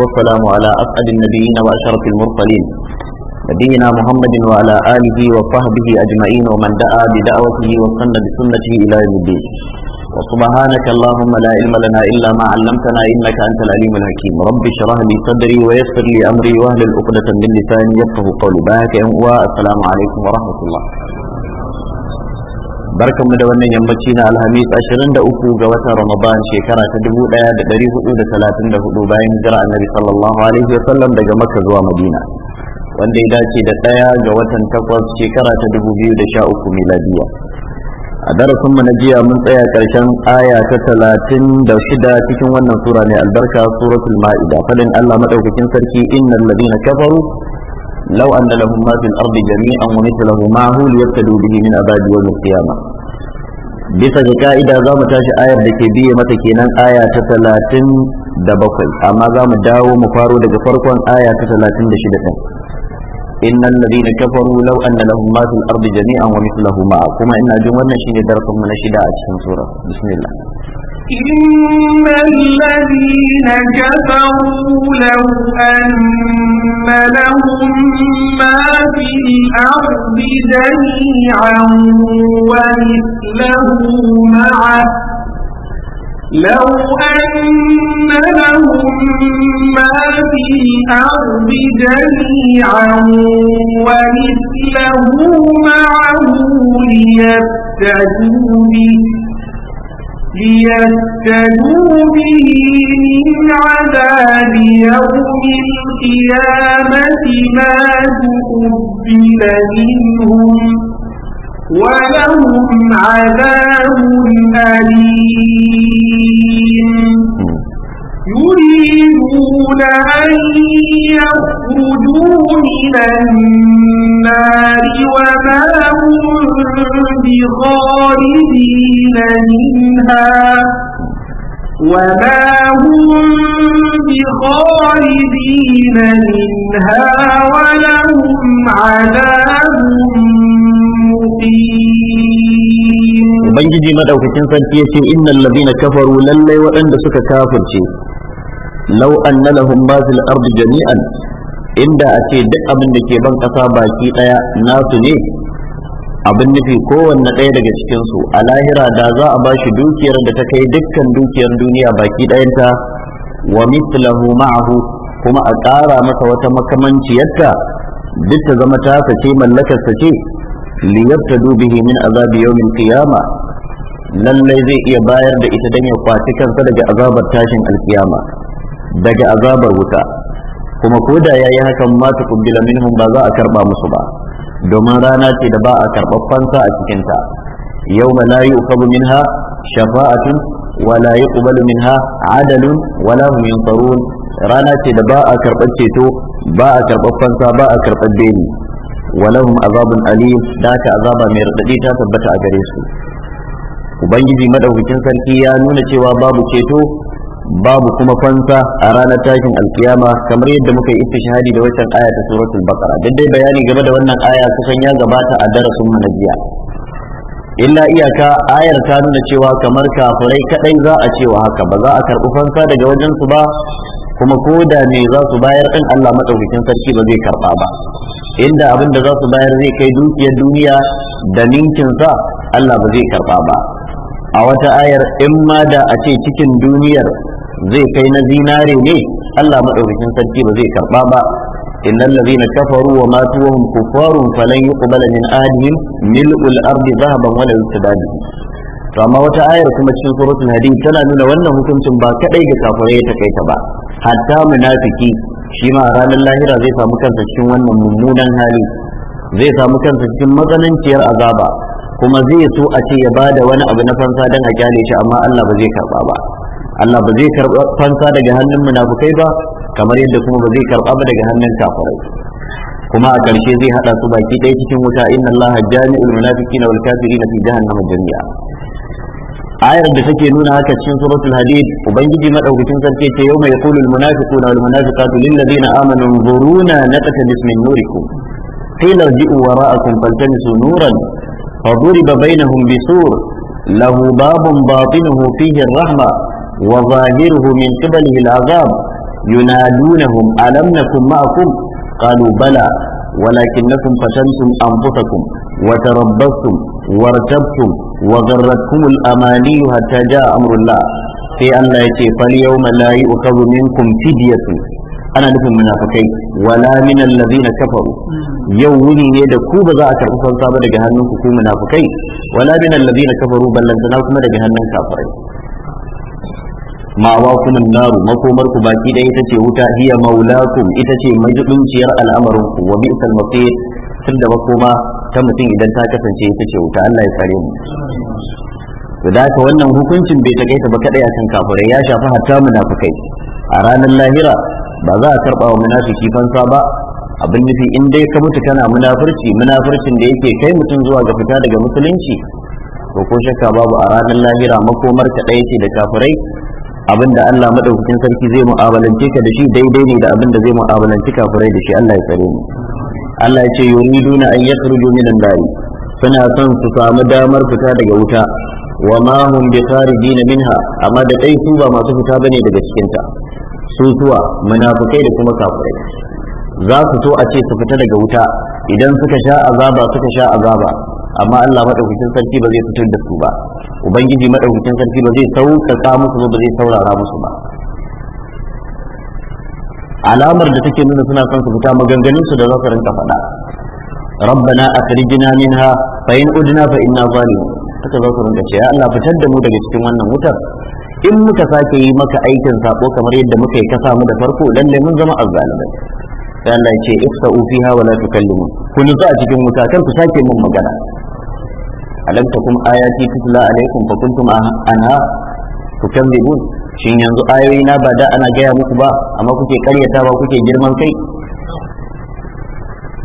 والسلام على أسعد النبيين وأشرف المرسلين نبينا محمد وعلى آله وصحبه أجمعين ومن دعا بدعوته وسن بسنته إلى يوم الدين وسبحانك اللهم لا علم لنا إلا ما علمتنا إنك أنت العليم الحكيم رب اشرح لي صدري ويسر لي أمري واهل العقدة من لساني يفقه قولي بارك السلام عليكم ورحمة الله barkanmu da wannan yammaci na alhamis 23 ga watan ramadan shekara ta 1434 bayan jira annabi sallallahu alaihi wa sallam daga makka zuwa madina wanda ya dace da ɗaya ga watan takwas shekara ta 2013 miladiya a darasin mu na jiya mun tsaya karshen aya ta talatin da shida cikin wannan sura mai albarka suratul ma'ida fadin Allah madaukakin sarki innal ladina kafaru لو أن لهم ما في الأرض جميعا ومثله معه ليفتدوا به من عذاب يوم القيامة bisa ga ka'ida za mu tashi ayar da ke biye mata kenan aya ta talatin da bakwai amma za mu dawo mu faro daga farkon aya ta talatin da shida ɗin innan ladina kafaru law anna lahum ma fil ardi jami'an wa mithluhu ma'a kuma ina jin wannan shine darasinmu na shida a cikin sura bismillah إن الذين كفروا لو أن لهم ما في الأرض جميعا ومثله معه لو أن لهم ما في الأرض جميعا ومثله معه ليفتدوا به ليستنوا به من عذاب يوم القيامة ما تقبل منهم ولهم عذاب أليم يريدون أن يخرجوا من النار وما هم بخارجين منها وما هم بخارجين منها ولهم عذاب مقيم وبنجي مدعوك تنسان تيسي إن الذين كفروا لن وأن سكا كافر Lau'an anna lahum ma jami'an inda a ce duk abin da ke ban kasa baki daya nasu ne abin nufi kowanne ɗaya daga cikin su a lahira da za a ba shi dukiyar da ta kai dukkan dukiyar duniya baki ɗayanta wa mithlahu ma'ahu kuma a ƙara masa wata makamanciyarta duk ta zama ta sace mallakar ce, liyarta bihi min azabi yawmin qiyama lallai zai iya bayar da ita dan ya kwaci kansa daga azabar tashin alkiyama daga azabar wuta kuma ko da yayi hakan ma ta kubbila minhum ba za a karba musu ba domin rana ce da ba a karɓar fansa a cikin ta yawma la yuqabu minha shafa'atun wa la yuqbalu minha adalun wa la hum yunsarun rana ce da ba a karɓar ceto ba a karɓar fansa ba a karɓar beni ولهم عذاب أليم ذاك عذاب من رددي تثبت أجريسو ubangiji madaukakin sarki ya nuna cewa babu ceto babu kuma fansa a ranar takin alkiyama kamar yadda muka yi istishhadi da wancan aya ta suratul baqara duk dai bayani game da wannan aya kusan ya gabata a darasin mu na jiya illa iyaka ayar ta nuna cewa kamar kafirai kadai za a cewa haka ba za a karɓi fansa daga wajen su ba kuma ko da me za su bayar din Allah madaukakin sarki ba zai karba ba inda abin da za su bayar zai kai dukiyar duniya da ninkin sa Allah ba zai karɓa ba a wata ayar in ma da a ce cikin duniyar zai kai na zinare ne Allah madaukakin sarki ba zai karba ba innal ladhina kafaru wa matu wa hum kuffarun falan yuqbala min ahadihim mil'ul ardi dhahaban wa la yustadad to amma wata ayar kuma cikin na hadid tana nuna wannan hukuncin ba kadai ga kafirai ta kai ta ba hatta munafiki shi ma ranar lahira zai samu kansa cikin wannan mummunan hali zai samu kansa cikin matsananciyar azaba kuma zai so a ce ya bada wani abu na fansa don a kyale shi amma Allah ba zai karba ba Allah ba zai karɓa fansa daga hannun munafukai ba kamar yadda kuma ba zai karɓa ba daga hannun kafirai kuma a ƙarshe zai haɗa su baki ɗaya cikin wuta inna Allah jami'ul munafiqina wal kafirina fi jahannama jami'a ayar da take nuna haka cikin suratul hadid ubangiji madaukakin sarki ce yau mai yaqulul munafiquna wal munafiqatu lil ladina amanu zuruna naqtabis min nurikum qila ji'u wara'akum faltamisu nuran فضرب بينهم بسور له باب باطنه فيه الرحمه وظاهره من قبله العذاب ينادونهم ألم نكن معكم قالوا بلى ولكنكم فتنتم أنفسكم وتربصتم وارتبتم وغرتكم الأماني حتى جاء أمر الله في أن لا يتي فاليوم لا يؤخذ منكم فدية أنا نفهم منافقين ولا من الذين كفروا يوني يدا كوبا ذا أكرف صابر جهنم كوكو منافقين ولا من الذين كفروا بل لن تناوكم جهنم كافرين ma'awakum an-nar makomar ku baki ɗaya ita ce wuta hiya maulakum ita ce majidunciyar al'amarin ku wa bi'sal masir tunda makoma ta mutum idan ta kasance ita ce wuta Allah ya tsare mu to da wannan hukuncin bai takaita ba kadai akan kafirai ya shafi hatta munafikai a ranar lahira ba za a karba wa munafiki fansa ba abin nufi in dai ka mutu kana munafurci munafurcin da yake kai mutum zuwa ga fita daga musulunci to ko shakka babu a ranar lahira makomar ka ɗaya ce da kafirai abin da Allah madaukakin sarki zai mu'amalance ka da shi daidai ne da abin da zai mu'amalanci kafirai da shi Allah ya tsare mu Allah ya ce yuriduna an yakhruju minan dari suna son su samu damar fita daga wuta wa ma hum bi kharijin minha amma da kai su ba masu fita bane daga cikin ta su suwa munafikai da kuma kafirai za su so a ce su fita daga wuta idan suka sha azaba suka sha azaba amma Allah madaukakin sarki ba zai fitar da su ba ubangiji madaukakin sarki ba zai sauƙaƙa musu ba zai saurara musu ba alamar da take nuna suna son su fita maganganun su da za su rinka faɗa rabbana akhrijna minha fa in udna fa inna zalimun haka za su rinka ce ya Allah fitar da mu daga cikin wannan wutar in muka sake yi maka aikin sako kamar yadda muka yi ka samu da farko lalle mun zama azzalimai sai Allah ya ce ifsa'u fiha wala tukallimun Kun nutsu a cikin wuta kan ku sake mun magana alam takum ayati tutla alaikum fa kuntum anha tukadzibun shin yanzu ayoyi na ba da ana gaya muku ba amma kuke karyata ba kuke girman kai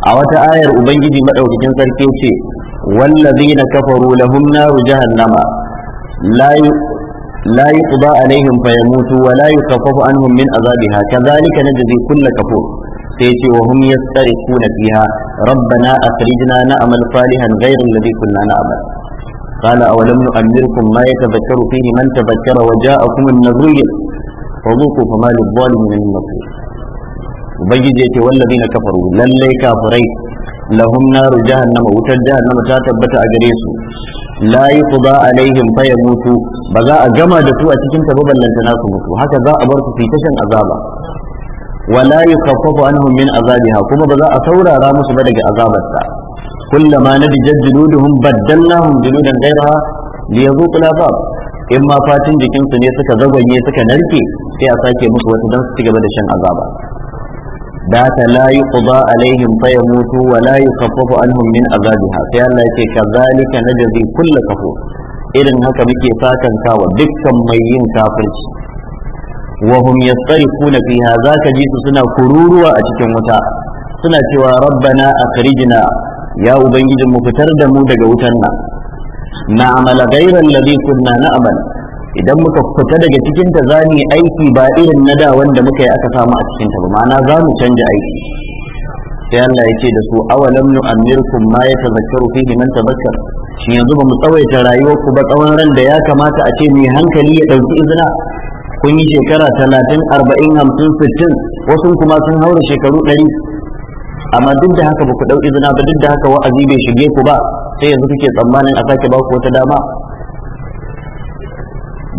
a wata ayar ubangiji madaukakin sarki ce wallazina kafaru lahum naru jahannama la لا يقضى عليهم فيموتوا ولا يخفف عنهم من عذابها da نجزي kulle kafur sai ce wa hum yastarikuna fiha rabbana akhrijna na'mal salihan ghayra alladhi kunna na'mal قال أولم نؤمركم ما يتذكر فيه من تذكر وجاءكم النذير فذوقوا فما للظالمين من نصير ubangiji yake wallazi na kafaru lallai kafirai lahum naru jahannama wutar jahannama ta tabbata a gare su la yuqda alaihim fa mutu ba za a gama da su a cikin ta ballanta na su mutu haka za a bar su fitashin azaba wala yukaffafu anhum min kuma ba za a saurara musu ba daga azabarta kullama nadijat juluduhum baddalnahum juludan ghayraha liyadhuqu al-azab in ma fatin jikinsu ne suka zagwanye suka narke sai a sake musu wata dan su ci gaba da shan azaba da ta la yuqda alaihim fa yamutu wa la yukaffafu anhum min azabiha sai Allah yake kazalika najzi kullu kafur irin haka muke sakan kawa dukkan mai yin kafirci wa hum yastarifuna fiha zaka ji su suna kururuwa a cikin wuta suna cewa rabbana akhrijna ya ubangijin mu fitar da mu daga wutan nan na amala ghairan ladhi kunna idan muka fita daga cikin ta za mu yi aiki ba irin na da wanda muka yi aka samu a cikin ta ba ma'ana za mu canja aiki sai Allah ya ce da su awalam nu amirkum ma yatazakkaru fihi man tazakkar Shin yanzu ba mu tsawaita rayuwar ku ba tsawon ran da ya kamata a ce mai hankali ya dauki izina kun yi shekara talatin arba'in hamsin sittin wasu kuma sun haura shekaru ɗari amma duk da haka ba ku ɗau izina ba duk da haka wa'azi bai shige ku ba sai yanzu kuke tsammanin a sake ba ku wata dama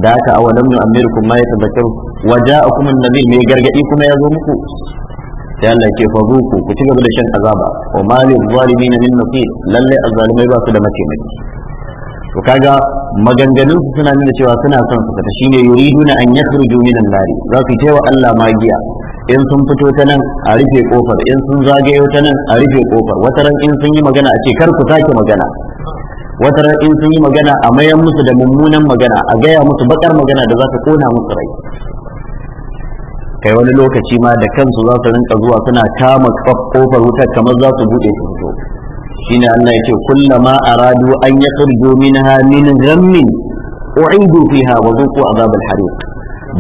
da haka a Amir amir kun ma yatadhakkaru waje a kuma nabi mai gargaɗi kuma ya zo muku sai Allah ke fazu ku ci gaba da shan azaba wa zalimi na min nasir lallai azzalimai ba su da mataimaki to kaga maganganun su suna nuna cewa suna son su fita shine yuriduna an yakhruju minan nar za su yi wa Allah magiya in sun fito ta nan a rufe kofar in sun zagayo ta nan a rufe kofar wata ran in sun yi magana a ce kar ku sake magana wata ran in sun yi magana a mayan musu da mummunan magana a gaya musu bakar magana da za ta kona musu rai kai wani lokaci ma da kansu za su rinka zuwa suna kama kofar wutar kamar za su buɗe su shine Allah yake kullama aradu an yakhruju minha min ghammin u'idu fiha wa zuqu azab al-hariq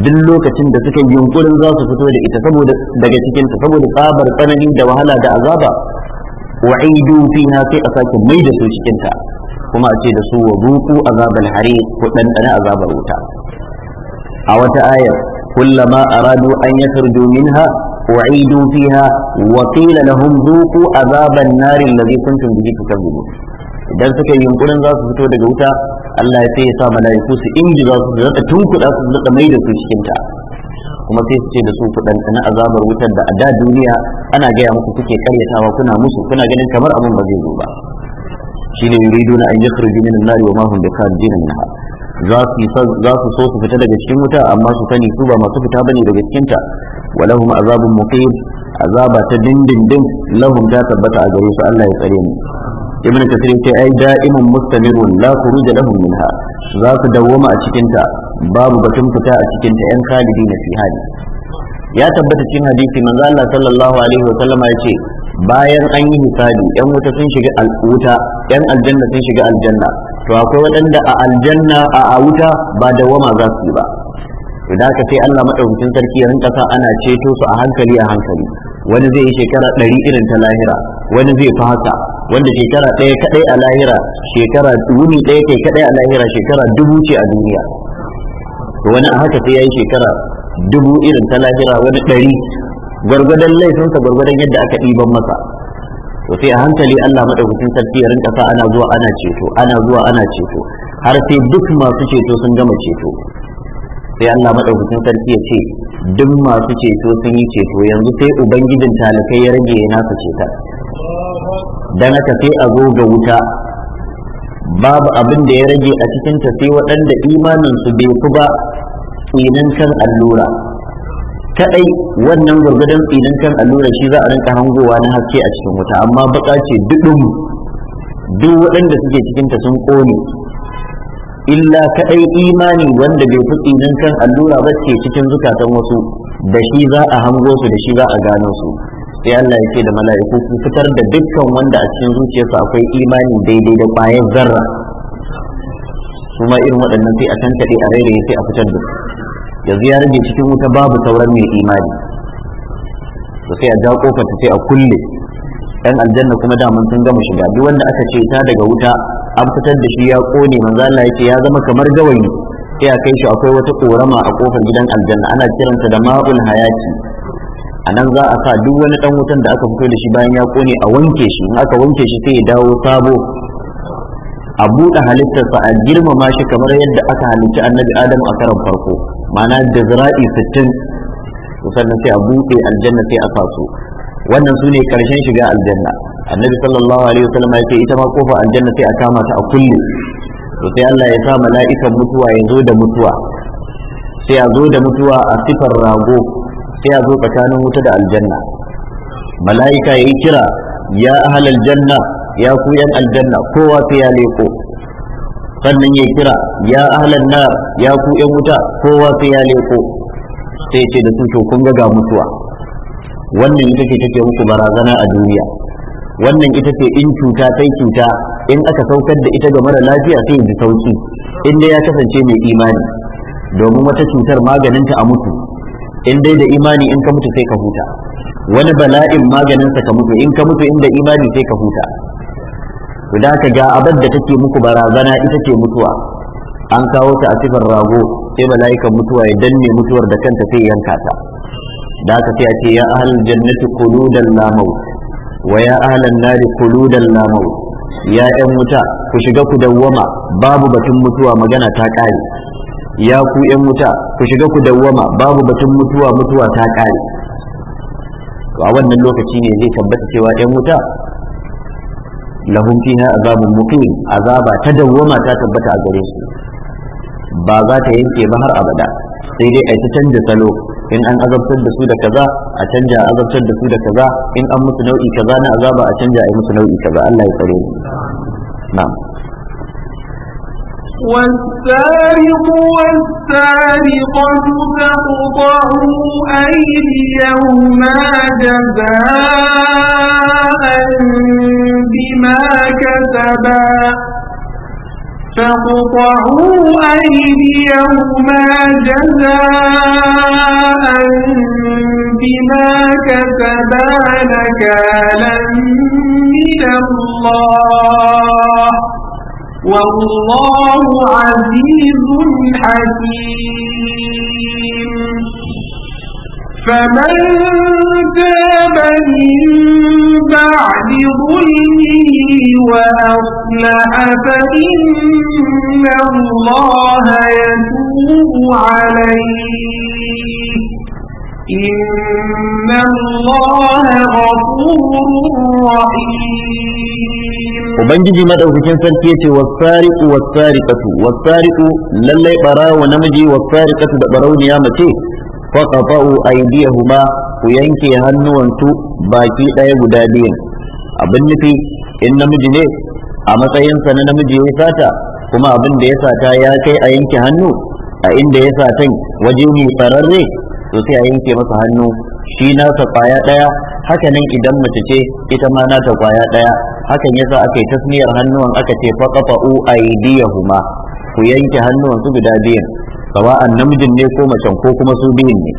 duk lokacin da suka yunkurin za su fito da ita saboda daga cikin ta saboda tsabar tsanani da wahala da azaba u'idu fiha sai a sake mai da su cikin ta kuma a ce da su wa zuqu azab al-hariq ko dan dan azabar wuta a wata ayar kullama aradu an yakhruju minha وعيدوا فيها وقيل لهم ذوقوا عذاب النار الذي كنتم به تكذبون idan suka yi yunkurin za su fito daga wuta Allah ya sai ya sa mala'iku su inji za su zaka tunkuɗa su zaka mai da su cikin ta kuma sai su ce da su kuɗan na azabar wutar da a da duniya ana gaya muku suke karyatawa kuna musu kuna ganin kamar abin ba zai zo ba shine yuriduna an yakhruju min an-nar wa ma hum bikharijin minha za su so su fita daga cikin wuta amma su sani su ba masu fita bane daga cikin ta wa lahum azabun muqim azaba ta dindindin lahum ta tabbata a gare Allah ya tsare mu ibn kasir yace ai da'imun mustamirun la khuruj lahum minha za su dawwama a cikin ta babu batun fita a cikin ta yan khalidi na fi hali ya tabbata cin hadisi manzo Allah sallallahu alaihi wa sallama yace bayan an yi hisabi yan wuta sun shiga wuta yan aljanna sun shiga aljanna to akwai waɗanda a aljanna a wuta ba dawwama za su yi ba idan ka ce Allah madaukakin sarki ya rinka sa ana ceto su a hankali a hankali wani zai yi shekara ɗari irin ta lahira wani zai fi haka wanda shekara ɗaya kaɗai a lahira shekara wuni ɗaya kai kaɗai a lahira shekara dubu ce a duniya wani a haka sai ya yi shekara dubu irin ta lahira wani ɗari gwargwadon laifinsa gwargwadon yadda aka ɗiban masa to sai a hankali Allah madaukakin sarki ya rinka sa ana zuwa ana ceto ana zuwa ana ceto har sai duk masu ceto sun gama ceto sai Allah madaukakin sarki ya ce duk masu ceto sun yi ceto yanzu sai ubangijin talakai ya rage ya nasa ceta dan haka sai a zo ga wuta babu abin da ya rage a cikin ta sai waɗanda imanin bai fi ba tsinin kan allura kadai wannan gurgudan tsinin kan allura shi za a rinka hangowa na haske a cikin wuta amma baka ce duk duk waɗanda suke cikinta sun ƙone. illa kaɗai imani wanda bai fi tsinin kan allura ba ke cikin zukatan wasu da shi za a hango su da shi za a gano su sai Allah ya ce da mala'iku ku fitar da dukkan wanda a cikin zuciyarsa akwai imani daidai da bayan zarra kuma irin waɗannan sai a tantaɗe a rairaye sai a fitar da yanzu ya rage cikin wuta babu sauran mai imani to sai a ja kofar sai a kulle dan aljanna kuma da mun sun gama shiga duk wanda aka ce ta daga wuta an fitar da shi ya kone manzo Allah yake ya zama kamar gawayi sai a kai shi akwai wata korama a kofar gidan aljanna ana kiranta da ma'ul hayati a nan za a sa duk wani dan wutan da aka fito da shi bayan ya kone a wanke shi in aka wanke shi sai ya dawo sabo a buɗe halittarsa a girmama shi kamar yadda aka halicci annabi adam a karan farko mana da zira'i sittin sannan sai a buɗe aljanna sai a sa su wannan su ne ƙarshen shiga aljanna annabi sallallahu alaihi wasallam ya ce ita ma kofar aljanna sai a kama ta a kulle to sai Allah ya sa mala'ikan mutuwa ya zo da mutuwa sai a zo da mutuwa a sifar rago sai a zo tsakanin wuta da aljanna mala'ika ya yi kira ya ahal aljanna ya ku yan aljanna kowa sai ya leko sannan ya kira ya ahal nar ya ku yan wuta kowa sai ya leko sai ce da su to kun ga ga mutuwa wannan ita ce take muku barazana a duniya wannan ita ce in cuta sai cuta in aka saukar da ita ga mara lafiya sai ji sauki in dai ya kasance mai imani domin wata cutar maganinta a mutu in dai da imani in ka mutu sai ka huta wani bala'in maganinsa ka mutu in ka mutu inda imani sai ka huta to da ka ga abar da take muku barazana ita ce mutuwa an kawo ta a sifar rago sai mala'ikan mutuwa ya danne mutuwar da kanta sai yanka ta da ka sai a ce ya ahal jannati quludan la maut wa ya ahlan nari kuludan la ya ƴan wuta ku shiga ku dawwama babu batun mutuwa magana ta ƙare ya ku ƴan wuta ku shiga ku dawwama babu batun mutuwa mutuwa ta ƙare to a wannan lokaci ne zai tabbata cewa ƴan wuta lahum fiha azabun muqim azaba ta dawwama ta tabbata a gare su ba za ta yanke ba har abada sai dai yi ta canza salo in an azabtar da su da kaza a canja azabtar da su da kaza in an musu nau'i kaza na azaba a canja a musu nau'i kaza Allah ya tsare mu na'am والسارق والسارقة فاقطعوا أيديهما جزاء بما كسبا فقطعوا أيديهما جزاء بما كسبا نكالا من الله والله عزيز حكيم فمن تاب من بعد ظلمه وأصلح فإن الله يتوب عليه إن الله غفور رحيم Ubangiji madaukakin sarki yace wasariqu wasariqatu wasariqu lallai barawo namiji wasariqatu da barawniya mace faqata'u aydiyahuma ku yanke hannuwansu baki ɗaya guda biyan abin nufi in namiji ne a matsayinsa na namiji ya sata kuma abin da ya sata ya kai a yanke hannu a inda ya satan waje mu tsararre to sai a yanke masa hannu shi nasa kwaya ɗaya haka nan idan mace ce ita ma nata kwaya ɗaya hakan yasa aka yi tasniyar hannuwan aka ce faqata'u aydiyahuma ku yanke hannuwansu guda biyan sawa'an namijin ne ko macen ko kuma su biyun ne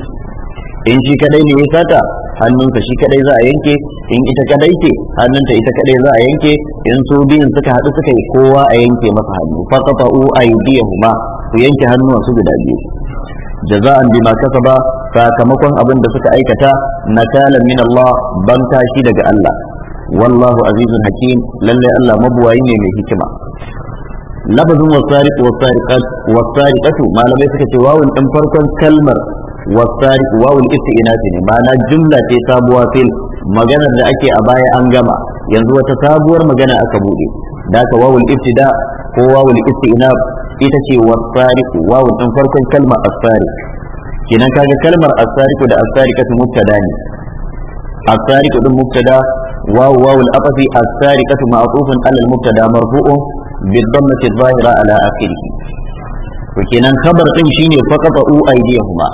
in shi kadai ne ya sata hannunsa shi kadai za a yanke in ita kadai ce hannunta ita kadai za a yanke in su biyun suka haɗu suka yi kowa a yanke masa hannu faqata'u aydiyahuma su yanke hannuwan su guda biyu jaza'an bima kasaba sakamakon abin da suka aikata nakalan min Allah ban tashi daga Allah wallahu azizun hakim lallai Allah mabuwayi ne mai hikima lafazin wasariq wasariqat wasariqatu malamai suka ce wawun ɗin farkon kalmar wasariq wawul istinaf ne ma'ana jumla ce sabuwa fil maganar da ake a baya an gama yanzu wata sabuwar magana aka bude da ka wawul ibtida ko wawul istinaf ita ce wasariq wawun ɗin farkon kalmar asariq Kinan kaga kalmar asariq da asariqatu mubtada ne asariq din mubtada واو واو الأطفي السارقة معطوف على المبتدا مرفوع بالضمة الظاهرة على آخره وكنان خبر إن شيني فقطعوا أيديهما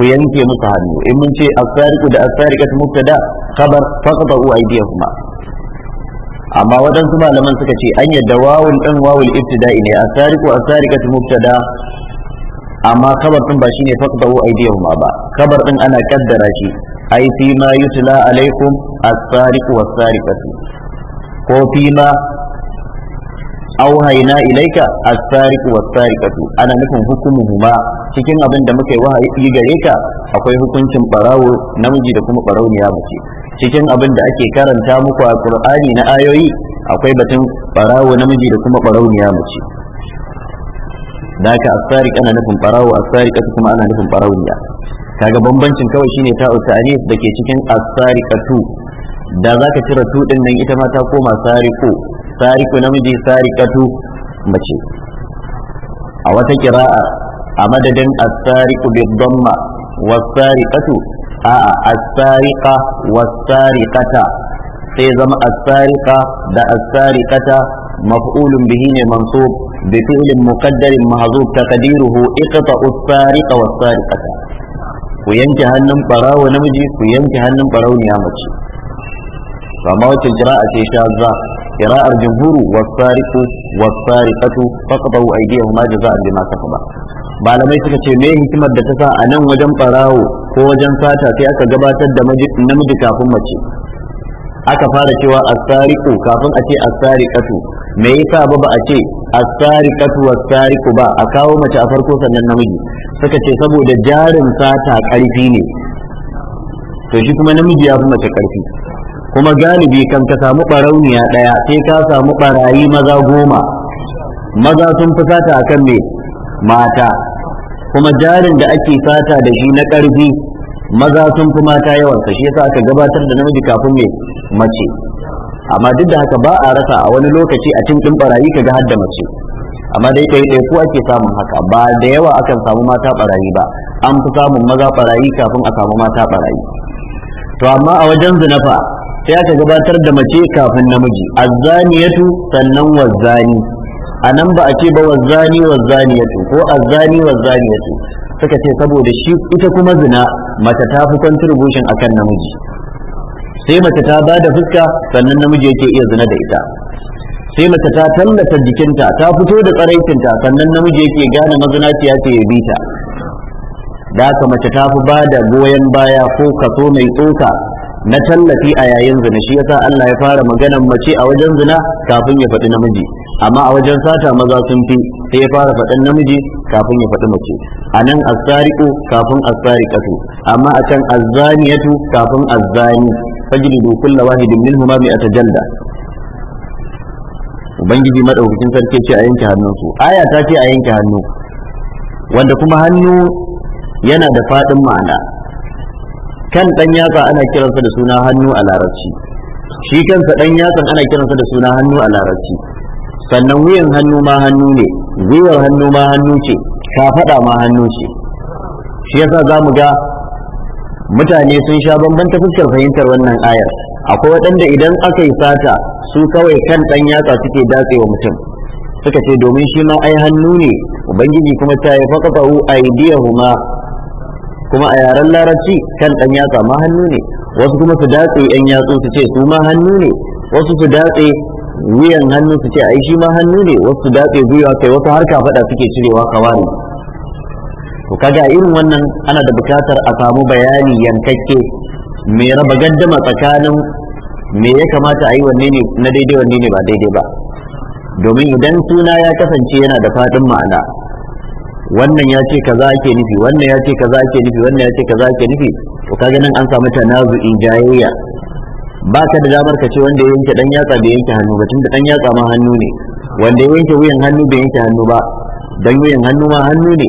وينكي مصحنه إن من شيء السارق دا السارقة مبتدا خبر فقطعوا أيديهما أما ودن سما لمن سكتي أن يدواو الأنواو الابتداء السارق والسارقة مبتدا amma kabar din ba shine faqdahu aydiyahuma ba kabar din ana kaddara shi ai fi ma yutla alaikum as-sariqu was-sariqatu ko fi ma auhaina ilaika as-sariq was-sariqatu ana nufin hukumuhuma cikin abin da muka yi wahayi gare ka akwai hukuncin barawo namiji da kuma barauniya mace cikin abin da ake karanta muku a Qur'ani na ayoyi akwai batun barawo namiji da kuma barauniya mace da haka as-sariq ana nufin barawo as-sariqatu kuma ana nufin barauniya kaga bambancin kawai shine ta utanis dake cikin as-sariqatu da zaka cire tudin nan ita ma ta koma sariqo sariku namiji sarikatu mace a wata kira'a a madadin as-sariku bi dhamma was-sariqatu a as-sariqa was-sariqata sai zama as-sariqa da as-sariqata maf'ulun bihi ne mansub bi fi'lin muqaddarin mahzub taqdiruhu iqta as-sariqa was-sariqata ku yanke hannun barawo namiji ku yanke hannun ne mace ba wacce jira'a ce shazza قراءة الجمهور والسارق والسارقة فقطعوا أيديهما جزاء بما كسبا malamai suka ce me hikimar da ta sa a nan wajen barawo ko wajen sata sai aka gabatar da namiji kafin mace aka fara cewa as kafin a ce as-sariqatu me yasa ba ba a ce as-sariqatu was ba a kawo mace a farko sannan namiji suka ce saboda jarin sata karfi ne to shi kuma namiji ya fi mace karfi kuma galibi kan ka samu barauniya daya sai ka samu barayi maza goma maza sun fi sata akan me mata kuma jarin da ake sata da shi na ƙarfi maza sun fi mata yawan shi yasa aka gabatar da namiji kafin mai mace amma duk da haka ba a rasa a wani lokaci a cikin barayi kaga har da mace amma dai dai dai ku ake samun haka ba da yawa akan samu mata barayi ba an fi samun maza barayi kafin a samu mata barayi to amma a wajen zinafa sai aka gabatar da mace kafin namiji azzaniyatu sannan wazzani a nan ba a ce ba wazzani wazzaniyatu ko azzani wazzaniyatu suka ce saboda shi ita kuma zina mace ta fi contribution akan namiji sai mace ta ba da fuska sannan namiji yake iya zina da ita sai mace ta tallata jikinta ta fito da tsaraicinta sannan namiji yake gane mazinaciya ce ya bita da aka mace ta fi ba da goyon baya ko kaso mai tsoka na tallafi a yayin zina shi yasa Allah ya fara maganar mace a wajen zina kafin ya faɗi namiji amma a wajen sata maza sun fi sai ya fara faɗin namiji kafin ya faɗi mace a nan azzariku kafin azzariqatu amma a can azzaniyatu kafin azzani fajridu kullu wahidin minhuma mi'ata atajalla ubangiji madaukakin sarki ce a yanke hannunsu aya ta ce a yanke hannu wanda kuma hannu yana da faɗin ma'ana kan dan yatsa ana kiransa da suna hannu a larabci shi kansa dan yatsan ana kiransa da suna hannu a larabci sannan wuyan hannu ma hannu ne gwiwar hannu ma hannu ce kafada ma hannu ce shi yasa za mu ga mutane sun sha bambanta fuskar fahimtar wannan ayar akwai waɗanda idan aka yi sata su kawai kan ɗan yatsa suke datsewa mutum suka ce domin shi ma ai hannu ne ubangiji kuma ta yi faƙafahu aidiyahuma kuma a yaren larabci kan ɗan yatsa ma hannu ne wasu kuma su datse ɗan yatsu su ce su ma hannu ne wasu su datse wuyan hannu su ce ai shi ma hannu ne wasu su datse gwiwa kai wasu har faɗa suke cirewa kawai to kaga irin wannan ana da bukatar a samu bayani yankakke me raba gaddama tsakanin me ya kamata a yi wanne ne na daidai wanne ne ba daidai ba domin idan suna ya kasance yana da faɗin ma'ana wannan ya ce kaza ake nufi wannan ya ce kaza ake nufi wannan ya ce kaza ake nufi to kaga nan an samu in jayayya ba ka da damar ka ce wanda ya yanke dan yatsa bai yanke hannu ba tunda dan yatsa ma hannu ne wanda ya yanke wuyan hannu bai yanke hannu ba dan wuyan hannu ma hannu ne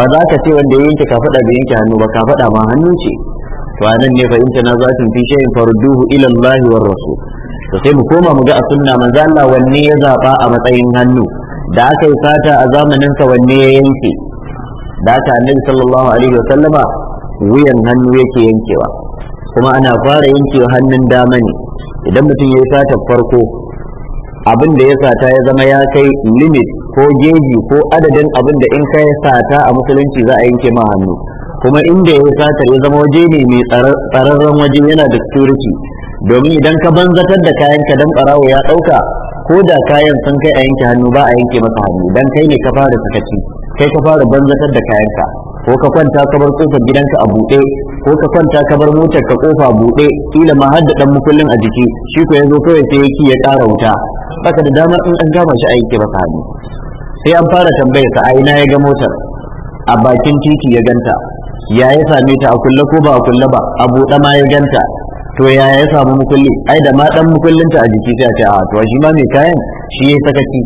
ba za ka ce wanda ya yanke kafada bai yanke hannu ba kafada ma hannu ce to anan ne fa in tanazatum fi shay'in farduhu ila Allah war rasul to sai mu koma mu ga sunna manzo Allah wanne ya zaba a matsayin hannu da aka yi fata a zamanin sa wanne ya yanke da aka annabi sallallahu alaihi wa sallama wuyan hannu yake yankewa kuma ana fara yankewa hannun dama ne idan mutum ya yi satar farko abin da ya sata ya zama ya kai limit ko geji ko adadin abin da in ka yi sata a musulunci za a yanke ma hannu kuma inda ya yi satar ya zama waje ne mai tsararren waje yana da security domin idan ka banzatar da kayan ka dan barawo ya dauka ko da kayan sun kai a yanke hannu ba a yanke masa hannu dan kai ne ka fara sakaci kai ka fara banzatar da kayanka ko ka kwanta ka bar kofar gidanka a buɗe ko ka kwanta ka bar motar ka kofa buɗe kila ma har da dan mukullin a jiki shi ko yazo kawai sai yake ya ƙara wuta baka da damar in an gama shi a yanke masa hannu sai an fara tambayar sa a ina ya ga motar a bakin titi ya ganta ya ya same ta a kulle ko ba a kulle ba a buɗe ma ya ganta to ya ya samu mukulli ai da ma dan ta a jiki ta ce a ah, to shi ma mai kayan shi ya sakaci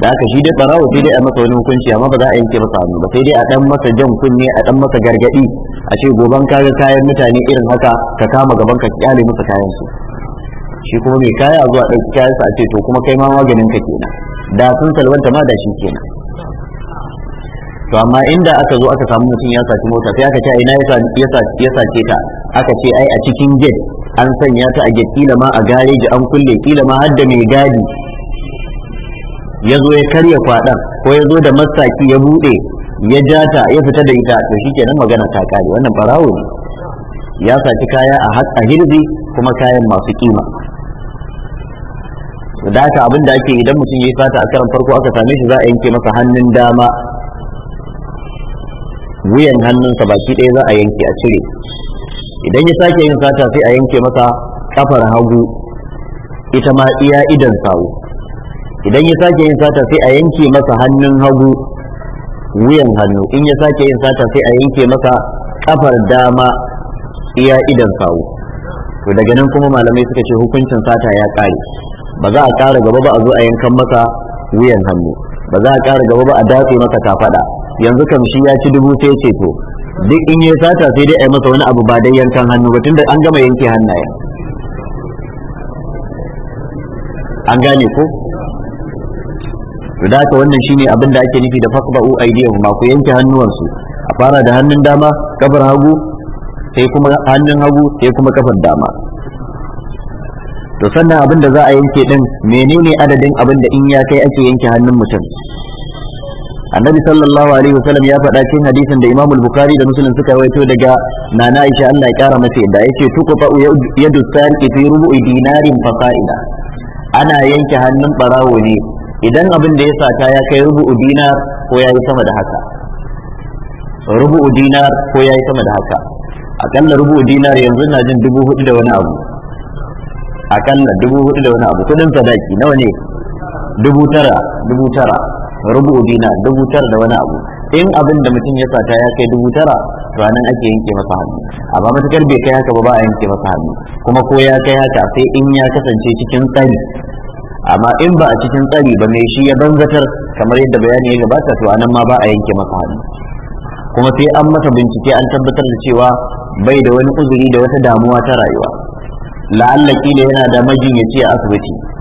da aka shi dai tsarawa sai dai a masa wani hukunci amma ba za a yanke masa hannu ba sai dai a dan masa jan kunne a dan masa gargadi a ce goban kaga kayan mutane irin haka ka kama gaban ka kyale masa kayan su shi kuma mai kaya zuwa ɗauki kayan sa a ce to kuma kai ma maganin ka kenan da sun salwanta ma da shi kenan to amma inda aka zo aka samu mutum ya saci mota sai aka ce ina ya ce ta aka ce ai a cikin gate an sanya ta a gate kila ma a gareji an kulle kila ma har da mai gadi ya zo ya karya kwadan ko ya zo da masaki ya buɗe ya ja ya fita da ita to shikenan magana ta kare wannan barawo ya saci kaya a a hirzi kuma kayan masu kima da haka abin da ake idan mutum ya yi fata a karan farko aka same shi za a yanke masa hannun dama wuyan hannunsa baki ɗaya za a yanke a cire idan ya sake yin sata sai a yanke masa kafar hagu ita ma iya idan sawu idan ya sake yin sata sai a yanke masa hannun hagu wuyan hannu in ya sake yin sata sai a yanke masa kafar dama iya idan sawu to daga nan kuma malamai suka ce hukuncin sata ya kare ba za a ƙara gaba ba a zo a yankan masa wuyan hannu ba za a ƙara gaba ba a datse masa kafaɗa yanzu kam shi ya ci dubu sai ce to duk in ya sata sai dai a yi masa wani abu ba dai yankan hannu ba tunda an gama yanke hannaye an gane ko da haka wannan shine abin da ake nufi da faqba'u aydiyahuma ku yanke hannuwansu a fara da hannun dama kafar hagu sai kuma hannun hagu sai kuma kafar dama to sannan abin da za a yanke din menene adadin abin da in ya kai ake yanke hannun mutum annabi sallallahu alaihi wasallam ya faɗa cikin hadisin da imamul bukhari da muslim suka rawaito daga nana aisha Allah ya kara masa yadda yace tuqta yadu sarqi fi rubu'i dinarin fasaida ana yanke hannun barawo ne idan abin da ya sata ya kai rubu'u dinar ko yayi sama da haka rubu'u dinar ko yayi sama da haka akalla rubu'u dinar yanzu na jin dubu hudu da wani abu akalla dubu hudu da wani abu kudin sadaki nawa ne dubu tara dubu tara rubu dina dubu tara da wani abu in abin da mutum ya sata ya kai dubu tara ranar ake yanke masa hannu amma matakar bai kai haka ba ba a yanke masa hannu kuma ko ya kai haka sai in ya kasance cikin tsari amma in ba a cikin tsari ba mai shi ya banzatar kamar yadda bayani ya gabata to anan ma ba a yanke masa hannu kuma sai an masa bincike an tabbatar da cewa bai da wani uzuri da wata damuwa ta rayuwa la'alla kila yana da majinyaci a asibiti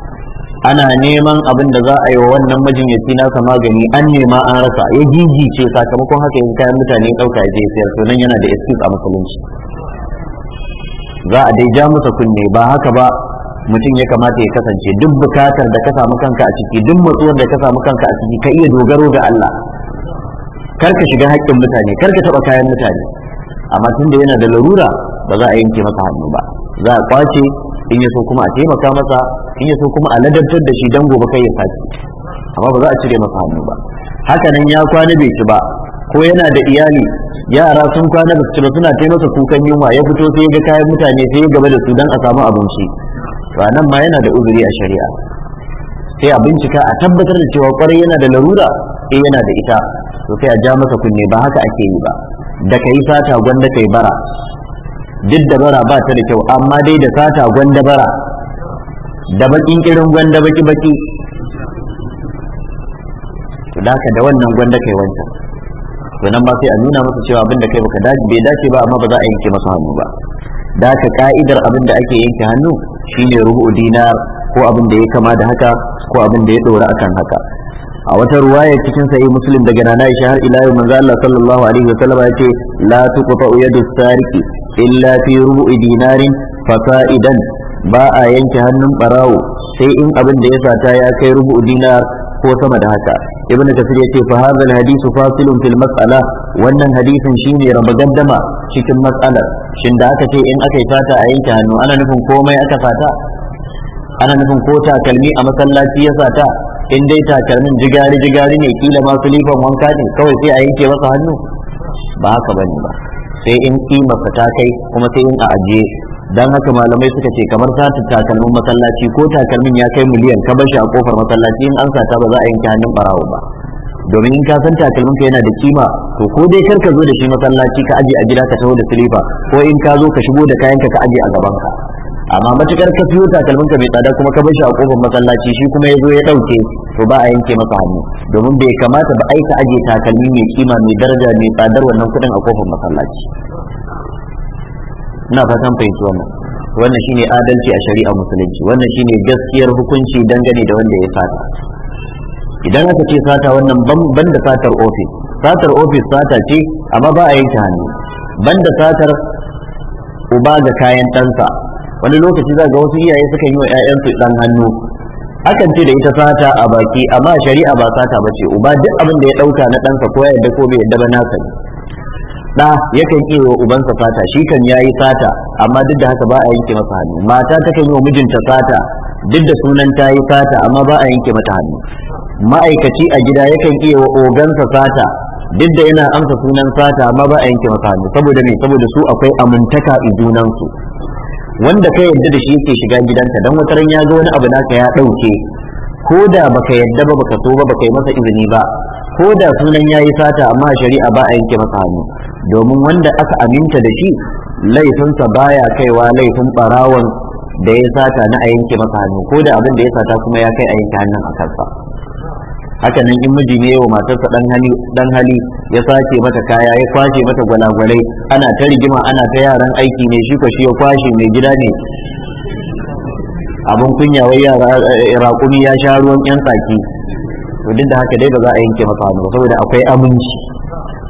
ana neman abin da za a yi wa wannan majinyaci nasa magani an nema an rasa ya gigice sakamakon haka yin kayan mutane ɗauka ya je sayar sunan yana da excuse a musulunci za a dai ja masa kunne ba haka ba mutum ya kamata ya kasance duk bukatar da ka samu kanka a ciki duk matsuwar da ka samu kanka a ciki ka iya dogaro ga Allah kar ka shiga haƙƙin mutane kar ka taɓa kayan mutane amma tun da yana da larura ba za a yanke masa hannu ba za a kwace in ya so kuma a taimaka masa in ya so kuma a ladabtar da shi dan gobe kai ya sace amma ba za a cire masa hannu ba Hakanan ya kwana bai ci ba ko yana da iyali yara sun kwana da su ba suna taimaka kukan yunwa ya fito sai ya ga kayan mutane sai ya gaba da su dan a samu abinci to nan ma yana da uzuri a shari'a sai a bincika a tabbatar da cewa kwarai yana da larura eh yana da ita to sai a ja masa kunne ba haka ake yi ba da kai sata gwanda kai bara duk dabara ba ta da kyau amma dai da sata gwandabara da bakin irin gwanda baki baki to da da wannan gwanda kai wancan to nan ba sai a nuna masa cewa abin da kai baka dace bai dace ba amma ba za a yanke masa hannu ba da ka ka'idar abin da ake yanke hannu shine rubu dinar ko abin da ya kama da haka ko abin da ya dora akan haka a wata ruwaya cikin sahih muslim daga nana Aisha har ila yau manzo Allah sallallahu alaihi wa sallama yace la tuqta yadu sariki illa fi rubu'i dinarin idan ba a yanke hannun barawo sai in abin da ya sata ya kai rubu'u dinar ko sama da haka ibn kasir ce fa hadha alhadithu fasilun fil mas'ala wannan hadisin shine ramadaddama cikin mas'alar shin da aka ce in aka yi a yanke hannu ana nufin komai aka sata ana nufin ko takalmi a masallaci ya sata in dai takalmin jigari jigari ne kila ma silifan wanka ne kawai sai a yanke masa hannu ba haka bane ba sai in kimarsa ta kai kuma sai in a ajiye dan haka malamai suka ce kamar ta takalmin masallaci ko takalmin ya kai miliyan ka bashi a kofar masallaci in an sata ba za a yanke hannun barawo ba domin in ka san takalmin ka yana da kima to ko dai kar ka zo da shi masallaci ka ajiye a gida ka taho da silifa ko in ka zo ka shigo da kayanka ka ajiye a gaban ka amma matukar ka fiyo takalmin ka mai tsada kuma ka bashi a kofar masallaci shi kuma ya zo ya dauke to ba a yanke masa hannu domin bai kamata ba aika aje takalmi mai kima mai daraja mai tsadar wannan kudin a kofar masallaci ina fatan fahimci wannan wannan shine adalci a shari'a musulunci wannan shine gaskiyar hukunci dangane da wanda ya sata idan aka ce sata wannan ban da satar ofis satar ofis sata ce amma ba a yanke hannu ban da satar uba ga kayan ɗansa wani lokaci za ga wasu iyaye suka yi wa 'ya'yansu dan hannu akan ce da ita sata a baki amma shari'a ba sata ba ce uba duk abin da ya dauka na ɗansa ko yadda ko bai yadda ba nasa ne da yakan iya wa ubansa sata, shi kan yayi sata, amma duk da haka ba a yanke masa hannu mata takan yi wa mijinta sata, duk da sunan ta yi sata amma ba a yanke mata hannu ma'aikaci a gida yakan iya wa ogansa sata, duk da yana amsa sunan sata, amma ba a yanke masa hannu saboda me saboda su akwai amintaka a wanda ka yarda da shi yake shiga gidanka dan wata ran ya ga wani abu naka ya dauke ko da baka yarda ba baka so ba baka yi masa izini ba ko da sunan yayi sata amma shari'a ba a yanke masa hannu domin wanda aka aminta da shi laifinsa baya kaiwa laifin barawan da ya sata na a yanke masa hannu ko da abin da ya sata kuma ya kai a yanke hannun a kansa haka nan in miji ne wa matarsa dan hali ya sace mata kaya ya kwashe mata gwalagwalai ana ta rigima ana ta yaran aiki ne shi ko shi ya kwashe mai gida ne abin kunya wai yara eh, raƙumi ya sha ruwan yan tsaki to duk da haka dai ba za a yanke masa hannu saboda akwai aminci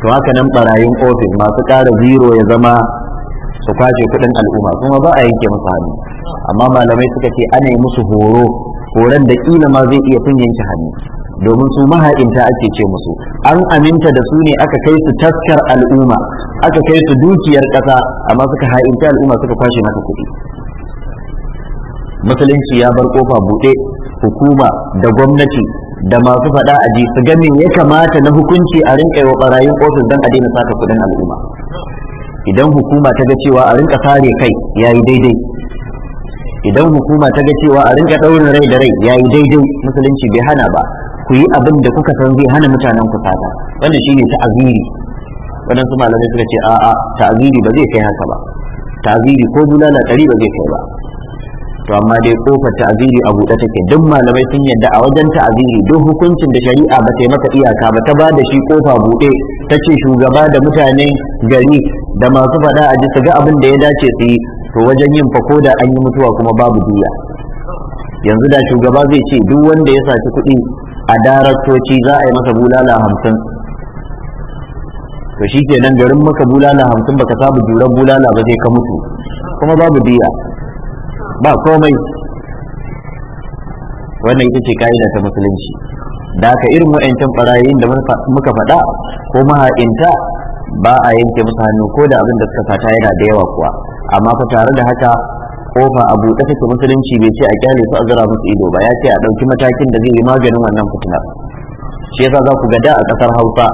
to haka nan barayin ofis masu ƙara zero ya zama su kwashe kuɗin al'umma kuma ba a yanke masa hannu amma malamai suka ce ana yi musu horo horon da kila ma zai iya tun yanke hannu domin su maha'inta ake ce musu an aminta da su ne aka kai su taskar al'umma aka kai su dukiyar ƙasa amma suka ha'inta al'umma suka kwashe maka kuɗi musulunci ya bar kofa buɗe hukuma da gwamnati da masu faɗa a ji su gami ya kamata na hukunci a rinƙa wa ɓarayin ofis don a daina sata kuɗin al'umma idan hukuma ta ga cewa a rinƙa sare kai ya yi daidai idan hukuma ta ga cewa a rinƙa ɗaurin rai da rai ya yi daidai musulunci bai hana ba ku yi abin da kuka san zai hana mutanen ku fata shi ne ta'aziri su malamai suka ce a'a ta'aziri ba zai kai haka ba ta'aziri ko bulala ɗari ba zai kai ba to amma dai kofar ta'aziri a buɗe take duk malamai sun yadda a wajen ta'aziri duk hukuncin da shari'a ba ta maka iyaka ba ta ba da shi kofa buɗe ta ce shugaba da mutane gari da masu faɗa a ji su ga abin da ya dace su yi to wajen yin fako da an yi mutuwa kuma babu diya yanzu da shugaba zai ce duk wanda ya saki kuɗi a daraktoci za a yi masa bulala hamsin to shi nan garin maka bulala hamsin baka samu juran bulala ba sai ka mutu kuma babu diya ba komai wannan ita ce ka'ida ta musulunci da ka irin wa'ancan barayin da muka faɗa ko maha'inta ba a yanke musu hannu ko da abin da suka fata yana da yawa kuwa amma fa tare da haka kofa a buɗe take musulunci bai ce a kyale su a zira musu ido ba ya ce a ɗauki matakin da zai yi maganin wannan fitina shi yasa za ku ga da a ƙasar hausa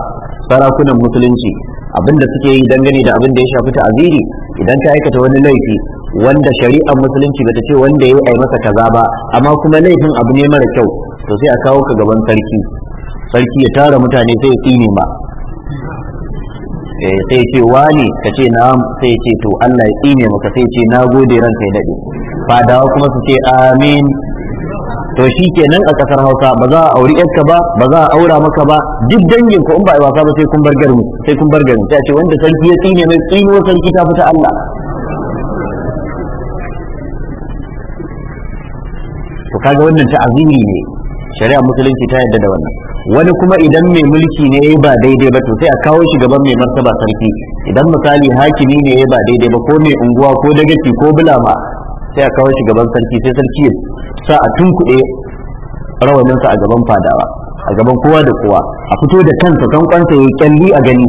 sarakunan musulunci abinda suke yi dangane da abin da ya shafi ta'aziri idan ka aikata wani laifi wanda shari'ar musulunci bata ce wanda ya yi masa kaza ba amma kuma laifin abu ne mara kyau to sai a kawo ka gaban sarki sarki ya tara mutane sai ya tsine ma Eh, sai ce wani ka ce na sai ce to Allah ya tsine maka sai ce na gode ranka ya daɗe fadawa kuma su ce amin to shi kenan a ƙasar hausa ba za a auri yarka ba ba za a aura maka ba duk dangin ko in ba a wasa ba sai kun bar garin sai kun bar garin sai ce wanda sarki ya tsine mai tsinuwar sarki ta fita Allah to kaga wannan ta azumi ne shari'a musulunci ta yarda da wannan wani kuma idan mai mulki ne ya yi ba daidai ba to sai a kawo shi gaban mai martaba sarki idan misali hakimi ne ya yi ba daidai ba ko mai unguwa ko dagaci ko bulama sai a kawo shi gaban sarki sai sarki ya sa a tunkuɗe rawaninsa a gaban fadawa a gaban kowa da kowa a fito da kansa kan kwanta ya kyalli a gani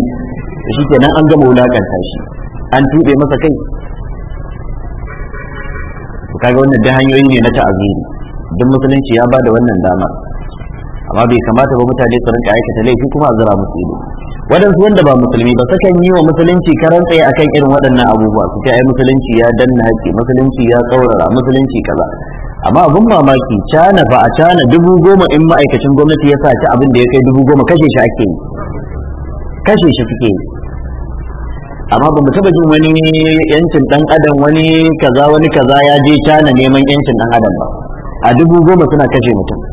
shi kenan an gama wulakanta shi an tuɓe masa kai kaga wannan da hanyoyi ne na ta'aziri duk musulunci ya ba da wannan damar amma bai kamata ba mutane su rinka aikata laifi kuma a zira musu ido waɗansu wanda ba musulmi ba sakan yi wa musulunci karan tsaye akan irin waɗannan abubuwa su ce ai musulunci ya danna haƙƙi musulunci ya tsaurara musulunci kaza amma abin mamaki cana ba a cana dubu goma in ma'aikacin gwamnati ya sa ci abin da ya kai dubu goma kashe shi ake yi kashe shi suke yi amma ba mu taba jin wani yancin dan adam wani kaza wani kaza ya je cana neman yancin dan adam ba a dubu goma suna kashe mutum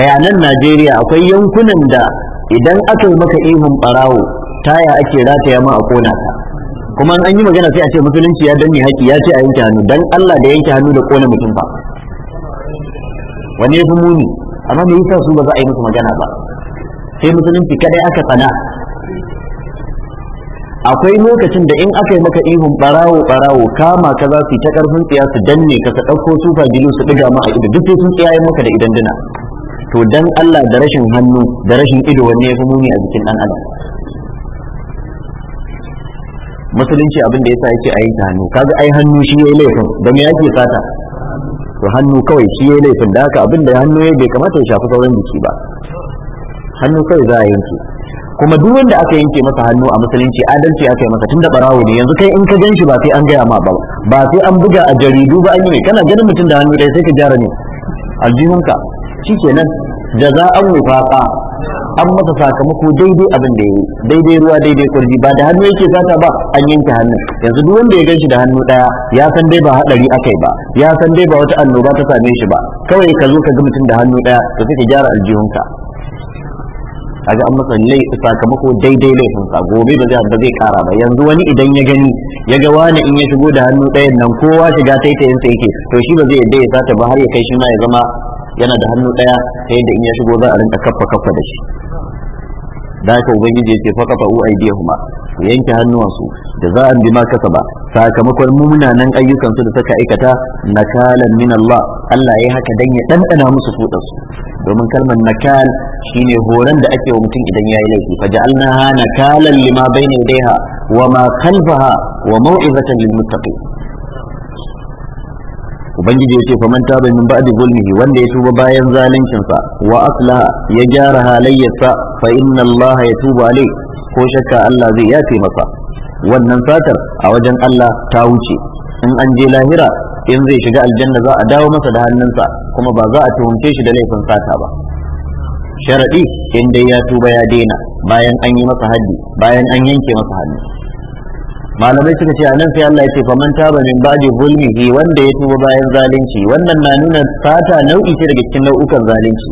kai a nan Najeriya akwai yankunan da idan aka yi maka ihun barawo taya ake rataya ma a kona ta, kuma an yi magana sai a ce musulunci ya danne haƙi ya ce a yanke hannu dan Allah da yanke hannu da kona mutum fa wani ya fi muni amma me yasa su ba za a yi musu magana ba sai musulunci kadai aka tsana akwai lokacin da in aka yi maka ihun barawo barawo kama ka za su yi ta karfin tsiya su danne ka ka ɗauko sufa bilu su ɗiga ma a ido duk sai sun tsiyayen maka da idan dina to dan Allah da rashin hannu da rashin ido wanne ya fi muni a jikin dan adam musulunci abin da yasa yake a yanke hannu kaga ai hannu shi yayi laifin da me yake fata to hannu kawai shi yayi laifin da haka abin da hannu yayi bai kamata ya shafi sauran jiki ba hannu kawai za a yanke kuma duk wanda aka yanke masa hannu a musulunci adalci aka yi masa tunda barawo ne yanzu kai in ka gan shi ba sai an gaya ma ba ba sai an buga a jaridu ba an yi kana ganin mutum da hannu ɗaya sai ka gyara ne aljihunka shikenan jaza'an wifaqa an masa sakamako daidai abin da yi daidai ruwa daidai kurji ba da hannu yake sata ba an yanke hannu yanzu duk wanda ya ganshi da hannu daya ya san dai ba hadari akai ba ya san dai ba wata annoba ta same shi ba kawai ka zo ka ga mutum da hannu daya to sai ka gyara aljihunka kaga an masa lai sakamako daidai laifin sa gobe ba zai ba zai kara ba yanzu wani idan ya gani ya ga wani in ya shigo da hannu ɗayan nan kowa shiga taitayin sa yake to shi ba zai yadda ya sata ba har ya kai shi ma ya zama yana da hannu ɗaya ta yadda in ya shigo za a rinka kaffa kaffa da shi da haka ubangiji ya ce fa kafa uaidihuma ku yanke hannuwansu da za a bi ma kasa ba sakamakon munanan ayyukansu da suka aikata nakalan min Allah Allah ya haka dan ya ɗanɗana musu kudansu domin kalmar nakal shine horon da ake wa mutum idan yayi laifi fa ja'alnaha nakalan lima bayna yadayha wa ma khalfaha wa mau'izatan lil muttaqin ubangiji ya ce faman taba min ba'di zulmihi wanda ya tuba bayan zaluncin sa wa aslaha ya gyara halayyarsa fa inna Allah tuba alai ko shakka Allah zai yafe masa wannan satar a wajen Allah ta wuce in an je lahira in zai shiga aljanna za a dawo masa da hannunsa kuma ba za a tuhumce shi da laifin sata ba sharadi in dai ya tuba ya daina bayan an yi masa haddi bayan an yanke masa hannu malamai suka ce anan sai Allah ya ce faman taba min ba'di zulmihi wanda ya tuba bayan zalunci wannan na nuna sata nau'i ce daga cikin nau'ukan zalunci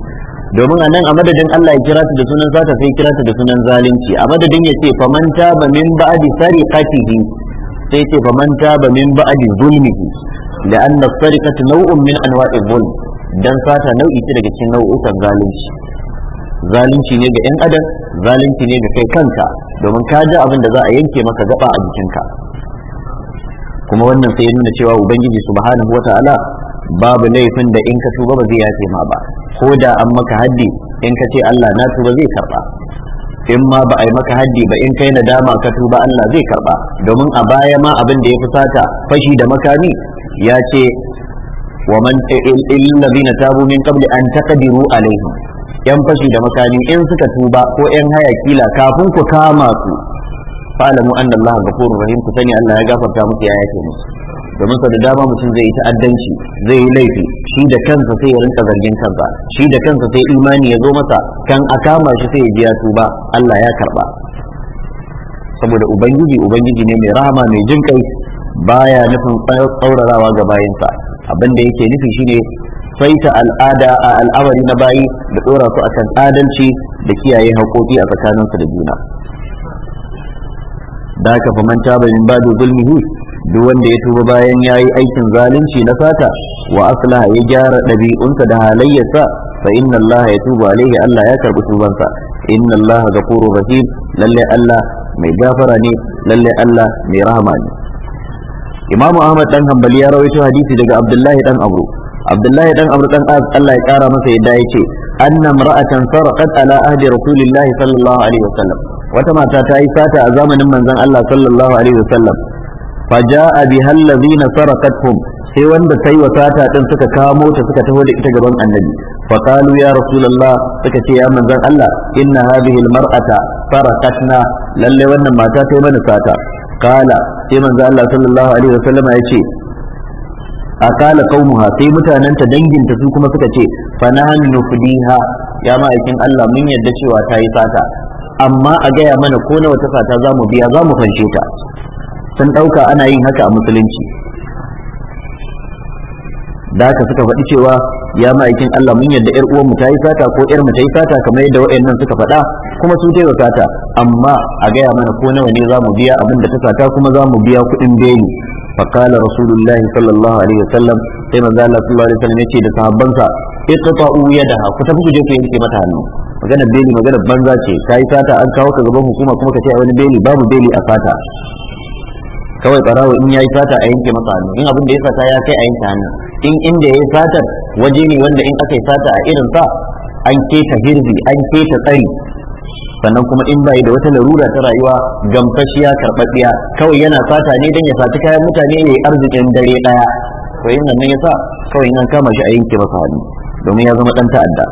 domin anan a madadin Allah ya kira ta da sunan sata sai kira ta da sunan zalunci a madadin ya ce faman taba min ba'di sariqatihi sai ce faman taba min ba'di zulmihi la'anna sariqatu nau'un min anwa'i zulm dan sata nau'i ce daga cikin nau'ukan zalunci zalunci ne ga 'yan adam zalunci ne ga kai kanka domin ka ji abin da za a yanke maka gaba a jikinka kuma wannan sai ya nuna cewa ubangiji subhanahu wata'ala babu laifin da in ka tuba ba zai yafe ma ba ko da an maka haddi in ka ce Allah na tuba zai karba in ma ba a yi maka haddi ba in kai nadama ka tuba Allah zai karba domin a baya ma abin da ya sata, fashi da makami ya ce wa man ladina tabu min qabli an taqdiru alaihim yan fashi da makami in suka tuba ko yan haya kila kafin ku kama su fa'lamu anna Allah ghafurur rahim ku sani Allah ya gafarta muku ya yake musu domin sa da dama mutum zai yi ta'addanci zai yi laifi shi da kansa sai ya rinka zargin kansa shi da kansa sai imani ya zo masa kan a kama shi sai ya ji tuba Allah ya karba saboda ubangiji ubangiji ne mai rahama mai jinkai baya nufin tsaurarawa ga bayinsa Abinda yake nufi shine Faita al'ada a al'amari na bayi da dora su kan adalci da kiyaye haƙoƙi a tsakaninsu da juna da manta fa manta bayin badu zulmihi duk wanda ya tuba bayan ya yi aikin zalunci na sata wa aslaha ya gyara ɗabi'unsa da halayyarsa fa inna Allah ya tuba alaihi Allah ya karɓi tubansa inna Allah koro rahim lalle Allah mai gafara ne lalle Allah mai rahama ne Imam Ahmad dan Hanbali ya rawaito hadisi daga Abdullahi dan Abu abdullahi dan amr dan Allah ya kara masa yadda yace anna mar'atan sarqat ala ahdi rasulillahi sallallahu alaihi wasallam wata mata ta yi sata a zamanin manzon Allah sallallahu alaihi wasallam faja'a biha allazina sarqathum sai wanda ta wa sata din suka kamo ta suka taho da ita gaban annabi faqalu ya rasulullah suka ce ya manzon Allah inna hadhihi almar'ata sarqatna lalle wannan mata ta yi mana sata kala sai manzon Allah sallallahu alaihi wasallam ya ce akala qaumuha sai mutanen ta danginta su kuma suka ce fanahan nufdiha ya ma'aikin Allah mun yadda cewa ta yi sata amma a gaya mana ko nawa ta sata za mu biya za mu fanshe ta sun ɗauka ana yin haka a musulunci da haka suka faɗi cewa ya ma'aikin Allah mun yadda ƴar mu ta yi sata ko ƴar mu ta yi sata kamar yadda wayannan suka faɗa kuma su ta amma a gaya mana ko nawa ne za mu biya abinda da ta sata kuma za mu biya kuɗin beli فقال رسول الله صلى الله عليه وسلم كما قال صلى الله عليه وسلم يتي لصحابنسا اقطعوا يدها كتبوا جيكو ينكي متى هنو magana beli magana banza ce kai fata an kawo ka gaban hukuma kuma ka ce wani beli babu beli a fata kawai barawo in yayi fata a yanke masa hannu in abin da ya fata ya kai a yanke hannu in inda yayi fatar waje ne wanda in aka yi fata a irin sa an keta hirbi an keta tsari sannan kuma in bai da wata larura ta rayuwa gamfashiya karɓaɓɓiya kawai yana fata ne don ya saci kayan mutane ya yi arzikin dare ɗaya to yin nan yasa kawai an kama shi a yanke masa hannu domin ya zama ɗan ta'adda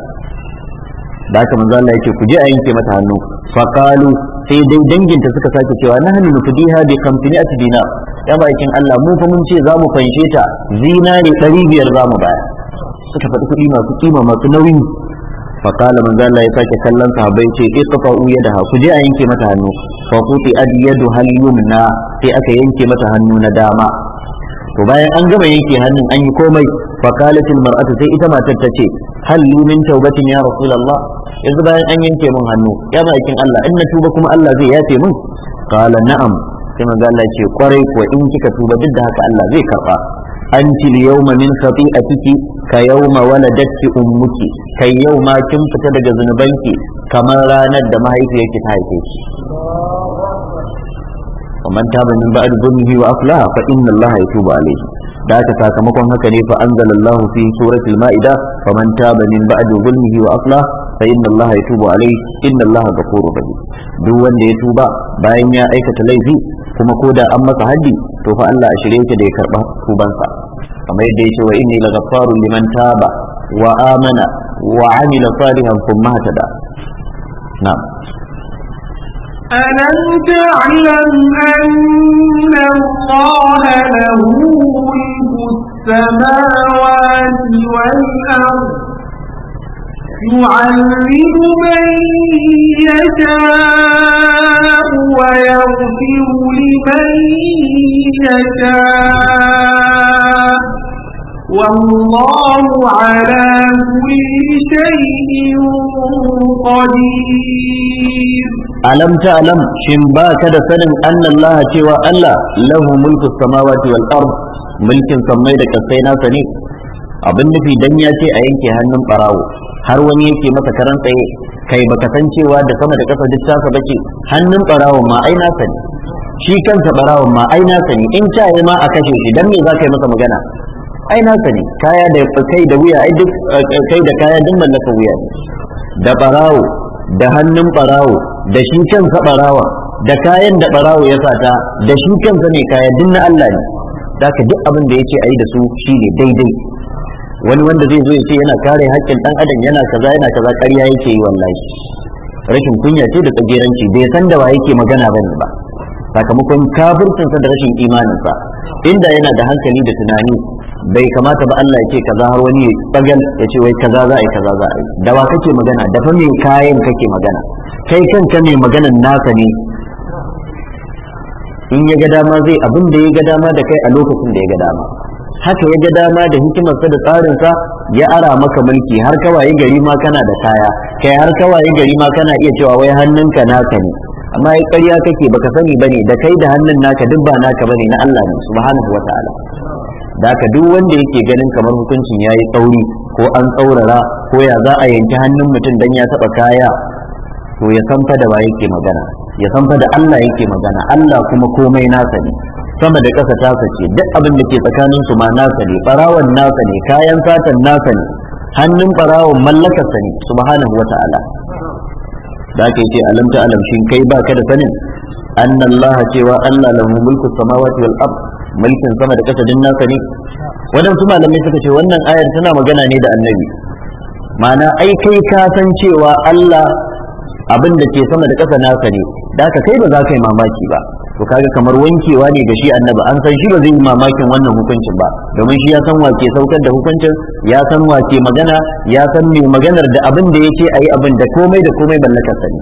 da haka manzo Allah yake ku je a yanke mata hannu fa qalu sai dai danginta suka sake cewa na nahnu nufdiha bi 500 Dina. ya bakin Allah mu fa mun ce za mu fanshe ta zinari 500 za mu baya suka faɗi kuɗi masu kima masu nauyi faƙala manzo Allah ya sake kallon sahabbai ce iqta'u da ku je a yanke mata hannu fa quti adyadu hal yumna sai aka yanke mata hannu na dama to bayan an gama yanke hannun an yi komai faqalat al mar'atu sai ita matar ta ce hal min tawbatin ya rasulullah yanzu bayan an yanke min hannu ya bakin Allah in na tuba kuma Allah zai yafe min qala na'am sai manzo Allah ce kwarai ko in kika tuba duk da haka Allah zai karba anti al yawma min khati'atiki ka yawma waladaki ummuki kai yau ma kin fita daga zunubanki kamar ranar da mahaifiyarki ta haife ki ba تاب من بعد ظلمه وأصلح فإن ya tuba عليه da ta sakamakon haka ne fa anzalallahu fi suratul maida faman taba min ba'di zulmihi wa aslah fa inna ya tuba alayhi inna allaha ghafurur rahim duk wanda ya tuba bayan ya aikata laifi kuma ko da an masa haddi to fa Allah a shirye yake da ya karba tubansa kamar yadda yake wa inni laghaffarun liman taba وآمن وعمل صالحا ثم اهتدى نعم ألم تعلم أن الله له ملك السماوات والأرض يعذب من يشاء ويغفر لمن يشاء والله على كل شيء قدير ألم تعلم شمبا كذا سنن أن الله سوى ألا له ملك السماوات والأرض ملك سمي لك السينا سني abin nufi dan ya ce a yanke hannun barawo har wani yake masa karan tsaye kai baka san cewa da sama da ƙasa duk tasa bace hannun barawo ma ai na sani, shi kansa barawon ma ai na sani, in ta ma a kashe shi dan me za ka yi masa magana ai na sani, kaya da kai da wuya ai duk eh, eh, kai da kaya duk mallakar wuya da barawo da hannun barawo da shi kansa barawa da kayan da barawo ya sata da shi kansa ne kaya duk na Allah ne Daka duk abin da yace ayi da su shi ne daidai wani wanda zai zo ya ce yana kare haƙƙin ɗan adam yana kaza yana kaza ƙarya yake yi wallahi rashin kunya ce da tsageranci bai san da wa yake magana bane ba sakamakon kafircinsa da rashin imaninsa inda yana da hankali da tunani bai kamata ba Allah ya ce kaza har wani ya ya ce wai kaza za a yi kaza za a yi da wa kake magana da fa mai kayan kake magana kai kanka mai maganan nasa ne in ya ga dama zai abin da ya ga dama da kai a lokacin da ya ga dama haka ya ga dama da hikimarsa da tsarinsa ya ara maka mulki har kawai gari ma kana da kaya kai har kawaye gari ma kana iya cewa wai hannunka naka ne amma ya ƙarya kake baka sani bane da kai da hannun naka duk ba naka bane na Allah ne subhanahu wataala da haka duk wanda yake ganin kamar hukuncin ya yi tsauri ko an tsaurara ko ya za a yanki hannun mutum don ya taba kaya to ya san da ba yake magana ya san da Allah yake magana Allah kuma komai nasa ne sama da ƙasa ta sace duk abin da ke tsakanin su ma nasa ne barawan nasa ne kayan satan nasa ne hannun barawan mallakarsa ne subhanahu wata'ala da ke ce alam ta alam shin kai baka da sanin annallaha cewa Allah lahu mulku samawati wal ard mulkin sama da ƙasa din nasa ne waɗansu malamai suka ce wannan ayar tana magana ne da annabi ma'ana ai kai ka san cewa Allah abin da ke sama da ƙasa nasa ne da ka kai ba za ka yi mamaki ba to kaga kamar wankewa ne ga shi annabi an san shi ba zai yi mamakin wannan hukuncin ba domin shi ya san wa ke saukar da hukuncin ya san wa ke magana ya san me maganar da abin da yake ayi abin da komai da komai ballakar sani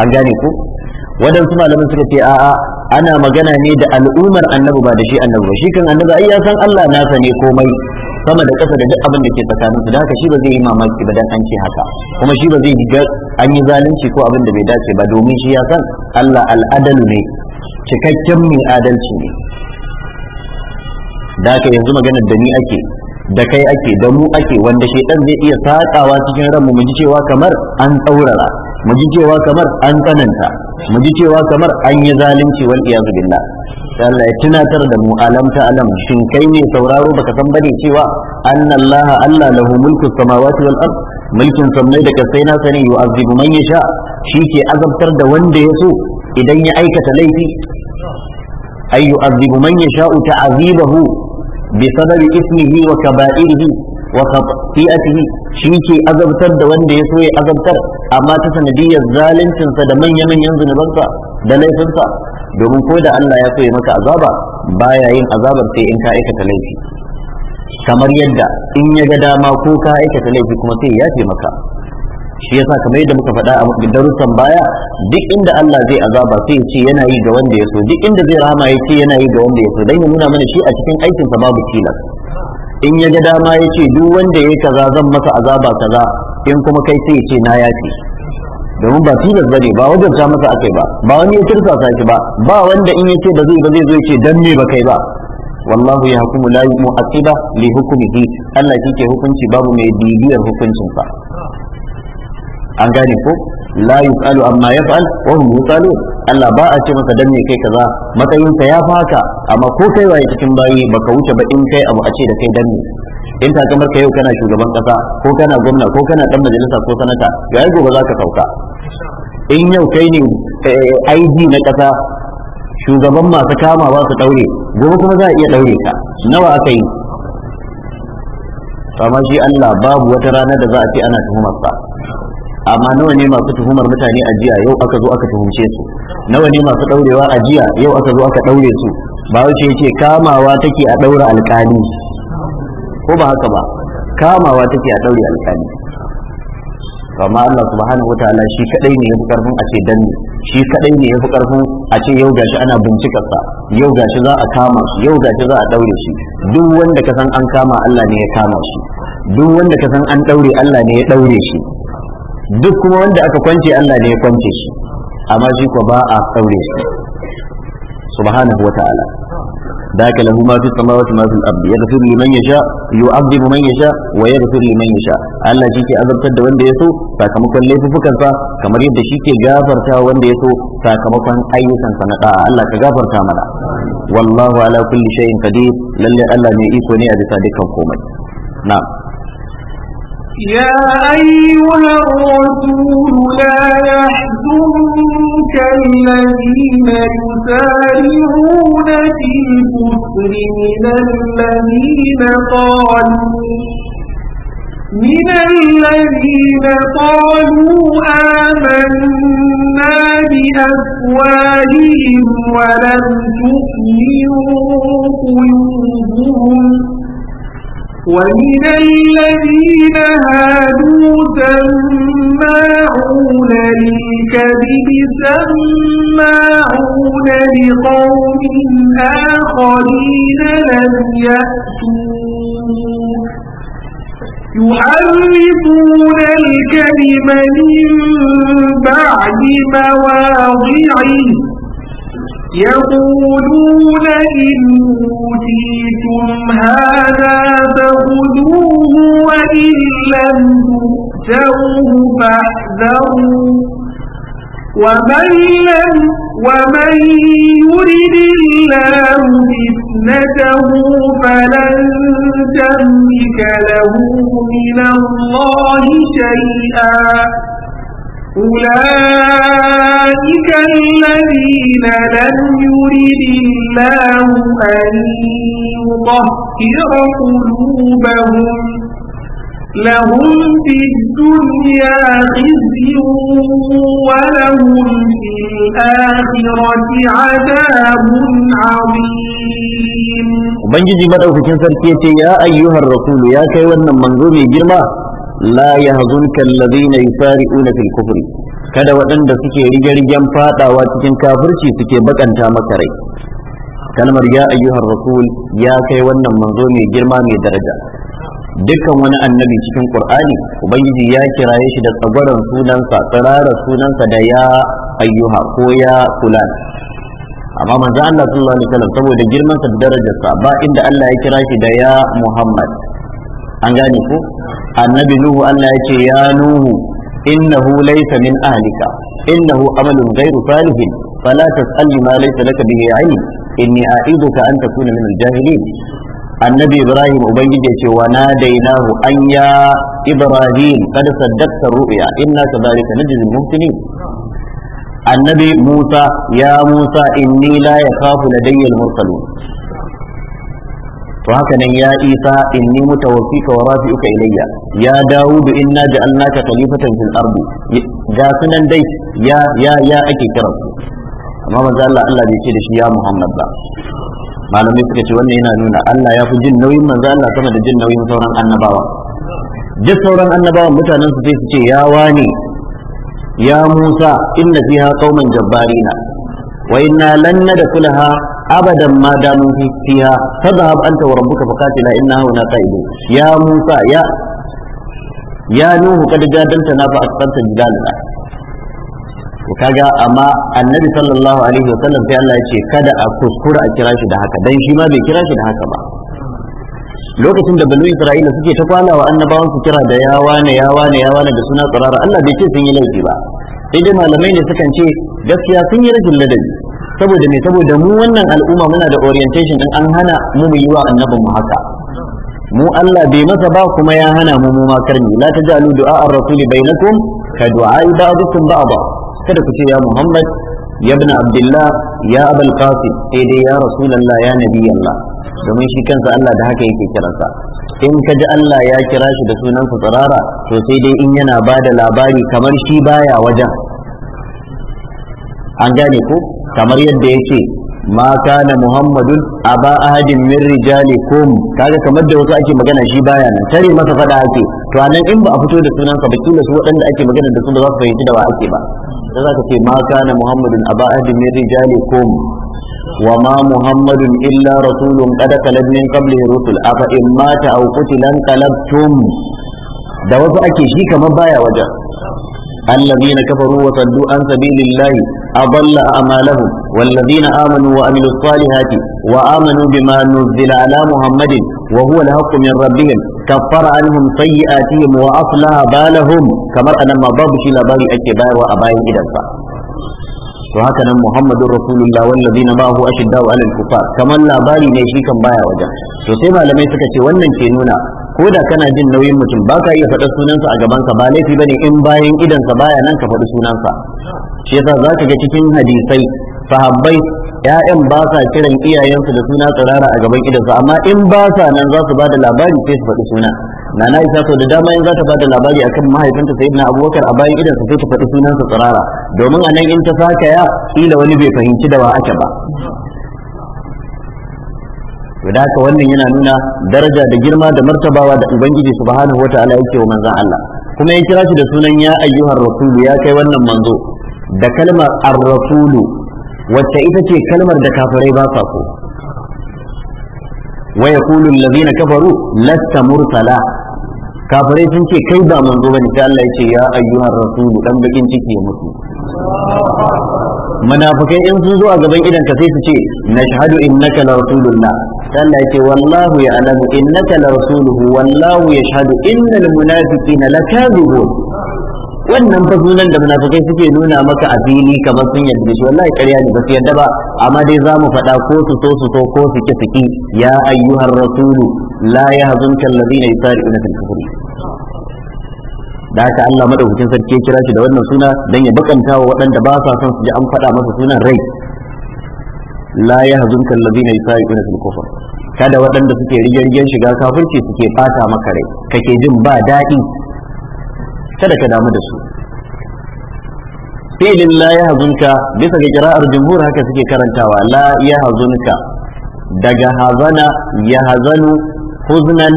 an gane ku waɗansu malamin suka ce a'a ana magana ne da al'ummar annabi ba da shi annabi ba shi kan annabi ai ya san Allah nasa ne komai sama da ƙasa da duk abin da ke tsakanin su da haka shi ba zai yi mamaki ba dan an ce haka kuma shi ba zai ga an yi zalunci ko abin da bai dace ba domin shi ya san Allah al'adalu ne cikakken mai adalci ne da haka yanzu maganar da ni ake da kai ake da mu ake wanda shi shedan zai iya sakawa cikin ranmu mu ji cewa kamar an tsaurara mu ji cewa kamar an tsananta mu ji cewa kamar an yi zalunci wal iyazu billah Allah ya tunatar da mu alam ta alam shin kai ne sauraro baka san bane cewa annallaha Allah lahu mulku samawati wal ard mulkin sammai da kasai na sani yu'azzibu man yasha shi ke azabtar da wanda ya so idan ya aikata laifi ay yu'azzibu man yasha ta'azibahu bi sababi ismihi wa kabairihi wa khati'atihi shi ke azabtar da wanda ya so ya azabtar amma ta sanadiyar zaluncinsa da manyan manyan zunubansa da laifinsa domin ko da Allah ya so ya maka azaba baya yin azabar sai in ka aikata laifi kamar yadda in ya ga dama ko ka aikata laifi kuma sai ya ce maka shi yasa kamar yadda muka faɗa a darussan baya duk inda Allah zai azaba sai ya ce yana yi ga wanda ya so duk inda zai rahama ya ce yana yi ga wanda ya so dan ya nuna mana shi a cikin aikinsa babu tilas in ya ga dama ya ce duk wanda ya kaza zan masa azaba kaza in kuma kai sai ya ce na yafi domin ba tilas ba ne ba ta masa aka ba ba wani ya kirsa sa ba ba wanda in ya ce ba zai ba zai zo ya ce dan me ba kai ba wallahu ya hukumu la mu'aqiba li hukmihi Allah yake hukunci babu mai bibiyar hukuncinsa an gane ko la yusalu amma yaf'al wa hum yusalun Allah ba a ce maka danne kai kaza matsayin sa ya faka amma ko kai waye cikin bayi baka wuce ba in kai abu a ce da kai danne in ta kamar yau kana shugaban kasa ko kana gwamna ko kana dan majalisa ko sanata ga gobe za ka sauka in yau kai ne eh, IG na kasa shugaban masu kama ba su daure gobe kuma za a iya daure ka nawa aka yi amma shi Allah babu wata rana da za a ce ana tuhumar sa amma nawa ne masu tuhumar mutane a jiya yau aka zo aka tuhumce su nawa ne masu daurewa a jiya yau aka zo aka daure su ba wace yake kamawa take a daura alkali ko ba haka ba kamawa take a daure alkali amma Allah subhanahu wataala shi kadai ne yafi karfin a ce dan shi kadai ne yafi karfin a ce yau gashi ana bincika sa yau gashi za a kama shi yau gashi za a daure shi duk wanda ka san an kama Allah ne ya kama shi duk wanda ka san an daure Allah ne ya daure shi duk kuma wanda aka kwance Allah ne ya kwance shi amma shi ko ba a daure shi subhanahu wa ta'ala ذاك له ما في السماوات ما في الارض يغفر لمن يشاء يعذب من يشاء ويغفر لمن يشاء Allah shi ke azabtar da wanda ya so sakamakon laifukansa kamar yadda shi ke gafarta wanda ya so sakamakon ayyukan sa na Allah ka gafarta mana wallahu ala kulli shay'in qadir lalle Allah ne iko ne a bisa dukkan komai na'am يا أيها الرسول لا يحزنك الذين يسارعون في الكفر من الذين قالوا من الذين قالوا آمنا بأفواههم ولم تؤمنوا قلوبهم ومن الذين هادوا سماعون للكذب سماعون لقوم آخرين لم يأتوك يحرفون الكلم من بعد مواضعه يقولون إن أوتيتم هذا فخذوه وإن لم تؤتوه فاحذروا ومن, لم ومن يرد الله فتنته فلن تملك له من الله شيئا أولئك الذين لم يرد الله أن يطهر قلوبهم لهم في الدنيا خزي ولهم في الآخرة عذاب عظيم وبنجي في كنسر كيتي يا أيها الرسول يا كيوانا منظومي جرمه لا يهزنك الذين sari'u في الكفر kada waɗanda suke rige-rigen fadawa cikin kafirci suke bakanta maka rai kalmar ya ayyuhar rasul ya kai wannan manzo mai girma mai daraja dukkan wani annabi cikin qur'ani ubangiji ya kiraye shi da tsagwaron sunansa tsirarar sunansa da ya ayyuha ko ya fulan amma manzo Allah sallallahu alaihi wasallam saboda girman sa da darajarsa ba inda Allah ya kira shi da ya Muhammad an gane ku annabi nuhu Allah yake ya nuhu innahu laysa min ahlika innahu amalun gairu salihin fala tasalli ma laysa laka bihi ilm inni a'iduka an takuna min al-jahilin annabi ibrahim ubangiji ya wa nadainahu anya ya ibrahim kad saddaqta ru'ya inna kadhalika najzi al-muhsinin annabi musa ya musa inni la yakhafu ladayya al-mursalun to haka nan ya isa inni mutawaffika wa rafi'uka ilayya ya dawud inna ja'alnaka khalifatan fil ardi ga sunan dai ya ya ya ake kiran amma manzo Allah Allah bai ce da shi ya Muhammad ba malamai suka ce wannan yana nuna Allah ya fi jin nauyin manzo Allah sama da jin nauyin sauran annabawa duk sauran annabawan mutanen su sai su ce ya wani ya Musa inna fiha qauman jabbarina wa inna lan nadkhulaha ابدا ما داموا فيها فذهب انت وربك فقاتلا إنا هنا قائد يا موسى يا يا نوح قد جادلتنا فأسقطت جدالنا kaga amma annabi sallallahu alaihi wasallam sai Allah ya ce kada a kuskura a kira shi da haka dan shi ma bai kira lokacin da banu isra'ila suke ta kwana wa annabawan su kira da yawa ne yawa ne yawa ne da suna tsirara Allah bai ce sun yi laifi ba sai dai malamai ne sukan ce gaskiya sun yi rajin ladabi saboda me saboda mu wannan al'umma muna da orientation din an hana mu mu yi wa annabin mu haka mu Allah bai masa ba kuma ya hana mu mu makar ni la tajalu du'a ar-rasuli bainakum ka du'a ba'dukum ba'da kada ku ce ya Muhammad ya ibn Abdullah ya Abul Qasim sai eh dai ya Rasulullah ya Nabi Allah domin shi kansa Allah da haka yake kiransa in ka ji Allah ya kira shi da sunan tsirara to sai dai in yana ba da labari kamar shi baya wajen an gane ko kamar yadda yake ma kana muhammadun aba ahadin min rijalikum kaga kamar da wasu ake magana shi baya nan tare masa fada ake to anan in ba a fito da sunansa ba kila su waɗanda ake magana da su ba za su fahimci da ba ake ba za ka ce ma kana muhammadun aba ahadin min rijalikum wa ma muhammadun illa rasulun kada khalad min qablihi rusul afa in mata aw qutilan qalabtum da wasu ake shi kamar baya wajen الذين كفروا وصدوا عن سبيل الله أضل أعمالهم والذين آمنوا وعملوا الصالحات وآمنوا بما نزل على محمد وهو الحق من ربهم كفر عنهم سيئاتهم وأصلح بالهم كما أن ما بابش لباري أكبر وأبائي إدفع to haka nan muhammadun rasulullah wallazi na ma'ahu ashiddaw alal kufar kamar labari ne shi kan baya wajen to sai malamai suka ce wannan ke nuna ko da kana jin nauyin mutum ba ka iya faɗa sunansa a gabansa ba laifi bane in bayan idansa baya nan ka faɗi sunansa shi yasa za ka ga cikin hadisai sahabbai ƴaƴan ba sa kiran iyayensu da suna tsirara a gaban idansa amma in ba sa nan za su ba da labari sai su faɗi suna nana isa sau da dama in za ta bada labari akan mahaifinta sai na abubakar a bayan idan sai ta faɗi sunansa tsirara domin a nan in ta saka ya ila wani bai fahimci da wa aka ba to da haka wannan yana nuna daraja da girma da martabawa da ubangiji subhanahu wataala yake wa manzon Allah kuma ya kira shi da sunan ya ayyuhar rasul ya kai wannan manzo da kalmar ar rasul wacce ita ce kalmar da kafirai ba sa so wa yaqulu allazina kafaru lasta murtala. kafirai sun ce kai ba manzo bane sai Allah ya ce ya ayyuhar rasulu dan bakin ciki ya mutu munafikai in sun zo a gaban idan ka sai su ce nashhadu innaka la rasulullah sai Allah ya ce wallahu ya'lamu innaka la rasuluhu wallahu yashhadu innal munafiqina lakadibun wannan fa sunan da munafikai suke nuna maka a fili kamar sun yarda shi wallahi ƙarya ne ba su yarda ba amma dai za mu faɗa ko su so su so ko su ki su ki ya ayyuhar rasulu la yahzunka alladhina yusari'una fil kufri da haka Allah madaukakin sarki ya kira shi da wannan suna dan ya bakanta wa waɗanda ba sa son su ji an faɗa masa sunan rai la yahzunka alladhina yusari'una fil kufr kada waɗanda suke rigirgen shiga kafirci suke fata maka rai kake jin ba daɗi kada ka damu da su filin la yahzunka bisa ga kira'ar jumhur haka suke karantawa la yahzunka daga hazana yahzanu huznan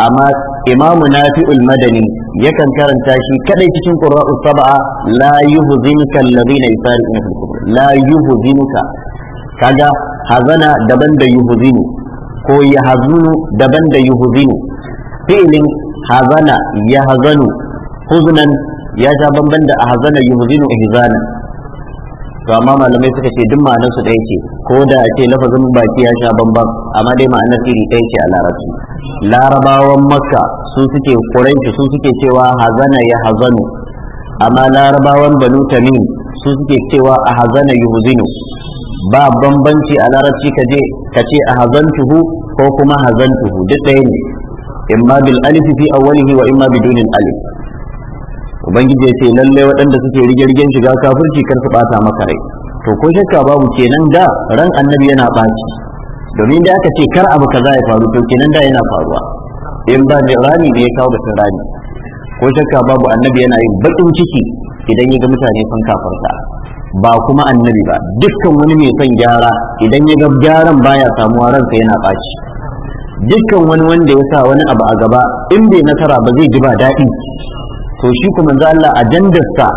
amma imamu nafi'ul madani yakan karanta shi kadai cikin qurra'us saba'a. la yuhzinuka alladhina na fil kufr la yuhzinuka kaga hazana daban da yuhzinu ko ya yahzunu daban da yuhzinu fi'lin hazana ya yahzanu huzunan ya sha bamban da ahzana yuhzinu ihzana to amma malamai suka ce duk ma'anar su ɗaya ce ko da a ce lafazin baki ya sha bamban amma dai ma'anar iri ɗaya ce a larabci larabawan makka su suke quraishi su suke cewa hazana ya hazanu amma larabawan banu tamim suke cewa a hazana yuhzinu ba bambanci a larabci ka je ka ce a hazantuhu ko kuma hazantuhu duk ɗaya ne imma bil alifi fi awwalihi wa imma bidunil alif ubangiji ya ce lalle waɗanda suke rige-rigen shiga kafirci kar su bata maka rai to ko shakka babu kenan da ran annabi yana baci domin da aka ce kar abu kaza ya faru to kenan da yana faruwa in ba ne rani ne ya kawo batun rani ko shakka babu annabi yana yin bakin ciki idan ya ga mutane sun kafarta ba kuma annabi ba dukkan wani mai son gyara idan ya ga gyaran baya samuwa ransa yana baci dukkan wani wanda ya sa wani abu a gaba in bai nasara ba zai ji ba daɗi to shi kuma manzo Allah dandasta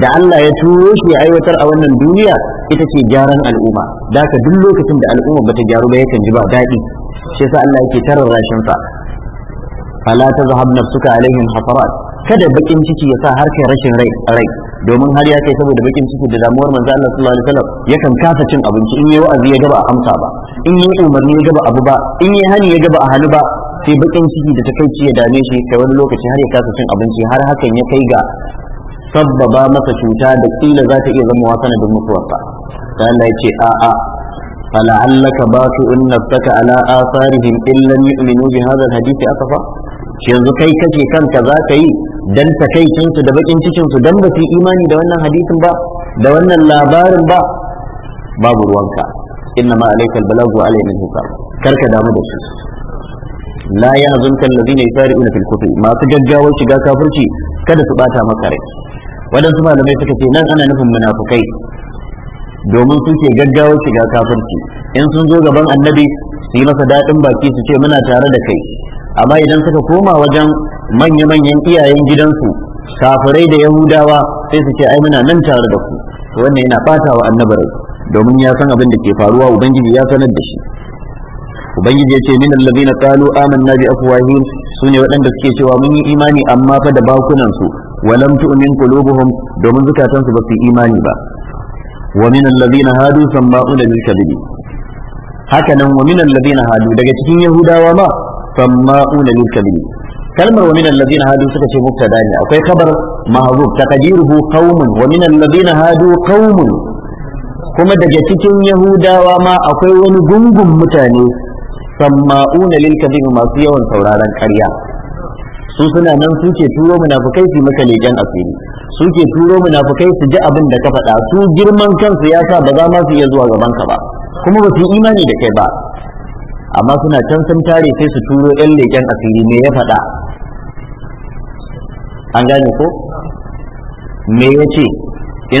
da Allah ya turo shi ya aiwatar a wannan duniya ita ce gyaran al'umma da ka duk lokacin da al'umma bata gyaru ba yakan ji ba daɗi shi yasa Allah yake tarar rashin sa fala tazhab nafsuka alaihim hasarat kada bakin ciki ya sa har kai rashin rai rai domin har ya kai saboda bakin ciki da damuwar manzo Allah sallallahu alaihi wasallam yakan kasa cin abinci in yayi wa'azi ya gaba amsa ba in yayi umarni ya gaba abu ba in yayi hani ya gaba a hannu ba sai bakin ciki da takaici ya dame shi kai wani lokaci har ya kasa cin abinci har hakan ya kai ga sabbaba masa cuta da kila za ta iya zama sanadin mutuwarsa ta Allah ya ce a'a فلعلك باقع نفسك على آثارهم إن لم يؤمنوا بهذا الحديث أسفا yanzu kai kace kanka za ka yi dan takaicin su da bakin cikin su dan ba su imani da wannan hadisin ba da wannan labarin ba babu ruwanka inna ma alaikal balagu alayhi hisab karka damu da shi la yahzunka allazina yusari'una una kufri masu gaggawar shiga kafurci kada su bata maka rai wadansu malamai suka ce nan ana nufin munafukai domin su ke gaggawar shiga kafurci. in sun zo gaban annabi su yi masa daɗin baki su ce muna tare da kai amma idan suka koma wajen manya-manyan iyayen gidansu kafirai da yahudawa sai su ce ai muna nan tare da ku wannan yana ɓata wa annabi domin ya san abin da ke faruwa ubangiji ya sanar da shi ubangiji ya ce min allazina qalu amanna bi afwahihim sune waɗanda suke cewa mun yi imani amma fa da bakunan su walam tu'min qulubuhum domin zukatansu ba su yi imani ba wa min allazina hadu sama'una lil kadhibi haka nan wa min allazina hadu daga cikin yahudawa ma sama'una lil kadhibi kalmar wa min allazina hadu suka ce mubtada ne akwai khabar mahzuf taqdiruhu qaumun wa min allazina hadu qaumun kuma daga cikin yahudawa ma akwai wani gungun mutane samma'una lil kadhibi masu yawan sauraron ƙarya su suna nan suke turo munafukai su maka leƙen asiri suke turo munafukai su ji abin da ka faɗa su girman kansu ya sa ba za ma su iya zuwa gaban ka ba kuma ba su yi imani da kai ba amma suna can sun tare sai su turo ɗan leƙen asiri me ya faɗa an gane ko me ya ce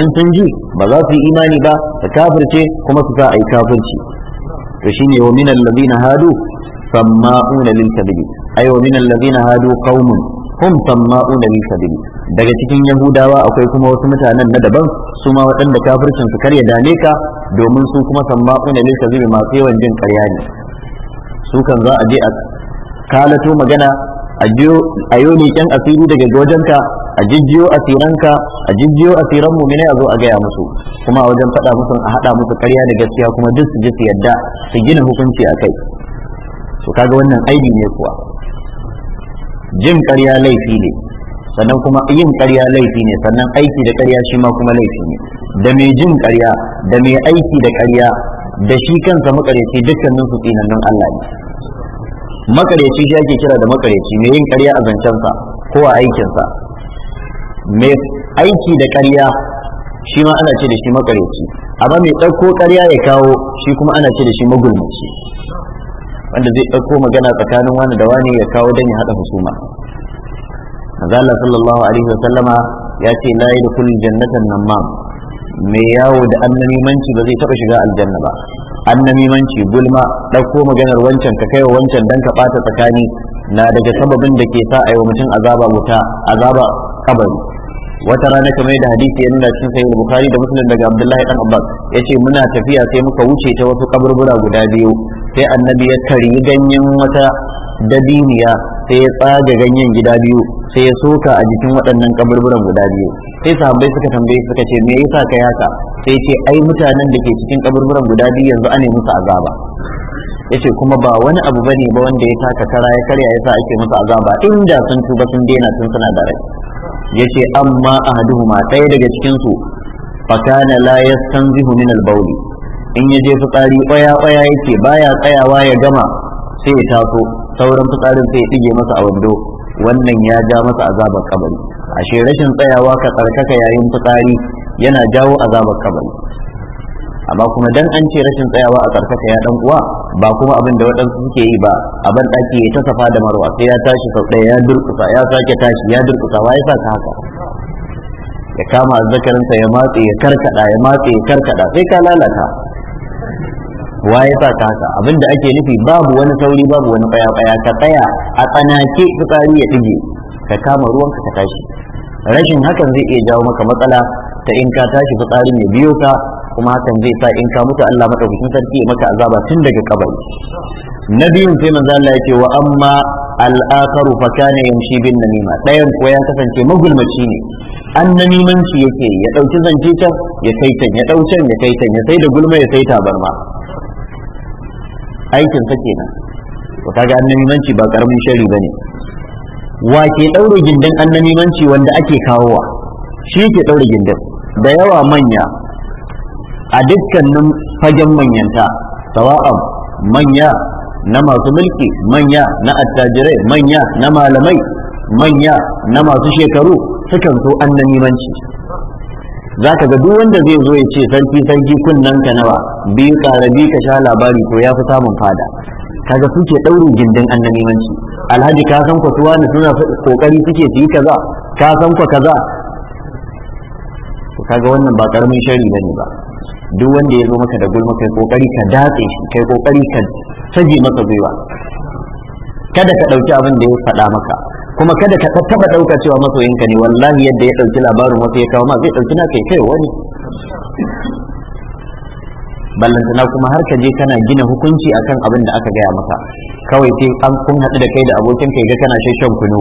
in sun ji ba za su yi imani ba su kafirce kuma su sa a yi kafirci to shine wa minal ladina hadu samma'una lil kadhib ay wa minal ladina hadu qaumun hum samma'una lil kadhib daga cikin yahudawa akwai kuma wasu mutanen na daban su ma waɗanda kafircin su karya dame ka domin su kuma samma'una lil kadhib masu yawan jin karya ne su kan za a je a kalato magana a yau leƙen asiri daga gojanka a jijiyo asiranka a jijiyo asiran mumina a zo a gaya musu kuma a wajen faɗa musu a haɗa musu karya da gaskiya kuma duk su ji su yadda su gina hukunci a kai to kaga wannan aibi ne kuwa jin ƙarya laifi ne sannan kuma yin ƙarya laifi ne sannan aiki da karya shi ma kuma laifi ne da mai jin ƙarya da mai aiki da karya da shi kansa makarici dukkanin su tsinannun Allah ne makareci shi ake kira da makareci mai yin karya a zancensa ko a aikinsa mai aiki da karya shi ma ana ce da shi makareci amma mai ɗauko karya ya kawo shi kuma ana ce da shi magulmaci wanda zai ɗauko magana tsakanin wani da wani ya kawo don ya haɗa husuma manzala sallallahu alaihi wa sallama ya ce da kullum jannatan ma mai yawo da annamimanci ba zai taɓa shiga aljanna ba manci, gulma ɗauko maganar wancan ka kaiwa wancan dan ka ɓata tsakani na daga sababin da ke sa mutum azaba wuta azaba kabari wata rana kamar da hadisi ya nuna cikin sahih bukhari da muslim daga abdullahi dan abbas yace muna tafiya sai muka wuce ta wasu kaburbura guda biyu sai annabi ya tari ganyen wata dabiniya sai ya tsaga ganyen gida biyu sai ya soka a jikin waɗannan kaburburan guda biyu sai sahabbai suka tambaye suka ce me yasa ka yaka, sai ce ai mutanen da ke cikin kaburburan guda biyu yanzu ane musu azaba ce kuma ba wani abu ba ne ba wanda ya taka kara ya karya ya sa ake musu azaba inda sun tuba sun daina sun suna da rai yace amma ahaduhuma ɗaya daga cikinsu su fakana la yastanzihu min al-bawli in je fitsari ƙwaya ƙwaya yake baya tsayawa ya gama sai ya taso sauran fitsarin sai ya dige masa a wando wannan ya ja masa azabar kabari ashe rashin tsayawa ka tsarkaka yayin fitsari yana jawo azabar kabari amma kuma dan an ce rashin tsayawa a tsarkaka ya dan uwa ba kuma abin da waɗansu suke yi ba a ban ɗaki ya tasafa da marwa sai ya tashi sau ɗaya ya durkusa ya sake tashi ya durkusa wa ya sa ka haka ya kama azzakarinsa ya matse ya karkada ya matse ya karkada sai ka lalata wa ya sa ka haka abinda ake nufi babu wani sauri babu wani baya baya ka tsaya a tsanake fitsari ya dige ka kama ruwanka ka tashi rashin hakan zai iya jawo maka matsala ta in ka tashi fitsari ya biyo ka kuma hakan zai sa in ka mutu Allah madaukakin sarki maka azaba tun daga kabari na biyun sai manzo Allah ya ce wa amma al-akharu fa kana yamshi bin namima dayan ko ya kasance magulmaci ne an na nemanci yake ya dauki zance can ya kai can ya dau ya kai can ya sai da gulma ya sai tabarma aikin sa kenan to kaga annamimanci ba karamin shari bane wa ke daure gindin annamimanci wanda ake kawowa shi ke daure gindin da yawa manya a dukkanin fagen manyanta sawa'an manya na masu mulki manya na attajirai manya na malamai manya na masu shekaru sukan so annamimanci za ka ga duk wanda zai zo ya ce sarki sarki kunnan ka nawa biyu biyu ka sha labari ko ya fi samun fada kaga suke ɗaurin gindin annabiwanci alhaji ka san ku tuwa ne suna kokari suke su yi kaza ka san ku kaza kaga wannan ba ƙaramin shari bane ba duk wanda ya zo maka da gulma kai kokari ka datse shi kai kokari ka saje maka gwiwa kada ka ɗauki abin da ya faɗa maka kuma kada ka taba dauka cewa masoyinka ne wallahi yadda ya dauki labarin wasu ya kawo ma zai dauki na kai kai wani ballantana kuma har ka je kana gina hukunci akan abin da aka gaya maka kawai sai an kun haɗu da kai da abokin kai ga kana shan kunu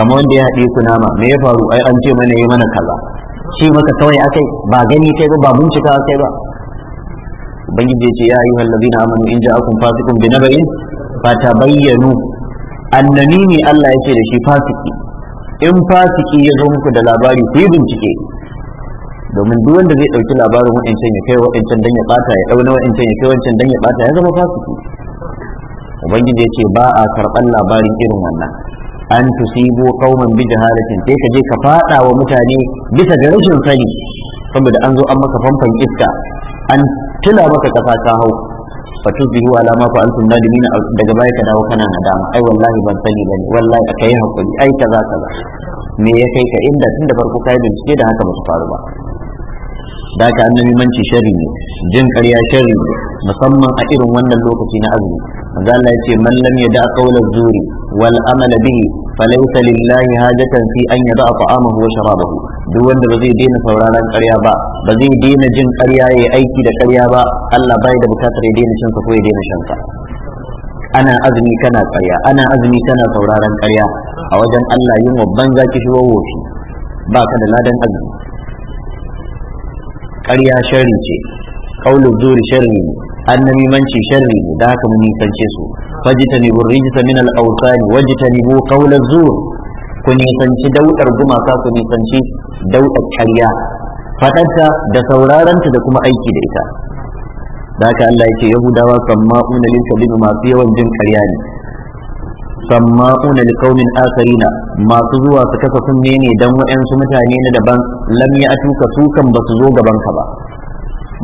kamar wanda ya haɗi kunama me ya faru ai an ce mana yi mana kaza shi maka kawai akai ba gani kai ba ba bincika kai ba ubangiji ya ce ya ayyuhal ladina amanu in ja'akum fasiqun bi naba'in fatabayyanu Annani ne Allah yake da shi fasiki in fasiki ya zo muku da labari ku yi bincike domin duk wanda zai ɗauki labarin wa'ancan ya kai wa'ancan dan ya bata ya ɗauna wa'ancan ya kai wa'ancan dan ya bata ya zama fasiki ubangiji ya ce ba a karɓar labarin irin wannan an tusibo kauman bi jahalatin sai ka je ka fada wa mutane bisa ga rashin sani saboda an zo an maka fanfan iska an tuna maka ƙasa ta hau fatusbihu ala ma fa'altum nadimin daga baya ka dawo kana nadama ai wallahi ban sani bane wallahi aka yi hakuri ai kaza kaza me ya kai ka inda tun da farko kai bincike da haka ba su faru ba da ka annabimanci sharri ne jin ƙarya sharri ne musamman a irin wannan lokaci na azumi manzo Allah ya ce man lam yada qawla zuri wal amal bihi falaysa lillahi hajatan fi an yada ta'amahu wa sharabahu duk wanda ba zai daina sauraron ƙarya ba ba zai daina jin ƙarya yayi aiki da ƙarya ba Allah bai da bukatar ya daina cin ko ya daina shan ana azumi kana ƙarya ana azumi kana sauraron ƙarya a wajen Allah yin wa banza ki shi ba ka da ladan azumi ƙarya sharri ce kaulu zuri sharri ne annamimanci sharri ne da haka mun nisance su wurin rijita min al wajita ne bu qawla zuri, ku nisanci daudar gumaka ku nisanci daudar ƙarya Faɗarta da sauraranta da kuma aiki da ita da haka Allah ya ce yahudawa kan ma'una lil masu yawan jin ƙarya ne samma'una liqaumin akharina masu zuwa su kasa sun ne dan waɗansu mutane na daban lam ya'tu ka su kan su zo gaban ka ba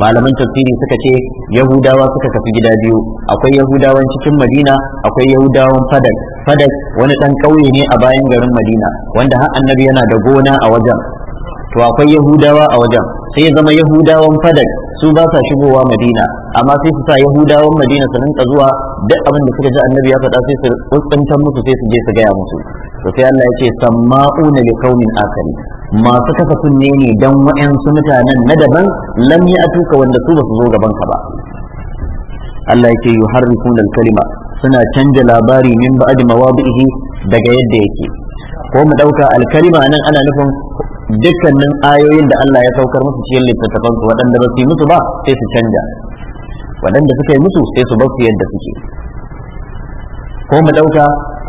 malaman tafsiri suka ce yahudawa suka kafi gida biyu akwai yahudawan cikin madina akwai yahudawan fadal fadal wani dan kauye ne a bayan garin madina wanda har annabi yana da gona a wajen to akwai yahudawa a wajen sai ya zama yahudawan fadal su ba sa shigowa madina amma sai su sa yahudawan madina su rinka zuwa duk abin da suka ji annabi ya faɗa sai su tsuntsuntar musu sai su je su gaya musu to sai Allah ya ce samma'una li kaunin akari masu kafa kunne ne dan waɗansu mutanen na daban lam ya'tuka wanda su ba su zo gaban ka ba Allah ya ce har al-kalima suna canja labari min ba'd mawadihi daga yadda yake ko mu ɗauka alkalima nan ana nufin dukkanin ayoyin da Allah ya saukar musu cikin littattafan su waɗanda ba su yi musu ba sai su canja waɗanda suka yi musu sai su bar su yadda suke ko mu ɗauka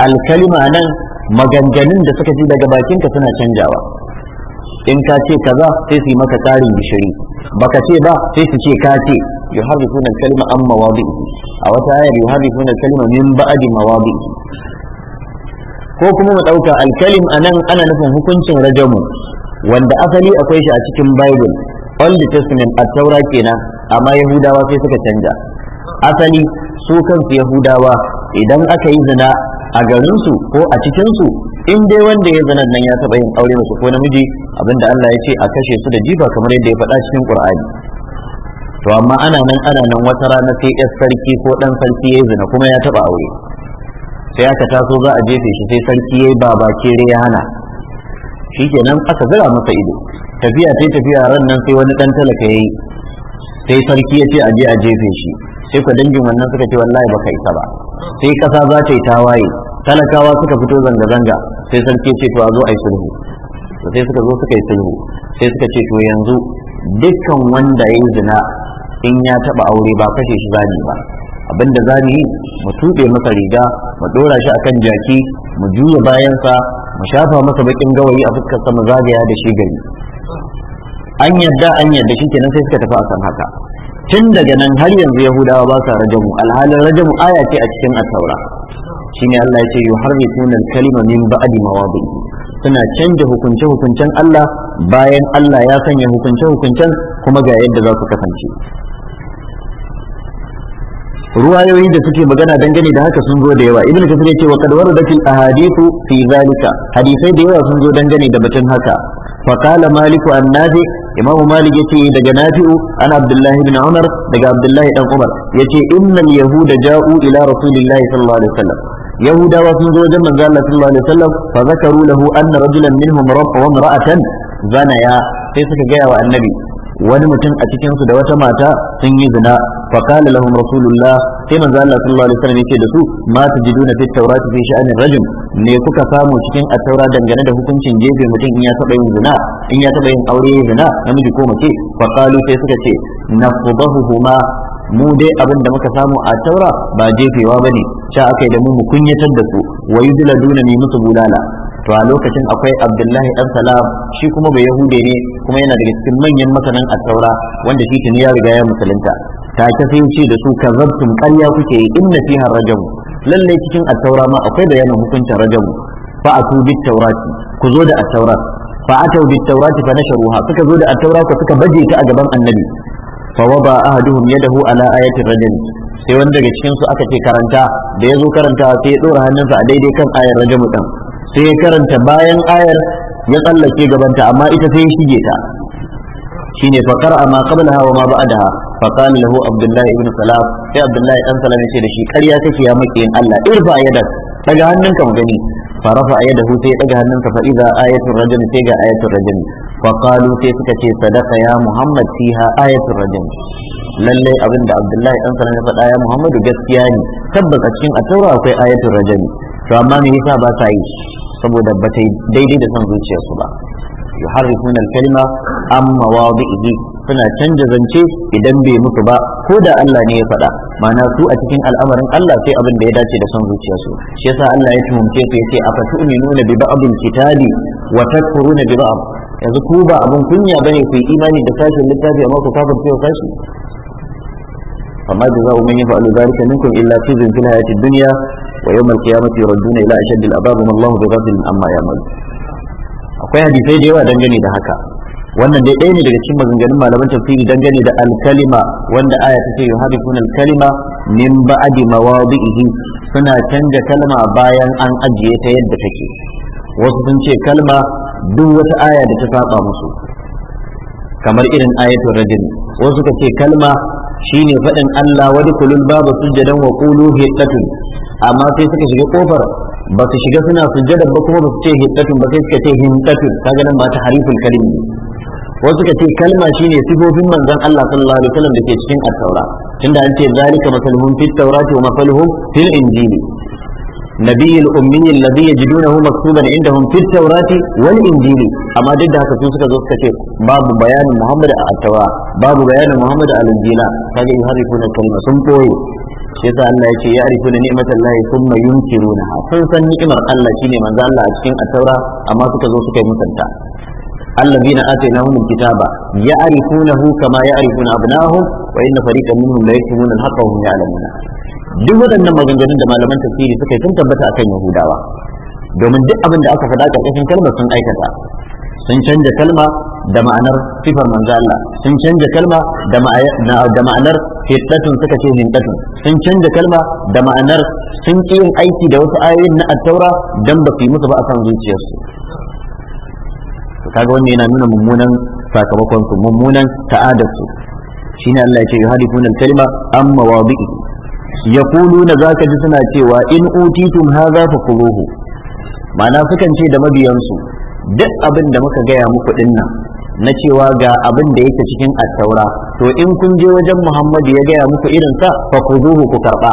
alkalima nan maganganun da suka ji daga bakinka suna canjawa in ka ce kaza sai su yi maka ƙarin gishiri baka ce ba sai su ce ka ce yuharrifuna kalima an mawadi'i a wata ayar yuharrifuna kalima min ba'di mawadi'i ko kuma mu ɗauka alkalim anan ana nufin hukuncin rajamu wanda asali akwai shi a cikin bible the testament a taura kenan amma yahudawa sai suka canja asali su kansu yahudawa idan aka yi zina a garinsu ko a cikinsu in dai wanda ya zina nan ya taɓa yin aure mace ko namiji abinda Allah ya ce a kashe su da jifa kamar yadda ya faɗa cikin Qur'ani to amma ana nan ana nan wata rana sai ɗan sarki ko ɗan sarki ya zina kuma ya taɓa aure sai aka taso za a jefe shi sai sarki ya yi babakere ya shi kenan aka zara masa ido tafiya sai tafiya ran nan sai wani dan talaka yayi sai sarki ya ce a je a jefe shi sai ku dangin wannan suka ce wallahi baka isa ba sai kasa za ta yi tawaye talakawa suka fito zanga zanga sai sarki ya ce to a zo a yi sulhu sai suka zo suka yi sulhu sai suka ce to yanzu dukkan wanda ya yi zina in ya taba aure ba kashe shi zani ba abinda zani mu tuɓe masa riga mu ɗora shi akan jaki mu juya bayansa mu shafa masa bakin gawayi a fuskar sama zagaya da shi gari an yadda an yadda shi kenan sai suka tafi kan haka tun daga nan har yanzu yahudawa ba sa rajamu alhalin rajamu aya ce a cikin asaura shine Allah ya ce yuharrifuna al-kalima min ba'di mawadi suna canja hukunce hukuncen Allah bayan Allah ya sanya hukunce hukuncen kuma ga yadda za su kasance ruwayoyi da suke magana dangane da haka sun zo da yawa ibnu kasir yace wa qad waradatil ahadithu fi zalika hadisai da yawa sun zo dangane da batun haka fa qala maliku an nafi imam malik yace daga nafi'u an abdullah ibn umar daga abdullah dan umar yace innal yahuda ja'u ila rasulillahi sallallahu alaihi wasallam yahudawa sun zo wajen manzo sallallahu alaihi wasallam fa zakaru lahu anna rajulan minhum rabba wa imra'atan zanaya sai suka gaya wa annabi wani mutum a cikinsu da wata mata sun yi zina fa qala lahum rasulullah sai manzo Allah sallallahu alaihi wasallam yake da su ma tajiduna fi tawrati fi sha'anin rajul ne kuka samu cikin at-taura dangane da hukuncin jefe mutum in ya taba yin zina in ya taba yin aure zina namiji ko mace fa qalu sai suka ce huhuma, mu dai abin da muka samu a taura ba jefewa bane sha akai da mu mu kunyatar da su wa yudladuna ni musu bulala to a lokacin akwai abdullahi dan salam shi kuma bai yahude ne kuma yana daga cikin manyan masanan at-taura wanda shi tuni ya riga ya musulunta ta ta sai ce da su kazzabtum karya kuke yi inna fiha rajamu lalle cikin at-taura ma akwai bayanin hukuncin rajamu fa atu bit taurati ku zo da at-taura fa atau bit taurati fa nasharuha suka zo da at-taura ku suka baje ta a gaban annabi fa wada ahaduhum yadahu ala ayatin rajam sai wanda daga cikin su aka ce karanta da ya zo karanta sai ya dora hannunsa a daidai kan ayar rajamu din sai ya karanta bayan ayar ya tsallake gabanta amma ita sai ya shige ta Shi ne fakar? ma qablaha wa ma ba'daha fa qala lahu Abdullahi ibn salam sai Abdullahi dan salam yace da shi ƙarya kake ya makiyin Allah irfa yadak daga hannunka mu gani Farafa a yadda sai daga hannunka fa idza ayatul rajul sai ga ayatul rajul fa qalu sai suka ce sadaqa ya muhammad fiha ayatul rajul lallai abin da abdullahi dan salam ya faɗa ya muhammadu gaskiya ne tabbas a cikin ataura akwai ayatul rajul to amma me yasa ba sa yi saboda ba ta daidai da son zuciyarsu ba yuharrifuna al-kalima an mawadi'i suna canja zance idan bai mutu ba ko da Allah ne ya faɗa ma'ana su a cikin al'amarin Allah sai abin da ya dace da son zuciyarsu shi yasa Allah ya tumumce su yace afatu'minuna bi ba'dil kitabi wa takfuruna bi ba'd yanzu ku ba abin kunya bane ku yi imani da sashen littafi amma ku kafirce wa sashi فما جزاء من يفعل ذلك منكم إلا خزي في الحياة الدنيا ويوم القيامة يردون إلى أشد العذاب ما الله بغافل عما يعمل akwai hadisai da yawa dangane da haka wannan dai ɗaya ne daga cikin maganganun malaman tafsiri dangane da alkalima wanda aya ta ce yuharifun alkalima min ba'di mawadihi suna canja kalma bayan an ajiye ta yadda take wasu sun ce kalma duk wata aya da ta saba musu kamar irin ayatul rajul wasu suka ce kalma shine faɗin Allah wani kulun babu sujjadan wa qulu hiddatun amma sai suka shiga kofar ba su shiga suna sujjada ba kuma ba su ce hiddatun ba sai suka ce hiddatun kaga nan ba ta harifin kalimi wasu suka ce kalma shine sifofin manzon Allah sallallahu alaihi wasallam da ke cikin at-taura tunda an ce zalika masalhum fit tawrati wa masalhum fil injili نبي الأمي الذي يجدونه مكتوبا عندهم في التوراة والإنجيل أما جد هكا في سكة كثير باب بيان محمد التوراة باب بيان محمد الإنجيل هذا يحرفون الكلمة سنبوي yasa Allah ya ce ya arifu da ni'matar Allah kuma yunkiruna sun san ni'imar Allah shine manzo Allah a cikin at-taura amma suka zo suka yi musanta الذين آتيناهم الكتاب يعرفونه كما يعرفون أبناءهم وإن فريقا منهم لا يكتمون الحق وهم يعلمون duk waɗannan maganganun da malaman tafsiri suka yi sun tabbata akan yahudawa domin duk abin da aka faɗa ƙarƙashin kalma sun aikata sun canja kalma da ma'anar sifar manzo Allah sun canja kalma da ma'anar hiddatun suka ce hiddatun sun canja kalma da ma'anar sun ki yin aiki da wasu ayoyin na attaura dan ba su yi musu ba a kan zuciyarsu kaga wannan yana nuna mummunan sakamakon su mummunan ta'adar su shine Allah ya ce yuhadifuna al-kalima amma wadi'i za zaka ji suna cewa in utitum hadha kuruhu mana sukan ce da mabiyansu duk abin da muka gaya muku dinnan na cewa ga abin da yake cikin attaura to in kun je wajen Muhammadu ya gaya muku irin sa fakuruhu ku karba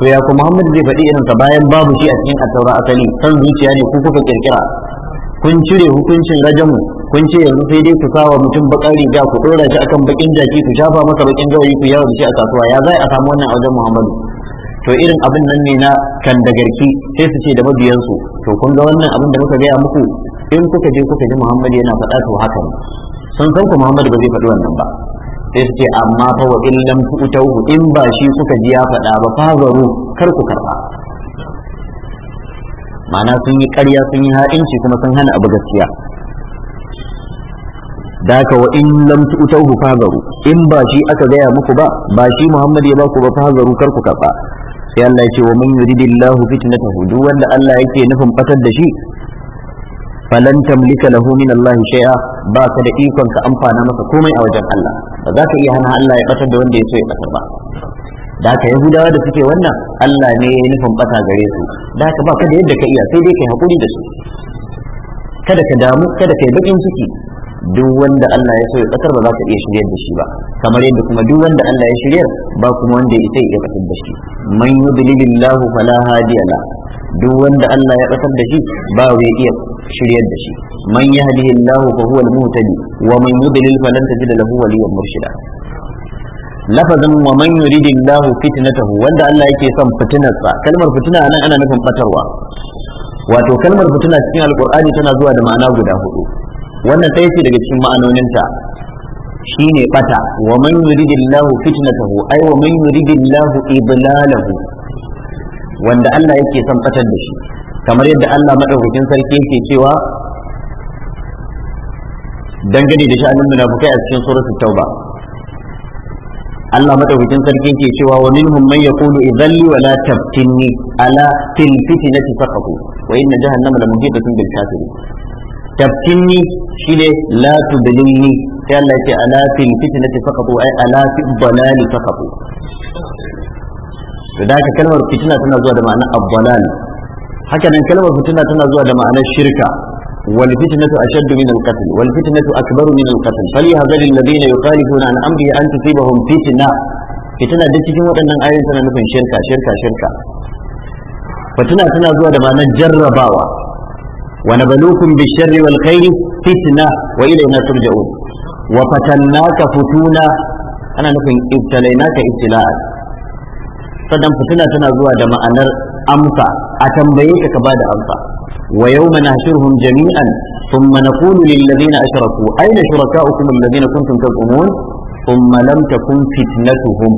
to ya ku Muhammadu zai faɗi irin sa bayan babu shi a cikin attaura asali san zuciya ne ku kuka kirkira kun cire hukuncin rajamu kun ce yanzu sai dai ku sawa mutum bakar riga ku dora shi akan bakin jaki ku shafa masa bakin gawayi ku yawo da shi a kasuwa ya za a samu wannan a wajen muhammadu to irin abin nan ne na kan da garki sai su ce da mabiyansu to kun ga wannan abin da muka gaya muku in kuka je kuka ji muhammadu yana faɗa to haka ne sun san ku muhammadu ba zai faɗi wannan ba sai su ce amma fa wa in lam tu'tahu in ba shi kuka ji ya faɗa ba fa zaru kar ku karba ma'ana sun yi ƙarya sun yi ha'inci kuma sun hana abu gaskiya da ka wa in lam tu'tahu fazaru in ba shi aka gaya muku ba ba shi Muhammad ya ba ku ba fazaru kar ku kafa. sai Allah yake ce wa man yuridillahu fitnatahu duk wanda Allah yake nufin fatar da shi falan tamlika lahu min Allah shay'a ba ka da ikon ka amfana masa komai a wajen Allah ba za ka iya hana Allah ya fatar da wanda ya so ya batar ba da haka yahudawa da suke wannan Allah ne ya nufin fata gare su da ka ba ka da yadda ka iya sai dai kai hakuri da su kada ka damu kada kai bakin ciki duk wanda Allah ya so ya kasar ba za ka iya shiryar da shi ba kamar yadda kuma duk wanda Allah ya shiryar ba kuma wanda ya sai ya kasar da shi man yudlilillahu fala hadiya la duk wanda Allah ya kasar da shi ba wai iya shiryar da shi man yahdihillahu fa huwa al-muhtadi wa man yudlil falan tajid lahu waliyyan murshida lafazin wa man yuridillahu fitnatahu wanda Allah yake son sa. kalmar fitina anan ana nufin batarwa wato kalmar fitina cikin alqur'ani tana zuwa da ma'ana guda hudu wannan sai ce daga cikin ma'anoninta ne bata wa man yuridillahu fitnatahu ay wa man yuridillahu iblalahu wanda Allah yake son batar da shi kamar yadda Allah madaukakin sarki yake cewa dangane da sha'anin munafikai a cikin suratul tauba Allah madaukakin sarki yake cewa wa minhum man yaqulu idhalli wa la tabtinni ala til fitnati saqatu wa inna jahannama la muhitatun bil kafirin tabtinni shine la tudlilni sai Allah ya ce ala fil fitnati faqatu ay ala fil dalali faqatu to da kalmar fitina tana zuwa da ma'ana abdalal haka nan kalmar fitina tana zuwa da ma'anar shirka wal fitnatu ashaddu min al qatl wal fitnatu akbaru min al qatl falyahzar alladhina yukhalifuna an amri an tusibahum fitna fitina duk cikin waɗannan ayoyin tana nufin shirka shirka shirka fitina tana zuwa da ma'anar jarrabawa ونبلوكم بالشر والخير فتنة وإلينا ترجعون وفتناك فتونا أنا نفهم ابتليناك ابتلاء sannan fitina tana zuwa da ma'anar amsa a tambaye ka ba da amsa wa yawma nahshuruhum jami'an thumma naqulu lil ladina ashraku ayna shurakaukum alladhina kuntum tazumun thumma lam takun fitnatuhum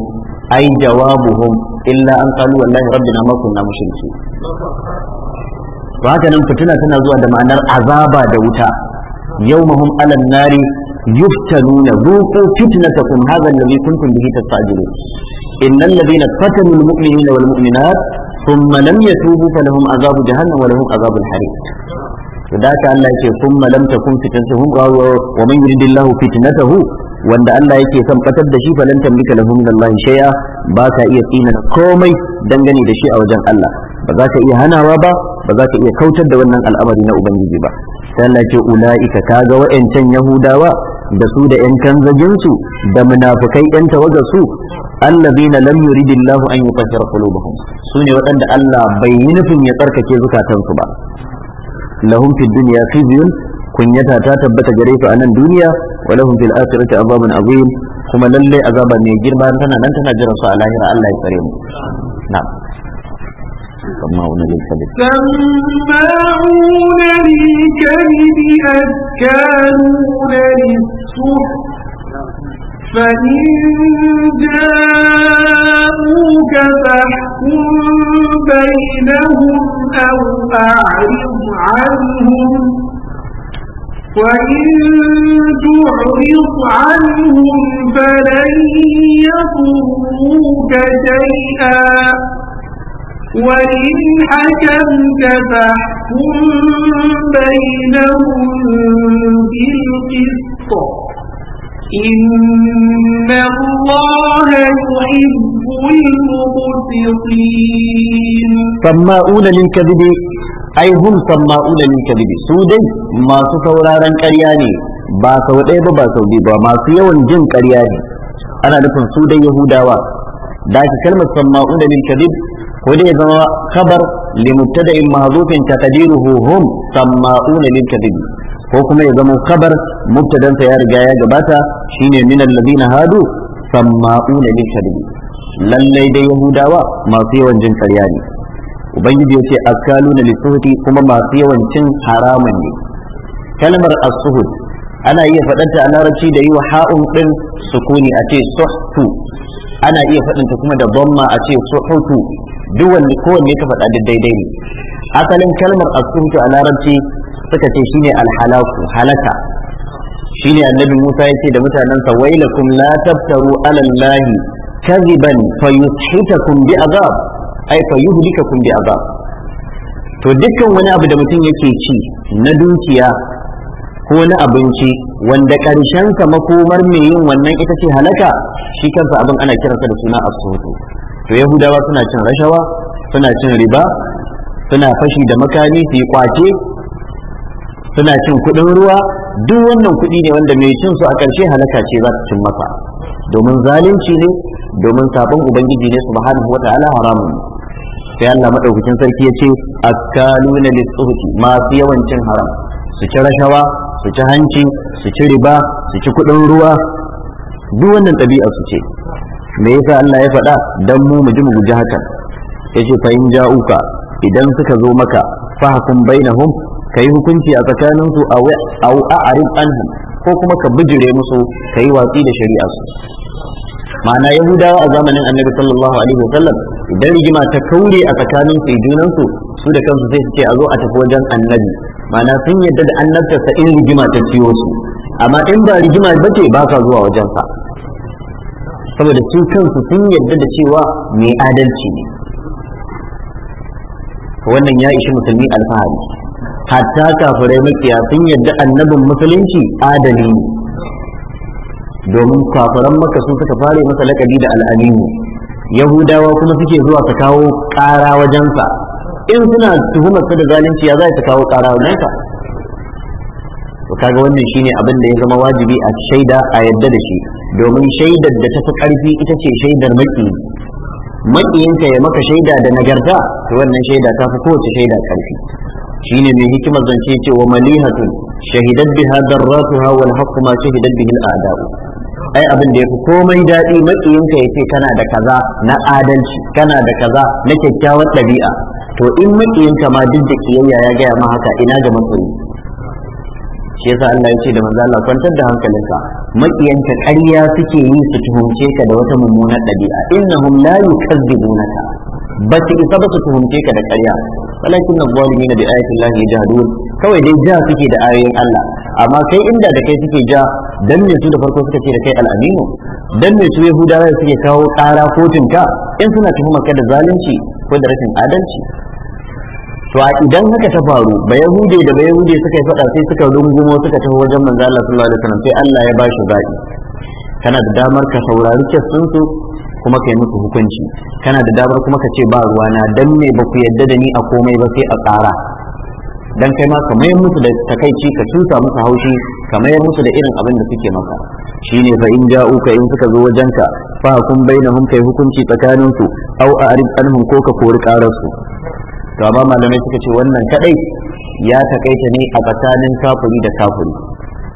ay jawabuhum illa an qalu wallahi rabbina ma kunna فهذا نم فتنة نزوة دمعنا العذاب دوتا يومهم على النار يفتنون ذوقوا فتنتكم هذا الذي كنتم به تستعجلون إن الذين فتنوا المؤمنين والمؤمنات ثم لم يتوبوا فلهم عذاب جهنم ولهم عذاب الحريق فذاك الله ثم لم تكن فتنتهم ومن يرد الله فتنته wanda Allah yake son batar da shi falan tamlika lahum lillahi shay'a ba ka iya tsina komai dangane da shi a wajen Allah ba za ka iya hanawa ba ba za ka iya kautar da wannan al'amari na ubangiji ba sai Allah ce ulaika kaga wa'ancan yahudawa da su da yan kanzaginsu da munafukai yan tawagarsu allazina lam yuridillahu an yutahhira qulubahum sune waɗanda Allah bai yi nufin ya tsarkake zukatansu ba lahum fid dunya khizyun kunyata ta tabbata gare su a nan duniya ولهم في الآخرة عذاب عظيم كما للي عذاب نيجير ما تنا نن تنا جرس على هنا الله يكرم نعم سماعون للكذب سماعون للكذب أذكارون للسحر فإن جاءوك فاحكم بينهم أو أعرض عنهم وإن تعرض عنهم فلن يضروك شيئا وإن حكمت فاحكم بينهم بالقسط إن الله يحب المقسطين سماؤون للكذب ai san sama'una min kadibi su dai masu sauraron ƙarya ne ba sau ɗaya ba ba sau biyu ba masu yawan jin ƙarya ne ana nufin su dai yahudawa da ake kalmar sama'una min kadib ko dai zama kabar limubtada'in ta taqdiruhu hum sama'una min kadibi ko kuma ya zama kabar mubtadansa ya riga ya gabata shine min alladhina hadu sama'una min kadibi lallai dai yahudawa masu yawan jin ƙarya ne ubangiji yace akaluna lisuhti kuma masu yawan cin haramun ne kalmar as-suhud ana iya faɗanta a larabci da yi ha'un ɗin sukuni a ce suhtu ana iya faɗanta kuma da bamma a ce suhutu duk wanda kowanne ka faɗa da daidai ne asalin kalmar as-suhtu a larabci suka ce shine al-halaku halaka shine annabi Musa yace da mutanen sa wailakum la tabtaru ala allahi kaziban fayushitakum bi azab ai fa yuhlikakum bi azab to dukkan wani abu da mutum yake ci na dukiya ko na abinci wanda karshen sa makomar mai yin wannan ita ce halaka shi kansa abin ana kiransa da suna asuhu to yahudawa suna cin rashawa suna cin riba suna fashi da makami su yi kwace suna cin kuɗin ruwa duk wannan kuɗi ne wanda mai cin su a ƙarshe halaka ce za ta cin masa domin zalunci ne domin sabon ubangiji ne subhanahu wa ta'ala haramun sai Allah madaukakin sarki ya ce akaluna lisuhti masu yawancin haram su ci rashawa su ci hanci su ci riba su ci kudin ruwa duk wannan ɗabi'a su ce me yasa Allah ya faɗa dan mu mu ji mu guji hakan yace fa in ja'uka idan suka zo maka hum? bainahum kai hukunci a tsakanin su aw a'rid anhum ko kuma ka bijire musu kai watsi da shari'a su ma'ana yahudawa a zamanin annabi sallallahu alaihi wa sallam idan rigima ta kaure a tsakanin su junan su su da kansu sai su ce a zo a tafi wajen annabi ma'ana sun yadda da annabta sa in rigima ta ciyo su amma in ba rigima ba ce ba ka zuwa wajen sa saboda su kansu sun yadda da cewa mai adalci ne wannan ya ishi musulmi alfahari hatta kafirai makiya sun yadda annabin musulunci adali ne domin kafiran maka sun suka fare masa lakabi da al'aminu yahudawa kuma suke zuwa su kawo ƙara wajensa in suna tuhumar su da zalunci ya za ta kawo ƙara wajensa to kaga wannan shine abin da ya zama wajibi a shaida a yadda da shi domin shaidar da ta fi ƙarfi ita ce shaidar maki makiyinka ya maka shaida da nagarta to wannan shaida ta fi kowace shaida ƙarfi shine mai hikimar zance cewa wa malihatun shahidat biha darratuha wal haqqu ma shahidat bihi al a'da'u ai abin da yafi komai daɗi maƙiyinka ya ce kana da kaza na adalci kana da kaza na kyakkyawar ɗabi'a to in maƙiyinka ma duk da kiyayya ya gaya ma haka ina ga masoyi? shi yasa Allah ya ce da manzo Allah kwantar da hankalinka maƙiyanka ƙarya suke yi su tuhumce ka da wata mummunar ɗabi'a innahum la yukazzibunaka ba su isa ba su tuhumce ka da ƙarya walakin zalimin bi ayati llahi yajdun kawai dai ja suke da ayoyin Allah amma kai inda da kai suke ja dan ne su da farko suka ce da kai al'aminu dan ne su yahudawa suke kawo ƙara kotun ka in suna tuhumar ka da zalunci ko da rashin adalci to a idan haka ta faru ba yahude da ba yahude suka yi faɗa sai suka rungumo suka taho wajen manzo Allah sallallahu alaihi wasallam sai Allah ya ba shi zaɓi kana da damar ka saurari kyassun su kuma kai musu hukunci kana da damar kuma ka ce ba ruwa na dan me ba ku yadda da ni a komai ba sai a tsara dan kai ma ka mayar musu da takaici ka tusa musu haushi ka mayar musu da irin abin da suke maka shine fa in ka in suka zo wajenka fa kun bainahum kai hukunci tsakanin su a a'rid anhum ko ka kori karar su to amma malamai suka ce wannan kadai ya takaita ne a tsakanin kafiri da kafiri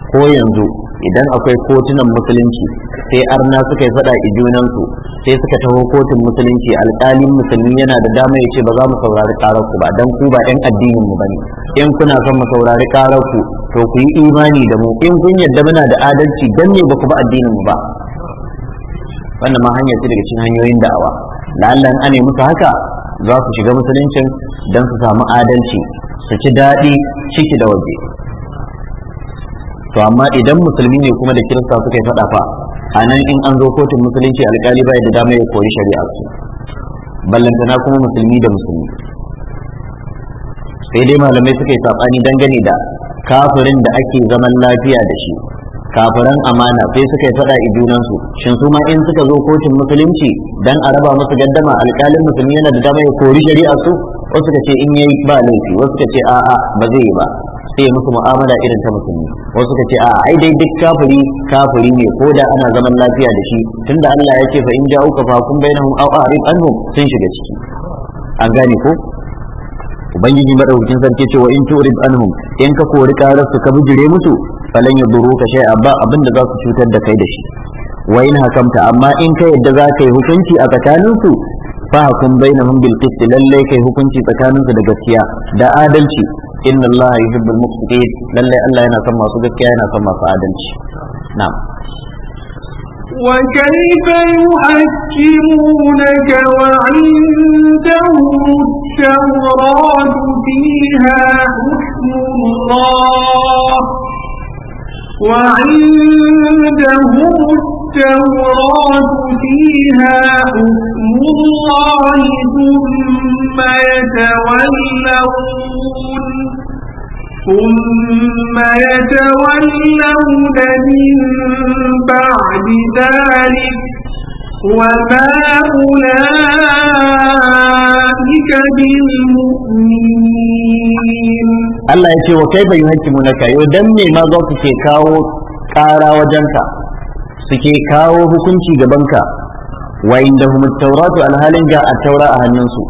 ko yanzu idan akwai kotunan musulunci sai arna suka yi fada i junansu sai suka taho kotun musulunci alƙalin musulmi yana da dama ya ce ba za mu saurari ƙarar ku ba don ku ba ɗan addinin mu bane in kuna son mu saurari ƙarar ku to ku yi imani da mu in kun yarda muna da adalci don ne ba ku ba addinin mu ba wannan ma hanya ce daga cikin hanyoyin da'awa an yi musu haka za su shiga musuluncin don su samu adalci su ci daɗi ciki da waje to amma idan musulmi ne kuma da kirista suka yi faɗa fa a nan in an zo kotun musulunci alƙali ba da dama ya koyi shari'a su ballantana kuma musulmi da musulmi sai dai malamai suka yi saɓani dangane da kafirin da ake zaman lafiya da shi kafiran amana sai suka yi faɗa i junansu shin su ma in suka zo kotun musulunci dan a raba musu gaddama alƙalin musulmi yana da dama ya kori shari'a su wasu ka ce in yayi ba laifi wasu ka ce a'a ba zai yi ba sai ya musu mu'amala irin ta musulmi wasu ka ce a ai dai duk kafiri kafiri ne ko da ana zaman lafiya da shi tunda Allah ya ce fa in Uka fa kun bainahum aw a'rid anhum sun shiga ciki an gane ko ubangiji madaukakin sarki ce wa in turid anhum in ka kori karar su ka bijire musu falan ka shay'a ba abinda za su cutar da kai da shi wa in hakamta amma in ka yadda za ka yi hukunci a tsakaninsu fa hukum bainahum bil qist lallai kai hukunci tsakaninsu da gaskiya da adalci إن الله يحب المصدقين للي ألا هنا ثم صدقك هنا ثم فعدنش نعم وكيف يحكمونك وعندهم التوراة فيها حكم الله وعندهم التوراة فيها حكم الله ثم يتولون ثم يتولون من بعد ذلك وما أولئك بالمؤمنين الله يتي وكيف يهتمونك يدمي ما في كاو كارا وجنكا suke kawo hukunci gabanka wayin da humut tauratu alhalin ga a taura a hannunsu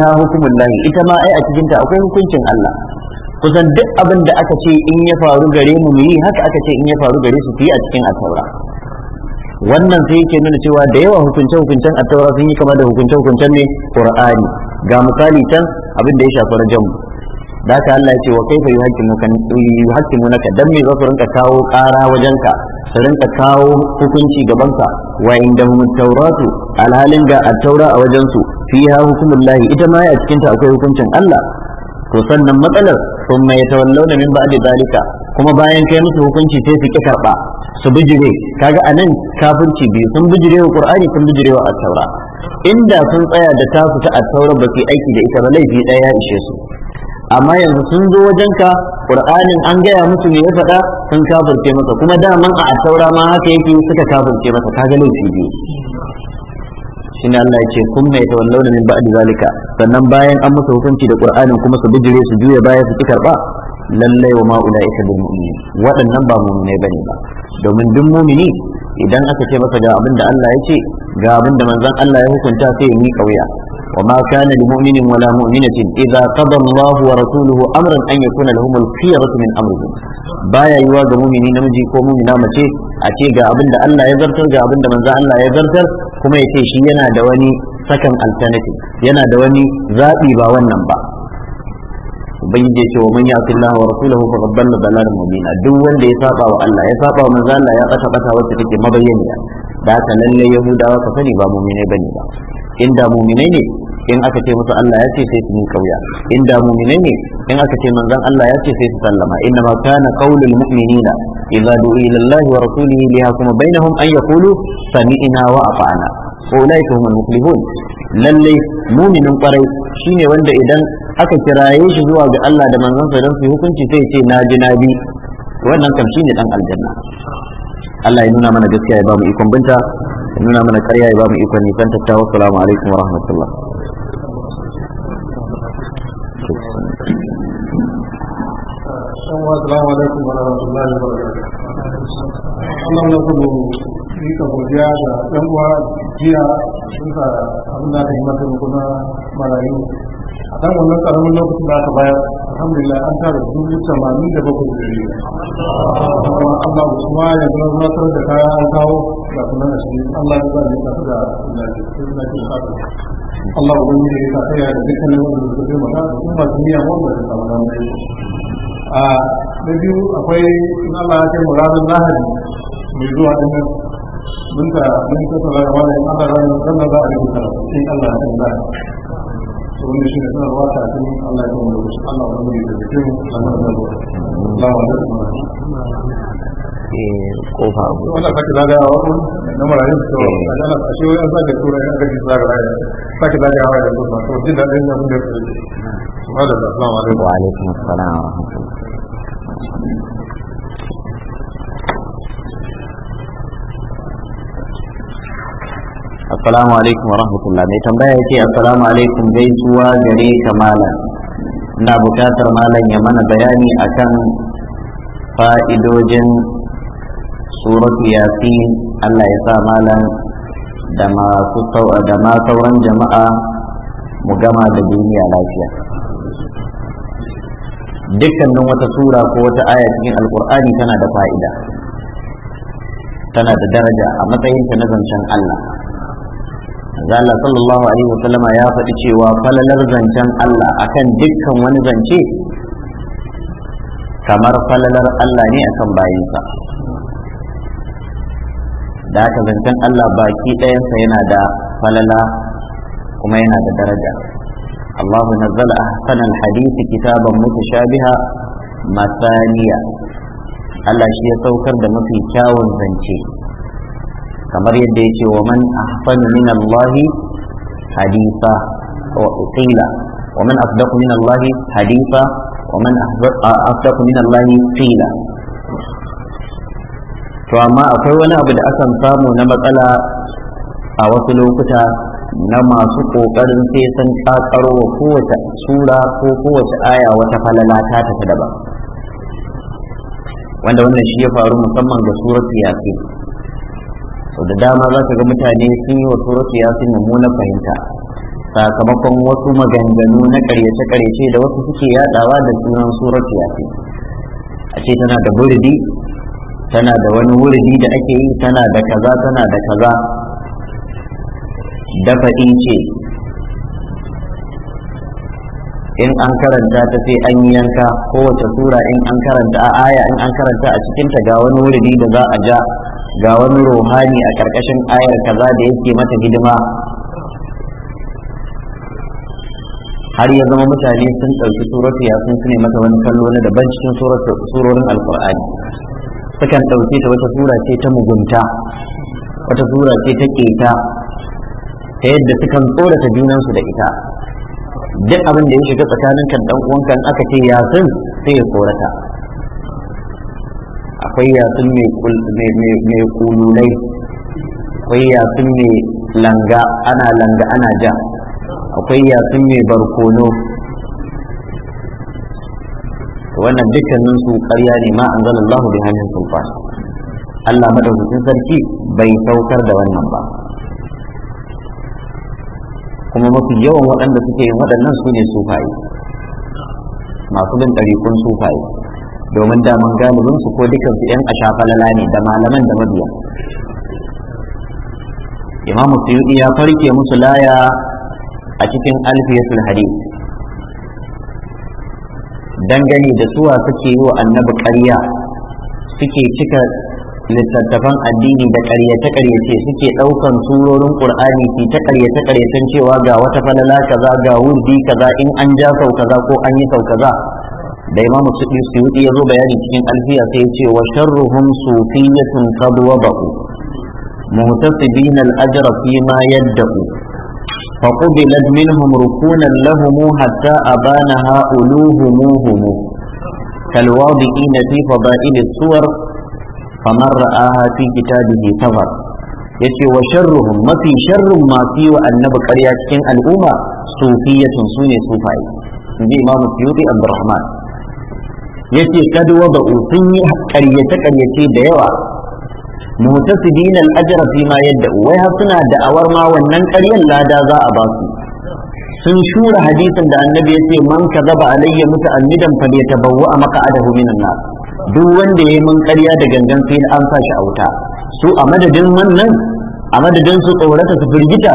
ha hukumun lahi ita ma ai a cikin ta akwai hukuncin Allah kusan duk abin da aka ce in ya faru gare mu mu yi haka aka ce in ya faru gare su fi a cikin taura wannan sai yake nuna cewa da yawa hukunce hukuncen taura sun yi kama da hukunce hukuncen ne qur'ani ga misali can abin da ya shafi rajamu da haka Allah ya ce wa hakkin yuhaqqimuka yuhaqqimunaka dan me za su rinka kawo kara wajenka su rinka kawo hukunci gaban ka? wa inda mutauratu alhalin ga at-taura a su fiha hukumullahi ita ma a cikin ta akwai hukuncin Allah to sannan matsalar sun mai tawallau min bada zalika kuma bayan kai musu hukunci sai su ki karba su bijire kaga anan kafirci biyu sun bijire wa qur'ani sun bijire wa at-taura inda sun tsaya da tasu ta at-taura ba su aiki da ita ba laifi daya ya ishe su amma yanzu sun zo wajenka qur'anin an gaya musu me ya faɗa sun kafirce maka kuma daman a saura ma haka yake suka kafirce maka kaga laifi biyu ne Allah ya ce kun mai tawallawna min ba'di zalika sannan bayan an musu hukunci da qur'anin kuma su bijire su juya baya su karba lallai wa ma ulaika bil mu'minin waɗannan ba mu'minai bane ba domin duk mu'mini idan aka ce masa ga abin da Allah ya ce ga abin da manzon Allah ya hukunta sai ya miƙa kauya وما كان لمؤمن ولا مؤمنة إذا قضى الله ورسوله أمرا أن يكون لهم الخيرة من أمرهم بايا يواجه مؤمنين نمجي كو مؤمنا مشي أتي جا أبن الله يزرتر جا أبن من الله يزرتر كما يتي شينا دواني سكن التانتي ينا دواني ذاتي باوان نمبا ubangiji ya ce wa man ya'ti Allah wa rasulahu faqad dalla dalalan mubina duk wanda ya saba wa Allah ya saba wa manzo Allah ya kasa kasa wacce take mabayyaniya da haka lalle yahudawa ka sani ba mu'mine bane ba da muminai ne in aka ce musu Allah ya ce sai su miƙa wuya da muminai ne in aka ce manzon Allah ya ce sai su sallama inna ma kana qaulul mu'minina idza du'i ila Allah wa rasulihi li kuma bainahum an yaqulu sami'na wa ata'na ulaika humul muflihun lalle muminin kwarai shine wanda idan aka kiraye shi zuwa ga Allah da manzon sa don su hukunci sai ce na ji na bi wannan kam shine dan aljanna Allah ya nuna mana gaskiya ya ba mu ikon binta nuna mana karya ya ba mu ikon nisan tattawa salamu alaikum wa rahmatullah Assalamu alaikum wa rahmatullahi wa barakatuh. rika godiya da ɗan uwa jiya sun sa abin da aka yi masa kuma marayu a dan wannan karamin lokacin da aka bayar alhamdulillah an tara dubu tamanin da bakwai da dari kuma Allah kuma ya zama zuwa tare da kaya an kawo ga kuma na shi Allah ya zama ta da Allah ku ne ya ta tsaya da dukkan wannan da zai maka kuma ba su miya wanda ta samu nan a da biyu akwai in Allah ya kai mu ranar lahadi mai zuwa din nan mun ta mun ta tsara wani za a rubuta in Allah ya wani shi ne suna Allah ya kuma Allah wani ba wa da kuma eh, kofa abu sake na eh. a janar a shi sake tura yan sake da kuma to daɗin da assalamu alaikum warahmatullah mai tambaya yake assalamu alaikum gaisuwa gare ka malam ina bukatar malam ya mana bayani akan fa'idojin suratu yasin Allah ya sa malam da masu da ma sauran jama'a mu gama da duniya lafiya dukkanin wata sura ko wata aya cikin alkur'ani tana da fa'ida tana da daraja a matsayinta na zancen Allah manzo Allah sallallahu alaihi wasallam ya faɗi cewa falalar zancen Allah akan dukkan wani zance kamar falalar Allah ne akan bayinsa da aka zancen Allah baki ɗayansa yana da falala kuma yana da daraja Allahu nazzala ahsanal hadisi kitaban mutashabiha masaniya Allah shi ya saukar da mafi kyawun zance kamar yadda ce wa man ahsanu min Allah hadisa wa qila wa man asdaqu min Allah hadisa wa man min Allah qila to amma akwai wani abu da akan samu na matsala a wasu lokuta na masu kokarin sai sun kakaro wa kowace sura ko kowace aya wata falala ta tafi daban wanda wannan shi ya faru musamman ga suratu yasin da dama za ka ga mutane sun yi wa suratu yasin mummunar fahimta sakamakon wasu maganganu na karyace-karyace da wasu suke yadawa da sunan suratu yasin a ce tana da wuridi tana da wani wuridi da ake yi tana da kaza tana da kaza dafa ce in an karanta ta sai an yi yanka kowace sura in an karanta a aya in an karanta a cikinta ga wani wuridi da za a ja ga wani ruhani a ƙarƙashin ayar kaza da yake mata hidima har ya zama mutane sun ɗauki suratu ya sun su ne mata wani kallo na daban cikin surorin alkur'ani sukan ɗauke ta wata sura ce ta mugunta wata sura ce ta keta ta yadda sukan tsorata junansu da ita duk abin da ya shiga tsakanin kan ɗan kan aka ce ya sun sai ya tsorata akwai yatsun mai kululai akwai yatsun mai langa ana langa ana ja akwai yatsun mai barkono wannan dukkanin su karya ne ma an zala Allah bi hannun sulfa Allah madaukakin sarki bai saukar da wannan ba kuma mafi yawan waɗanda suke yin waɗannan su ne sufaye masu bin ɗarikun sufaye domin daman galibin su ko dukkan su yan ashafalala ne da malaman da mabiya imam suyudi ya farke musu laya a cikin alfiyatul hadith dangane da suwa suke yi wa annabi ƙarya suke cika littattafan addini da ƙaryace-ƙaryace suke ɗaukan surorin ƙur'ani fi ta ƙaryace-ƙaryacen cewa ga wata falala kaza ga wurdi kaza in an ja sau kaza ko an yi sau kaza da imamu suyuti ya zo bayani cikin alfiya sai ya ce wa sharruhum sufiyatun qad wada'u muhtasibina al-ajra fi ma yadda'u فقبلت منهم ركونا لهم حتى أبان هؤلوهموهم كالواضئين في فضائل الصور فمن رآها في كتابه ثغر yace wa sharruhum mafi sharrun masu yi wa annabi ƙarya cikin al'umma sufiyatun su ne sufaye in ji imamu suyuti abdurrahman yace kad wada'u sun yi karyace karyace da yawa su al-ajra fi ma yadda wai har suna da'awar ma wannan karyar? lada za a ba su sun shura hadisin da annabi ya ce man zaba alayya muta'ammidan fa ya tabawwa maqa'adahu minan nar duk wanda yayi mun karya da gangan sai an sa shi a wuta su a madadin wannan a madadin su tsorata su firgita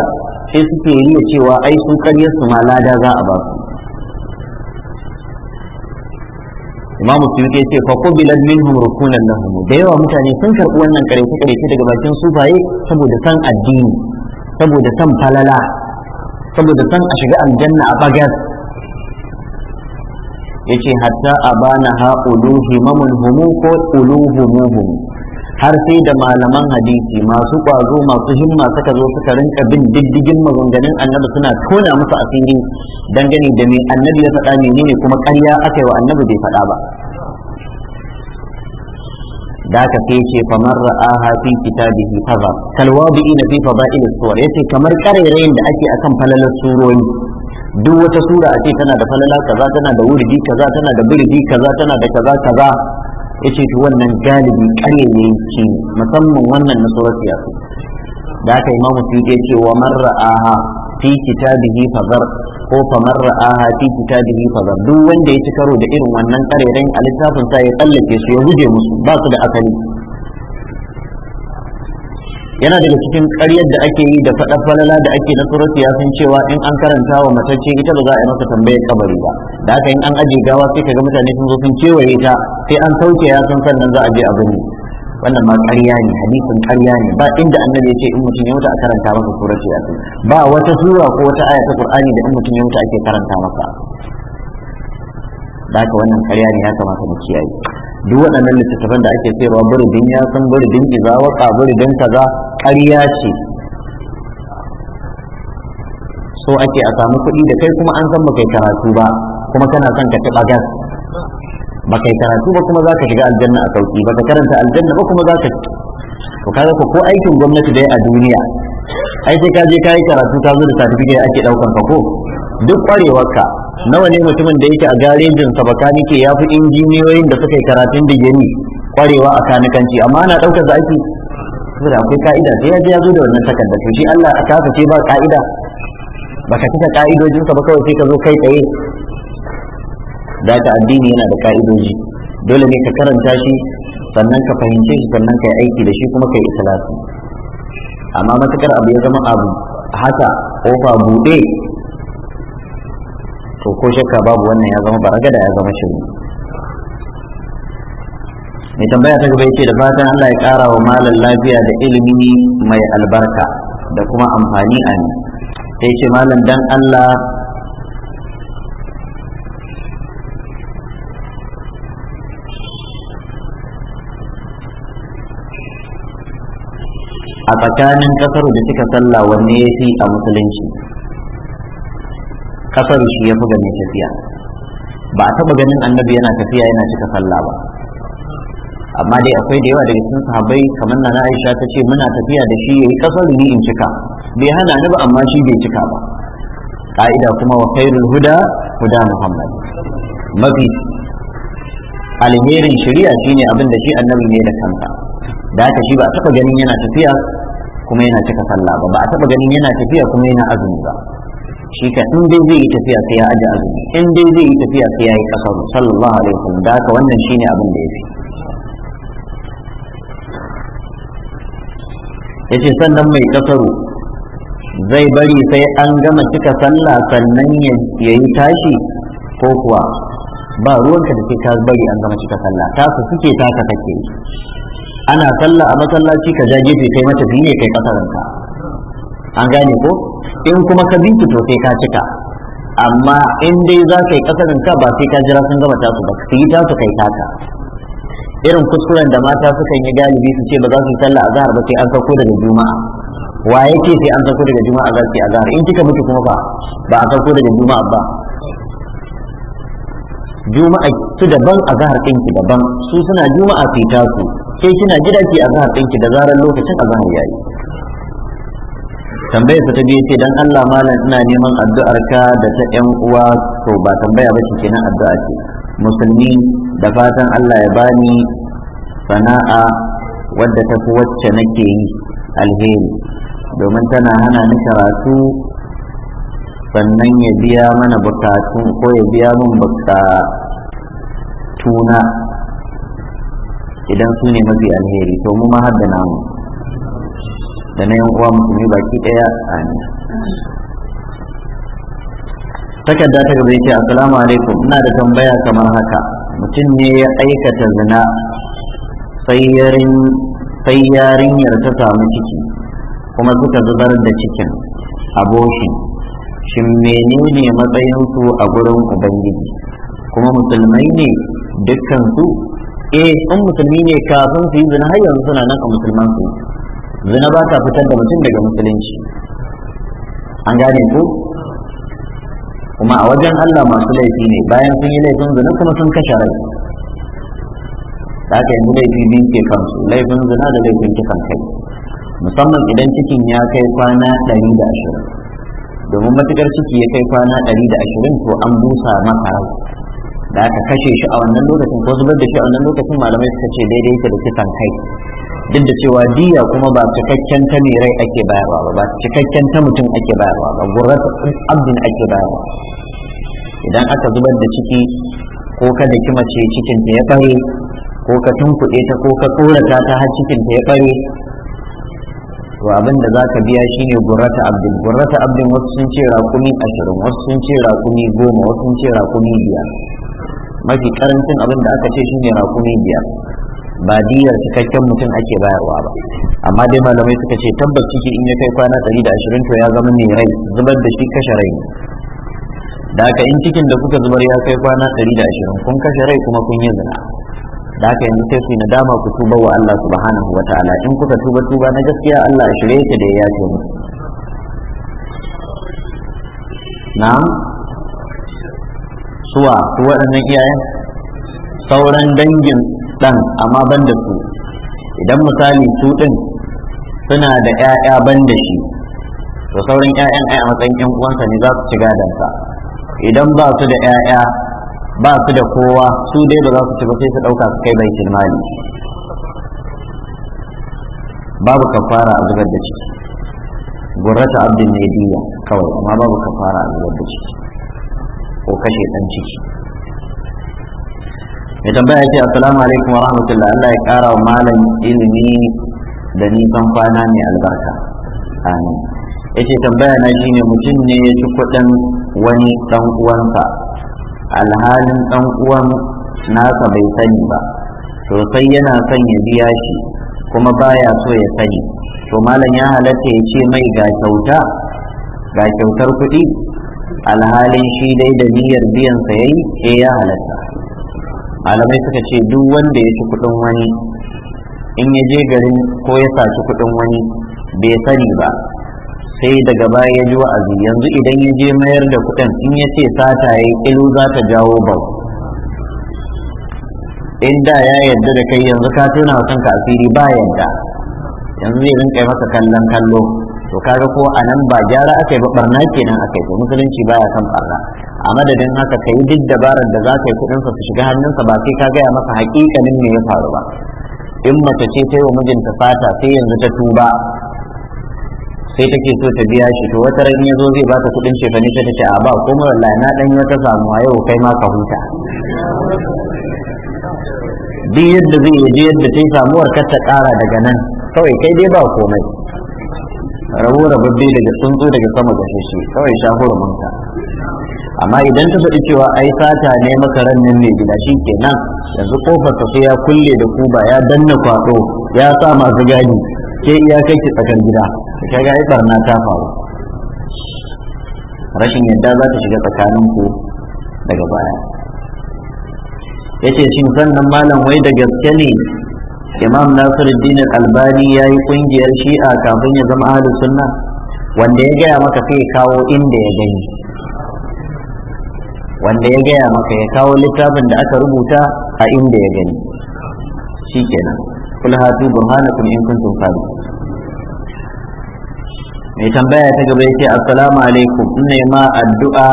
sai suke yi cewa ai sun karyar su ma lada za a ba su imamu su ya ce fa qubilat minhum rukunan lahum da yawa mutane sun karɓi wannan karece karece daga bakin sufaye saboda san addini saboda san falala saboda san a shiga aljanna a bagas yace hatta abana ha uluhi mamun humu ko muhum har sai da malaman hadisi masu ƙwazo masu himma suka zo suka rinka bin diddigin maganganun annabi suna tona musu asiri dangane da me annabi ya faɗa ne kuma ƙarya aka yi wa annabi bai faɗa ba da ka sai ce famar ra'aha fi kitabihi kaza kalwabi na fi fada'il suwar yace kamar ƙarairayin da ake akan falalar surori duk wata sura a ce tana da falala kaza tana da wurdi kaza tana da burdi kaza tana da kaza kaza yace to wannan galibi kare ne yake musamman wannan na surati yasin da aka imam suyuti yace wa man ra'aha fi kitabihi fazar ko fa man ra'aha fi kitabihi fazar duk wanda ya ci karo da irin wannan kareren a littafin sa ya tsallake su ya guje musu ba su da asali yana daga cikin ƙaryar da ake yi da faɗa falala da ake na suratu ya cewa in an karanta wa matacce ita ba za a yi masa tambayar kabari ba da haka in an aje gawa sai kaga mutane sun zo sun kewaye ta sai an sauke ya san sannan za a je a gani. wannan ma ƙarya ne hadisin ƙarya ne ba inda annabi ya ce in mutum ya mutu a karanta masa suratu ya ba wata sura ko wata aya ta qur'ani da in mutum ya mutu ake karanta masa da haka wannan karya ne ya kamata mu kiyaye duk waɗannan littattafan da ake sayarwa ya yatsun burbin iza waka burbin kaza ƙarya ce so ake a samu kuɗi da kai kuma an san kai karatu ba kuma kana son ka taɓa gas Ba kai karatu ba kuma za ka shiga aljanna a sauki ba, ka karanta aljanna ba kuma za ka to kaga ko aikin gwamnati dai a duniya ai sai ka je ka yi karatu ka zo da certificate ake ɗaukan ka ko duk ƙwarewarka nawa ne mutumin da yake a garejin sa nike ya fi injiniyoyin da suka yi karatun digiri kwarewa a kanikanci amma ana ɗaukar da ake saboda akwai ka'ida sai ya ya zo da wannan takarda, to shi Allah a kasa ce ba ka'ida baka cika ka'idojin sa ba kawai sai ka zo kai tsaye da ta addini yana da ka'idoji dole ne ka karanta shi sannan ka fahimce shi sannan ka yi aiki da shi kuma ka yi ikhlasi amma matakar abu ya zama abu haka kofa buɗe to ko shakka babu wannan ya zama da ya zama shiru? mai tambaya ta gaba yake da fatan Allah ya ƙara wa malam lafiya da ilimi mai albarka da kuma amfani a ni sai ce malam dan Allah a tsakanin kasar da suka sallah wanne ya fi a musulunci kasar shi ya buga mai tafiya ba a taba ganin annabi yana tafiya yana cika sallah ba amma dai akwai da yawa daga cikin sahabai kamar na Aisha ta ce muna tafiya da shi yayi kasar ni in cika bai hana ni ba amma shi bai cika ba ka'ida kuma wa khairul huda huda Muhammad mafi alherin shari'a shine abin da shi annabi ne da kanta. da haka shi ba a taba ganin yana tafiya kuma yana cika sallah ba ba a taba ganin yana tafiya kuma yana azumi ba shi ka in dai zai yi tafiya sai ya aji azumi in dai zai yi tafiya sai ya yi kasar sallallahu alaihi wasallam da haka wannan shine abin da ya fi yace sannan mai kasaru zai bari sai an gama cika sallah sannan ya yi tashi ko kuwa ba ruwanka da ke ka bari an gama cika sallah ta su suke taka take ana sallah a masallaci ka ja gefe kai mata ne kai kasaranka an gane ko in kuma ka bi to sai ka cika amma in dai za ka yi kasarin ka ba sai ka jira sun gama tasu ba ka yi tasu kai taka irin kuskuren da mata suka yi galibi su ce ba za su yi sallah azhar ba sai an sauko daga juma'a wa yake sai an sauko daga juma'a za su yi azhar in kika mutu kuma ba ba a sauko daga juma'a ba juma'a su daban azhar din ki daban su suna juma'a su tasu ke kina gida ki azhar din ki da zarar lokacin azhar yayi tambayar ta biyu ce dan Allah malam ina neman addu'ar ka da ta yan uwa to ba tambaya ba ce kenan addu'a ce musulmi da fatan Allah ya bani sana'a wadda ta fi wacce nake yi alheri domin tana hana ni karatu sannan ya biya mana bukatun ko ya biya min bukatuna idan su ne mafi alheri to mu ma har da namu da na yanuwa uwa musulmi baki daya ne takarda ta gaba ce assalamu alaikum ina da tambaya kamar haka mutum ne ya aikata zina sai yarinyar ta samu ciki kuma suka zubar da cikin aboshin shin menene matsayinsu a gurin ubangiji kuma musulmai ne dukkan su eh in musulmi ne kafin su yi zina har yanzu suna nan a musulman su zina ba ta fitar da mutum daga musulunci an gane ku kuma a wajen Allah masu laifi ne bayan sun yi laifin zina kuma sun kashe rai haka yanzu laifi biyu ke kansu laifin zina da laifin kisan kai musamman idan cikin ya kai kwana ɗari da ashirin domin matukar ciki ya kai kwana ɗari da ashirin to an busa masa rai da aka kashe shi a wannan lokacin ko zubar da shi a wannan lokacin malamai suka ce daidai ka da kisan kai duk da cewa diya kuma ba cikakken ta mai rai ake bayarwa ba ba cikakken ta mutum ake bayarwa ba gurrat abdin ake bayarwa idan aka zubar da ciki ko ka da kima ce cikin ta ya bare ko ka tunkuɗe ta ko ka tsorata ta har cikin ta ya bare to abin da za ka biya shine gurrata abdin gurrata abdin wasu sun ce rakumi ashirin wasu sun ce rakumi goma wasu sun ce rakumi biyar mafi karancin abin da aka ce shine rakumi biyar ba diyar cikakken mutum ake bayarwa ba amma dai malamai suka ce tabbas ciki in ya kai kwana 120 to ya zama mai rai zubar da shi kashe rai da haka in cikin da kuka zubar ya kai kwana 120 kun kashe rai kuma kun yi zina da haka yanzu sai yi nadama ku tuba wa Allah subhanahu wa ta'ala in kuka tuba tuba na gaskiya Allah ya shirye ta da ya ce mu Na? suwa su waɗannan iyayen sauran dangin ɗan amma ban da su idan misali su ɗin suna da 'ya'ya ban da shi to sauran 'ya'yan ai a matsayin 'yan uwansa ne za su ci sa. idan ba su da 'ya'ya ba su da kowa su dai ba za su ci ba sai su ɗauka su kai baitul mali babu kafara a zubar da ciki gurrata abdin ne kawai amma babu kafara a zubar da ciki ko kashe ɗan ciki mai tambaya ce assalamu alaikum wa rahmatullah Allah ya kara wa malam ilimi da nisan kwana mai albarka amin ya ce tambaya na shi ne mutum ne ya ci kuɗin wani dan uwansa alhalin dan uwan nasa bai sani ba sosai yana son ya biya shi kuma baya so ya sani to malam ya halatta ya ce mai ga kyauta ga kyautar kuɗi alhalin shi dai da niyyar biyan sa yayi eh, ya halatta malamai suka ce duk wanda ya ci kuɗin wani in ya je garin ko ya saci kuɗin wani bai sani ba sai daga baya ya ji wa'azi yanzu idan ya je mayar da kuɗin in ya ce sata ya yi ilu za ta jawo ba in da ya yarda da kai yanzu ka tuna wa kanka asiri ba yarda yanzu zai rinka maka kallon kallo to kaga ko a nan ba gyara aka yi ba barna kenan aka yi to musulunci baya kan barna a madadin haka ka yi duk dabarar da za ka yi kuɗinsa su shiga hannunsa ba sai ka gaya masa haƙiƙanin me ya faru ba in mace ce ta yi wa mijinta fata sai yanzu ta tuba sai take so ta biya shi to wata ran ya zo zai baka kuɗin cefane fani ta ce a ba kuma wallahi na ɗan wata samu a yau kai ma ka huta duk yadda zai yi ji yadda ta yi samuwar kar ta ƙara daga nan kawai kai dai ba komai rabu rababbe daga tsuntsu daga sama ga shi kawai sha hurumunta amma idan ta faɗi cewa ai sata ne maka rannin mai gida shi kenan yanzu kofar ta ya kulle da kuba ya danna kwato ya sa masu gadi ke iya kai ki tsakar gida ka ga ai barna ta faru rashin yadda za ta shiga tsakanin ku daga baya yace shin sannan malam wai da gaske ne imam nasiruddin albani ya yi kungiyar shi'a kafin ya zama ahlus sunna wanda ya gaya maka sai kawo inda ya gani wanda ya gaya maka ya kawo littafin da aka rubuta a inda ya gani Shi shikenan kula hatu burhanakum in kuntum sadiqin mai tambaya ta gaba ya ce assalamu alaikum ina ma addu'a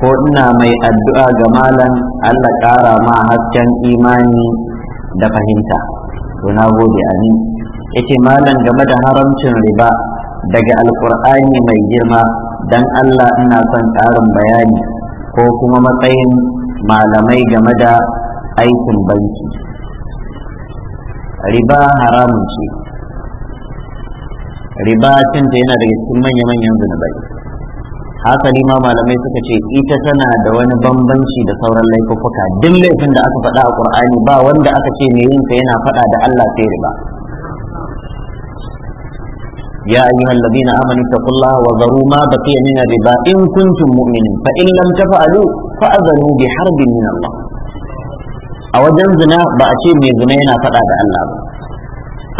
ko ina mai addu'a ga malam Allah ƙara ma hasken imani da fahimta to na gode amin yace malam game da haramcin riba daga alkur'ani mai girma dan Allah ina son ƙarin bayani ko kuma matsayin malamai game da aikin banki riba haramun ce riba cinta yana daga cikin manya-manyan zunubai haka ma malamai suka ce ita tana da wani bambanci da sauran laifuka duk laifin da aka faɗa a ƙur'ani ba wanda aka ce mai yinka yana faɗa da Allah sai riba يا أيها الذين آمنوا اتقوا الله وذروا ما بقي من الربا إن كنتم مؤمنين فإن لم تفعلوا فأذنوا بحرب من الله a wajen zina ba a ce mai zina yana faɗa da Allah ba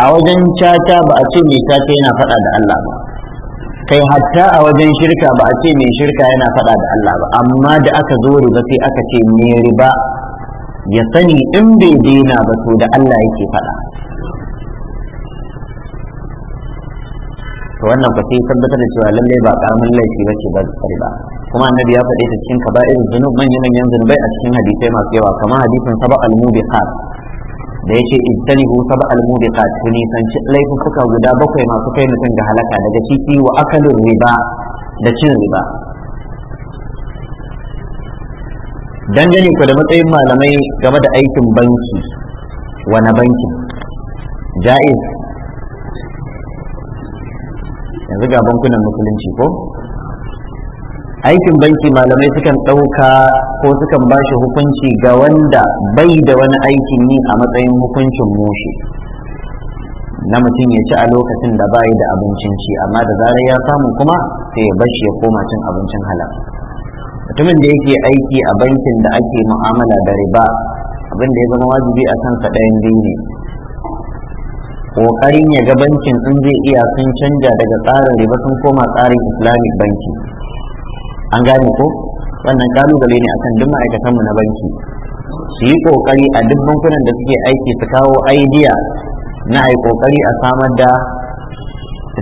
a wajen caca ba a ce mai caca yana faɗa da Allah ba kai hatta a wajen shirka ba a ce mai shirka yana faɗa da Allah ba amma da aka zo riba sai aka ce mai riba ya sani in bai daina ba to da Allah yake faɗa to wannan fa sai tabbatar da cewa lalle ba karamin laifi ba ce ba ba kuma annabi ya faɗe ta cikin kaba'ir zunub manyan manyan zunubai a cikin hadisai masu yawa kamar hadisin saba al-mubiqat da yake ijtanihu saba al-mubiqat ku nisanci laifuka guda bakwai masu kai mutum ga halaka daga ciki wa akalin riba da cin riba dangane ku da matsayin malamai game da aikin banki wani bankin ja'iz yanzu ga bankunan musulunci ko aikin banki malamai sukan ɗauka ko sukan ba shi hukunci ga wanda bai da wani aikin yi a matsayin hukuncin mushi. na mutum ya ci a lokacin da bayi da abincin ci amma da zarar ya samu kuma sai ya bashi ya koma cin abincin halal mutumin da yake aiki a bankin da ake mu'amala da riba abin da ya zama wajibi a kansa ɗayan biyu ne kokarin ya ga bankin in zai iya sun canja daga tsarin riba sun koma tsarin islamic banki an gane ko wannan kalubale ne akan duk ma'aikatan mu na banki su yi kokari a duk bankunan da suke aiki su kawo idea na ai kokari a samar da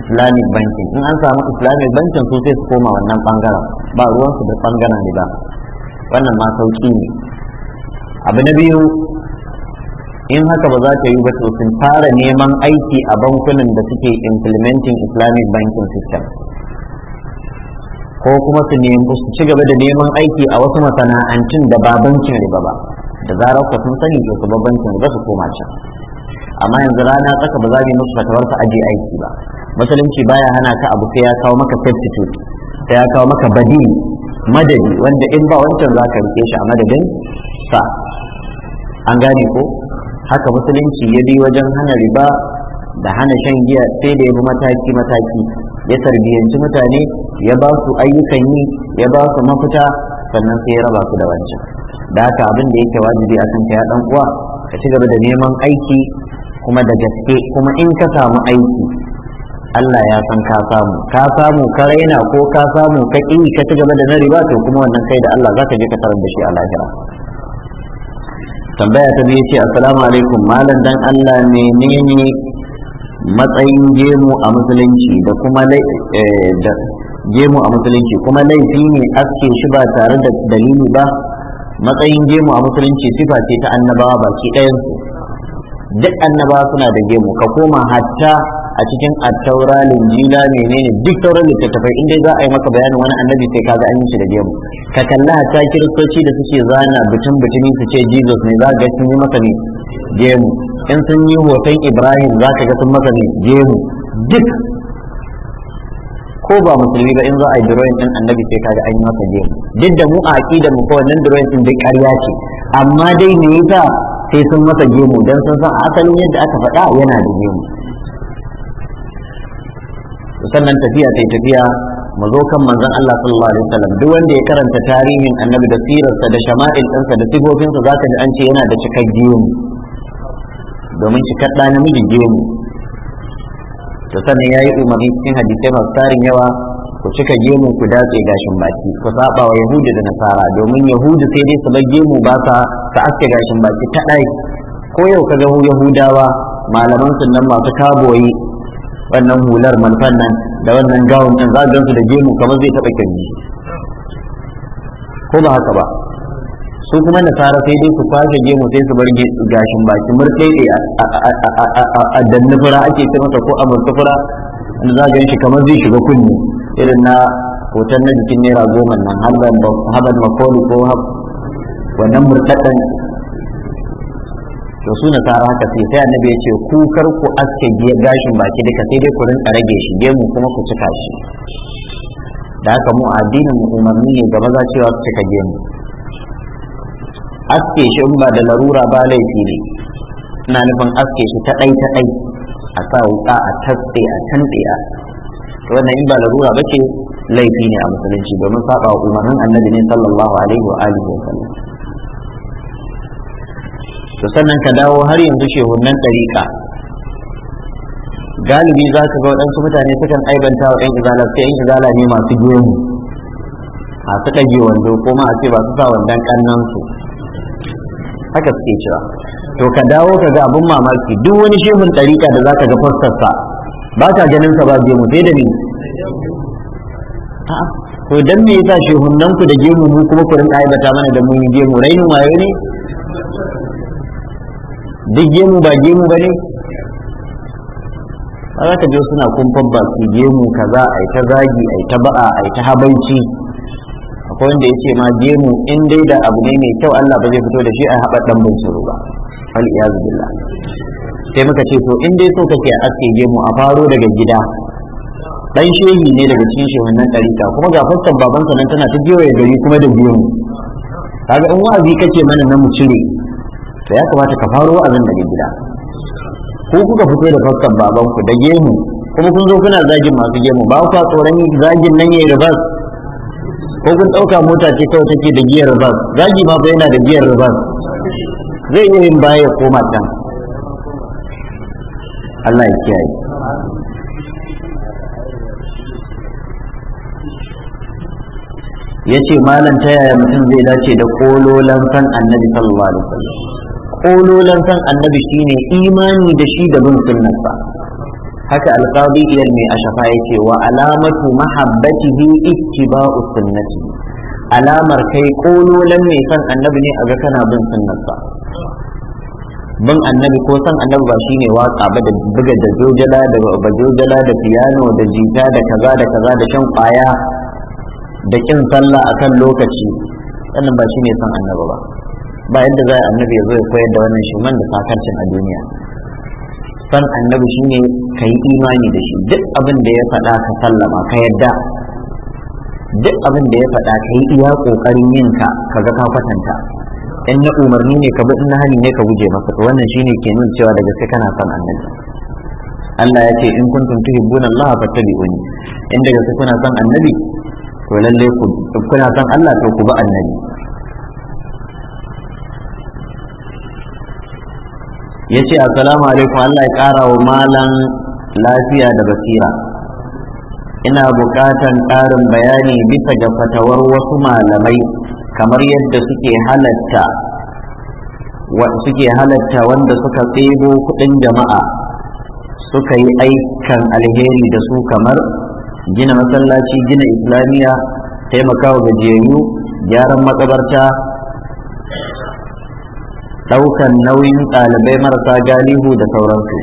islamic banki in an samu islamic bankin su sai su koma wannan bangaren ba ruwansu da bangaren riba wannan ma sauki ne abu na biyu in haka ba za ta yi ba to sun fara neman aiki a bankunan da suke implementing islamic banking system ko kuma su nemi su ci gaba da neman aiki a wasu masana'antun da ba bankin riba ba da zarar ku sun sani su ba bankin riba su koma can amma yanzu rana tsaka ba za mu musu fatawar ka aje aiki ba musulunci baya hana ka abu sai ya kawo maka substitute sai ya kawo maka badi madadi wanda in ba wancan za ka rike shi a madadin sa an gane ko haka musulunci ya bi wajen hana riba da hana shan giya sai da ya bi mataki mataki ya tarbiyyanci mutane ya ba su ayyukan yi ya ba su mafita sannan sai ya raba su da wancan da haka abin da yake wajibi a kan ya dan uwa ka ci gaba da neman aiki kuma da gaske kuma in ka samu aiki Allah ya san ka samu ka samu ka raina ko ka samu ka ƙi ka ci gaba da na riba to kuma wannan kai da Allah zaka je ka tarar da shi a lahira tambaya ta biyu ce assalamu alaikum malam dan Allah menene matsayin gemu a musulunci da kuma eh, a musulunci kuma laifi ne aske shi ba tare da dalili ba matsayin gemu a musulunci sifa ce ta annabawa ba ke ɗayan duk annabawa suna da gemu ka koma hatta a cikin attaura linjila menene duk sauran littattafai inda za a yi maka bayanin wani annabi sai kaga an yi shi da gemu ka kalla ta kiristoci da suke zana butun butuni su ce jesus ne za ga sun yi maka ne gemu in sun yi hoton ibrahim za ka ga sun maka ne gemu duk ko ba musulmi ba in za a yi drawing din annabi sai kaga an yi masa gemu duk da mu a aqidar mu ko wannan drawing din da ƙarya ce amma dai me yasa sai sun masa gemu dan sun san asalin yadda aka faɗa yana da gemu sannan tafiya ta tafiya mu zo kan manzon Allah sallallahu alaihi wasallam duk wanda ya karanta tarihin annabi da sirarsa da shama'il ɗinsa da sigofinsa za ka ji an ce yana da cikar gemu domin cikar ɗa namiji gemu to sannan ya yi umarni cikin hadisai masu tarin yawa ku cika gemu ku datse gashin baki ku saba wa yahudu da nasara domin yahudu sai dai su bar gemu ba sa ta aske gashin baki ta ɗai ko yau ka ga yahudawa malaman sunan masu kaboyi wannan hular manufan nan da wannan gawon ɗin za gansu da gemu kamar zai taɓa kirji ko ba haka ba su kuma nasara sai dai su kwashe gemu sai su bar gashin baki murɗe a fura ake ta masa ko a murtufura da za gan shi kamar zai shiga kunni irin na hoton na jikin naira goma nan har ban makoli ko wannan murtaɗan to su na tara haka sai sai annabi ya ce ku kar ku aske gashin baki duka sai dai ku rinka rage shi gemu kuma ku cika shi da haka mu addinin umarni ne ga maza cewa su cika gemu aske shi in ba da larura ba laifi ne ina nufin aske shi ta ɗai ta ɗai a sa wuka a tatse a tantse a wannan in ba larura ba ce laifi ne a musulunci domin saba umarnin annabi ne sallallahu alaihi wa alihi wa sallam to sannan ka dawo har yanzu shehunan ɗariƙa galibi za ka ga waɗansu mutane sukan aibanta wa ɗan izala sai ɗan izala ne masu gemu a su ɗage wando ko ma a ce ba su sa wandon ƙannansu haka suke cewa to ka dawo ka ga abin mamaki duk wani shehun ɗariƙa da za ka ga fuskarsa ba ka ganin sa ba gemu sai da ni to dan me yasa shehunan ku da gemu mu kuma ku rinka aibata mana da mun gemu rainin wayo ne duk gemu ba gemu ba ne ba za ka je suna kumfan baki gemu kaza a ta zagi a ta ba'a a ta habaici akwai wanda ya ce ma gemu in dai da abu ne mai kyau Allah ba zai fito da shi a haɓar ɗan binciro ba fal iyazu billah sai muka ce so in dai so kake a aske gemu a faro daga gida dan shehi ne daga cikin shehunan ɗarika kuma ga fuskar babansa nan tana ta biyo ya gari kuma da gemu kaga in wa'azi ce mana na mu cire to ya kamata ka faro abin daga gida ko kuka fito da fuskan babanku da gemu kuma kun zo kuna zagin masu gemu ba kwa tsoron zagin nan ya yi ko kun ɗauka mota ce kawai take da giyar rabas zagi ma fa yana da giyar rabas zai iya yin baya ya koma can Allah ya kiyaye ya ce malam ta yaya mutum zai dace da kololan san annabi sallallahu alaihi wasallam kololan san annabi shine imani da shi da bin sunnarsa haka alqadi iyar mai ashafa yace wa alamatu mahabbatihi ittiba'u sunnati alamar kai kololan mai san annabi ne a ga kana bin sunnarsa bin annabi ko san annabi ba shine waka ba da buga da jojala da bajojala da piano da jita da kaza da kaza da shan kwaya da kin sallah akan lokaci wannan ba shine san annabi ba ba yadda za a annabi ya zo ya koyar da wannan shi da sakarcin a duniya san annabi ne ka yi imani da shi duk abin da ya faɗa ka sallama ka yadda duk abin da ya faɗa ka yi iya ƙoƙarin yin ka ka ga kwatanta in na umarni ne ka bi in na hani ne ka guje masa wannan wannan ne ke nuna cewa daga sai kana son annabi Allah ya ce in kuntum tuhibbuna Allah fattabi'uni in daga gaske kuna son annabi to lalle ku kuna son Allah to ku bi annabi ya ce assalamu alaikum Allah ya ƙara wa malan lafiya da basira ina buƙatan ƙarin bayani bisa ga fatawar wasu malamai kamar yadda suke halatta suke halatta wanda suka tsebo kuɗin jama'a suka yi aikan alheri da su kamar gina masallaci gina islamiyya taimakawa gajiyayyu gyaran matsabarta Daukan nauyin ɗalibai marasa galihu da sauransu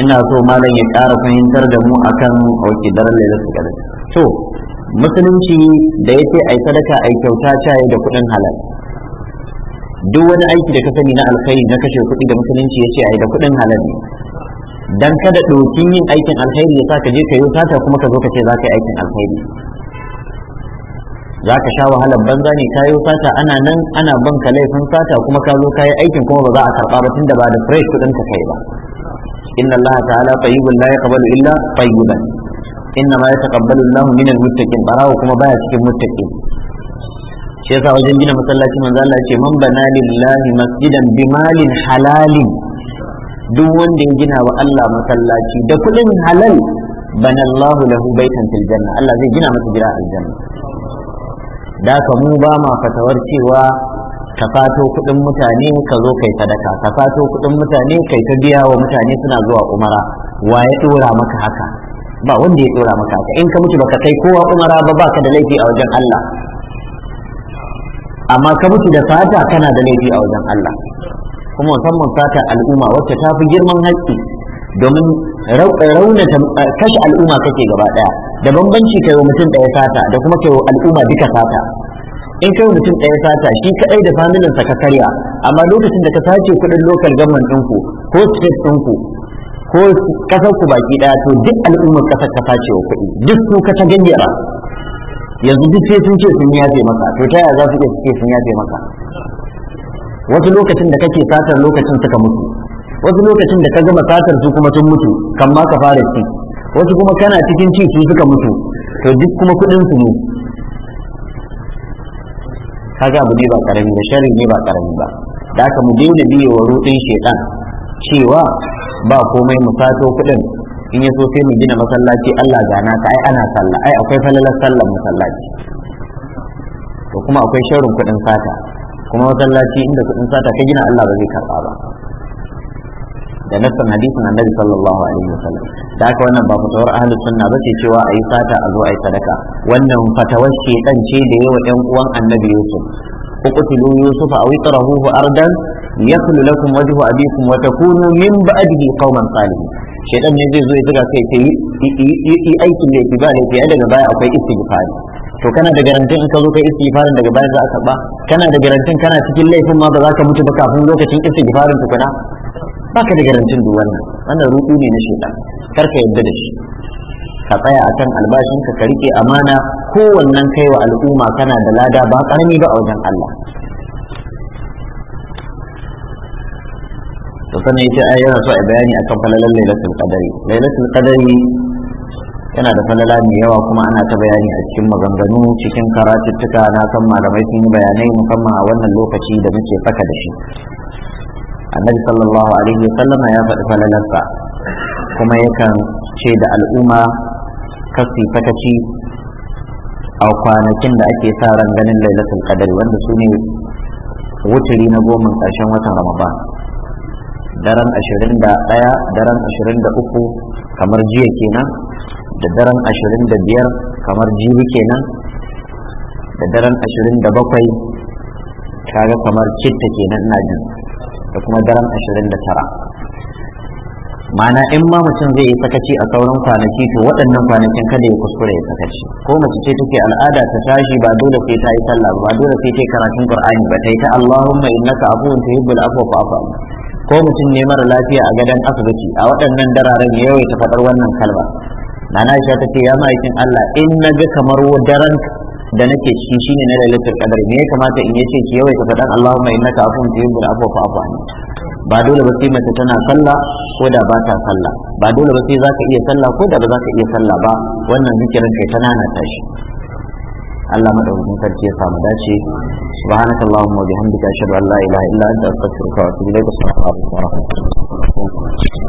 ina so malam ya ƙara fahimtar da mu akan auki daren lailatul qadr to musulunci da ce ai sadaka ai kyauta caye da kuɗin halal duk wani aiki da ka sani na alkhairi na kashe kuɗi da musulunci yace ai da kuɗin halal ne dan kada dokin yin aikin alkhairi ya sa ka je ka yi sata kuma ka zo ka ce za ka yi aikin alkhairi za ka sha wahalar banza ne kayo sata ana nan ana ban ka laifin sata kuma ka zo kayi aikin kuma ba za a karɓa ba tunda ba da fresh kuɗin ka kai ba inna Allah ta'ala tayyibun la yaqbalu illa tayyiban inna ma yataqabbalu Allah min al-muttaqin kuma baya cikin muttaqin shi yasa wajen gina masallaci manzo Allah ce man bana lillahi masjidan bi malin halalin duk wanda ya gina wa Allah masallaci da kuɗin halal bana Allah lahu baitan fil janna Allah zai gina masa gida aljanna da ka mu ba ma fatawar cewa ka fato kuɗin mutane ka zo kai sadaka ka fato kuɗin mutane kai ta biya wa mutane suna zuwa umara wa ya tsora maka haka ba wanda ya tsora maka haka in ka mutu baka kai kowa umara ba baka da laifi a wajen Allah amma ka mutu da fata kana da laifi a wajen Allah kuma musamman fata al'umma wacce ta fi girman haƙƙi domin raunata kashe al'umma kake gaba ɗaya da bambanci kai wa mutum ɗaya sata da kuma kai wa al'umma duka sata in kai wa mutum ɗaya sata shi kaɗai da familinsa ka karya amma lokacin da ka sace kuɗin local government ɗinku ko state ɗinku ko kasar ku baki ɗaya, to duk al'ummar kasar ka sace wa kuɗi duk su ka ta gayyara yanzu duk sai sun ce sun yafe maka to ta yaya za su iya ce sun yafe maka wasu lokacin da kake satar lokacin suka mutu wasu lokacin da ka gama satar su kuma sun mutu kan ma ka fara ci wasu kuma kana cikin ci su suka mutu to duk kuma kuɗin su ne kaga abu ne ba karami da sharri ne ba karami ba da aka mu daina biye wa rudin shedan cewa ba komai mu fato kuɗin in yaso sai mu gina masallaci Allah gana ka ai ana sallah ai akwai falalar sallar masallaci to kuma akwai sharrin kuɗin sata kuma masallaci inda kuɗin sata ka gina Allah ba zai karɓa ba da nassan hadisin annabi sallallahu alaihi wasallam da haka wannan ba fatawar ahli sunna ba ce cewa yi fata a zo a yi sadaka wannan fatawar shedan ce da yawa ɗan uwan annabi yusuf uqtulu yusufa aw itrahuhu ardan yakhlu lakum wajhu abikum wa takunu min ba'dihi qauman salihin shedan ne zai zo ya tuga kai sai yi aikin da ba laifi daga baya akwai istighfari to kana da garantin in ka zo kai istighfarin daga baya za a karba kana da garantin kana cikin laifin ma ba za ka mutu ba kafin lokacin istighfarin tukuna baka da garantin duk wannan wannan ruɗu ne na shaitan kar ka yadda da shi ka tsaya a kan albashinka ka rike amana kowannan kai wa al'umma kana da lada ba ƙarami ba a wajen Allah to sanin yace ai yana so a bayani akan falalan lailatul qadari lailatul qadari yana da falala mai yawa kuma ana ta bayani a cikin maganganu cikin karatuttuka na san malamai sun yi bayanai musamman a wannan lokaci da muke saka da shi annabi sallallahu alaihi wasallama ya faɗi falalarsa kuma yakan ce da al'umma kasu, fatashi a kwanakin da ake sa ran ganin lailatul qadari wanda su ne wuturi na goma ƙarshen watan ramadan daren ashirin da ɗaya daren ashirin da uku kamar jiya kenan da daren ashirin da biyar kamar jibi kenan da daren ashirin da bakwai kaga kamar citta kenan ina jin da kuma daren ashirin da tara Mana in ma mutum zai yi sakaci a sauran kwanaki to waɗannan kwanakin kada ya kuskure ya sakaci ko mace ce take al'ada ta tashi ba dole sai ta yi sallah ba dole sai ta yi karatun qur'ani ba ta yi ta allahumma innaka afuwun tuhibbul afwa fa'fu ko mutum ne mara lafiya a gadon asibiti a waɗannan dararen yawai ta faɗar wannan kalma nana aisha ta ce ya ma'aikin allah in na ga kamar daren da nake ciki shine na lalatar kadar me ya kamata in yace ki yawai yawaita fadan Allahumma innaka afun tuhibbul afwa fa'fu anni ba dole ba sai mace tana sallah ko da ba ta sallah ba dole ba sai zaka iya sallah ko da ba zaka iya sallah ba wannan zikirin kai tana na tashi Allah madaukakin sarki ya samu dace subhanaka allahumma wa bihamdika ashhadu an la ilaha illa anta astaghfiruka wa atubu ilaik assalamu alaikum wa rahmatullahi wa barakatuh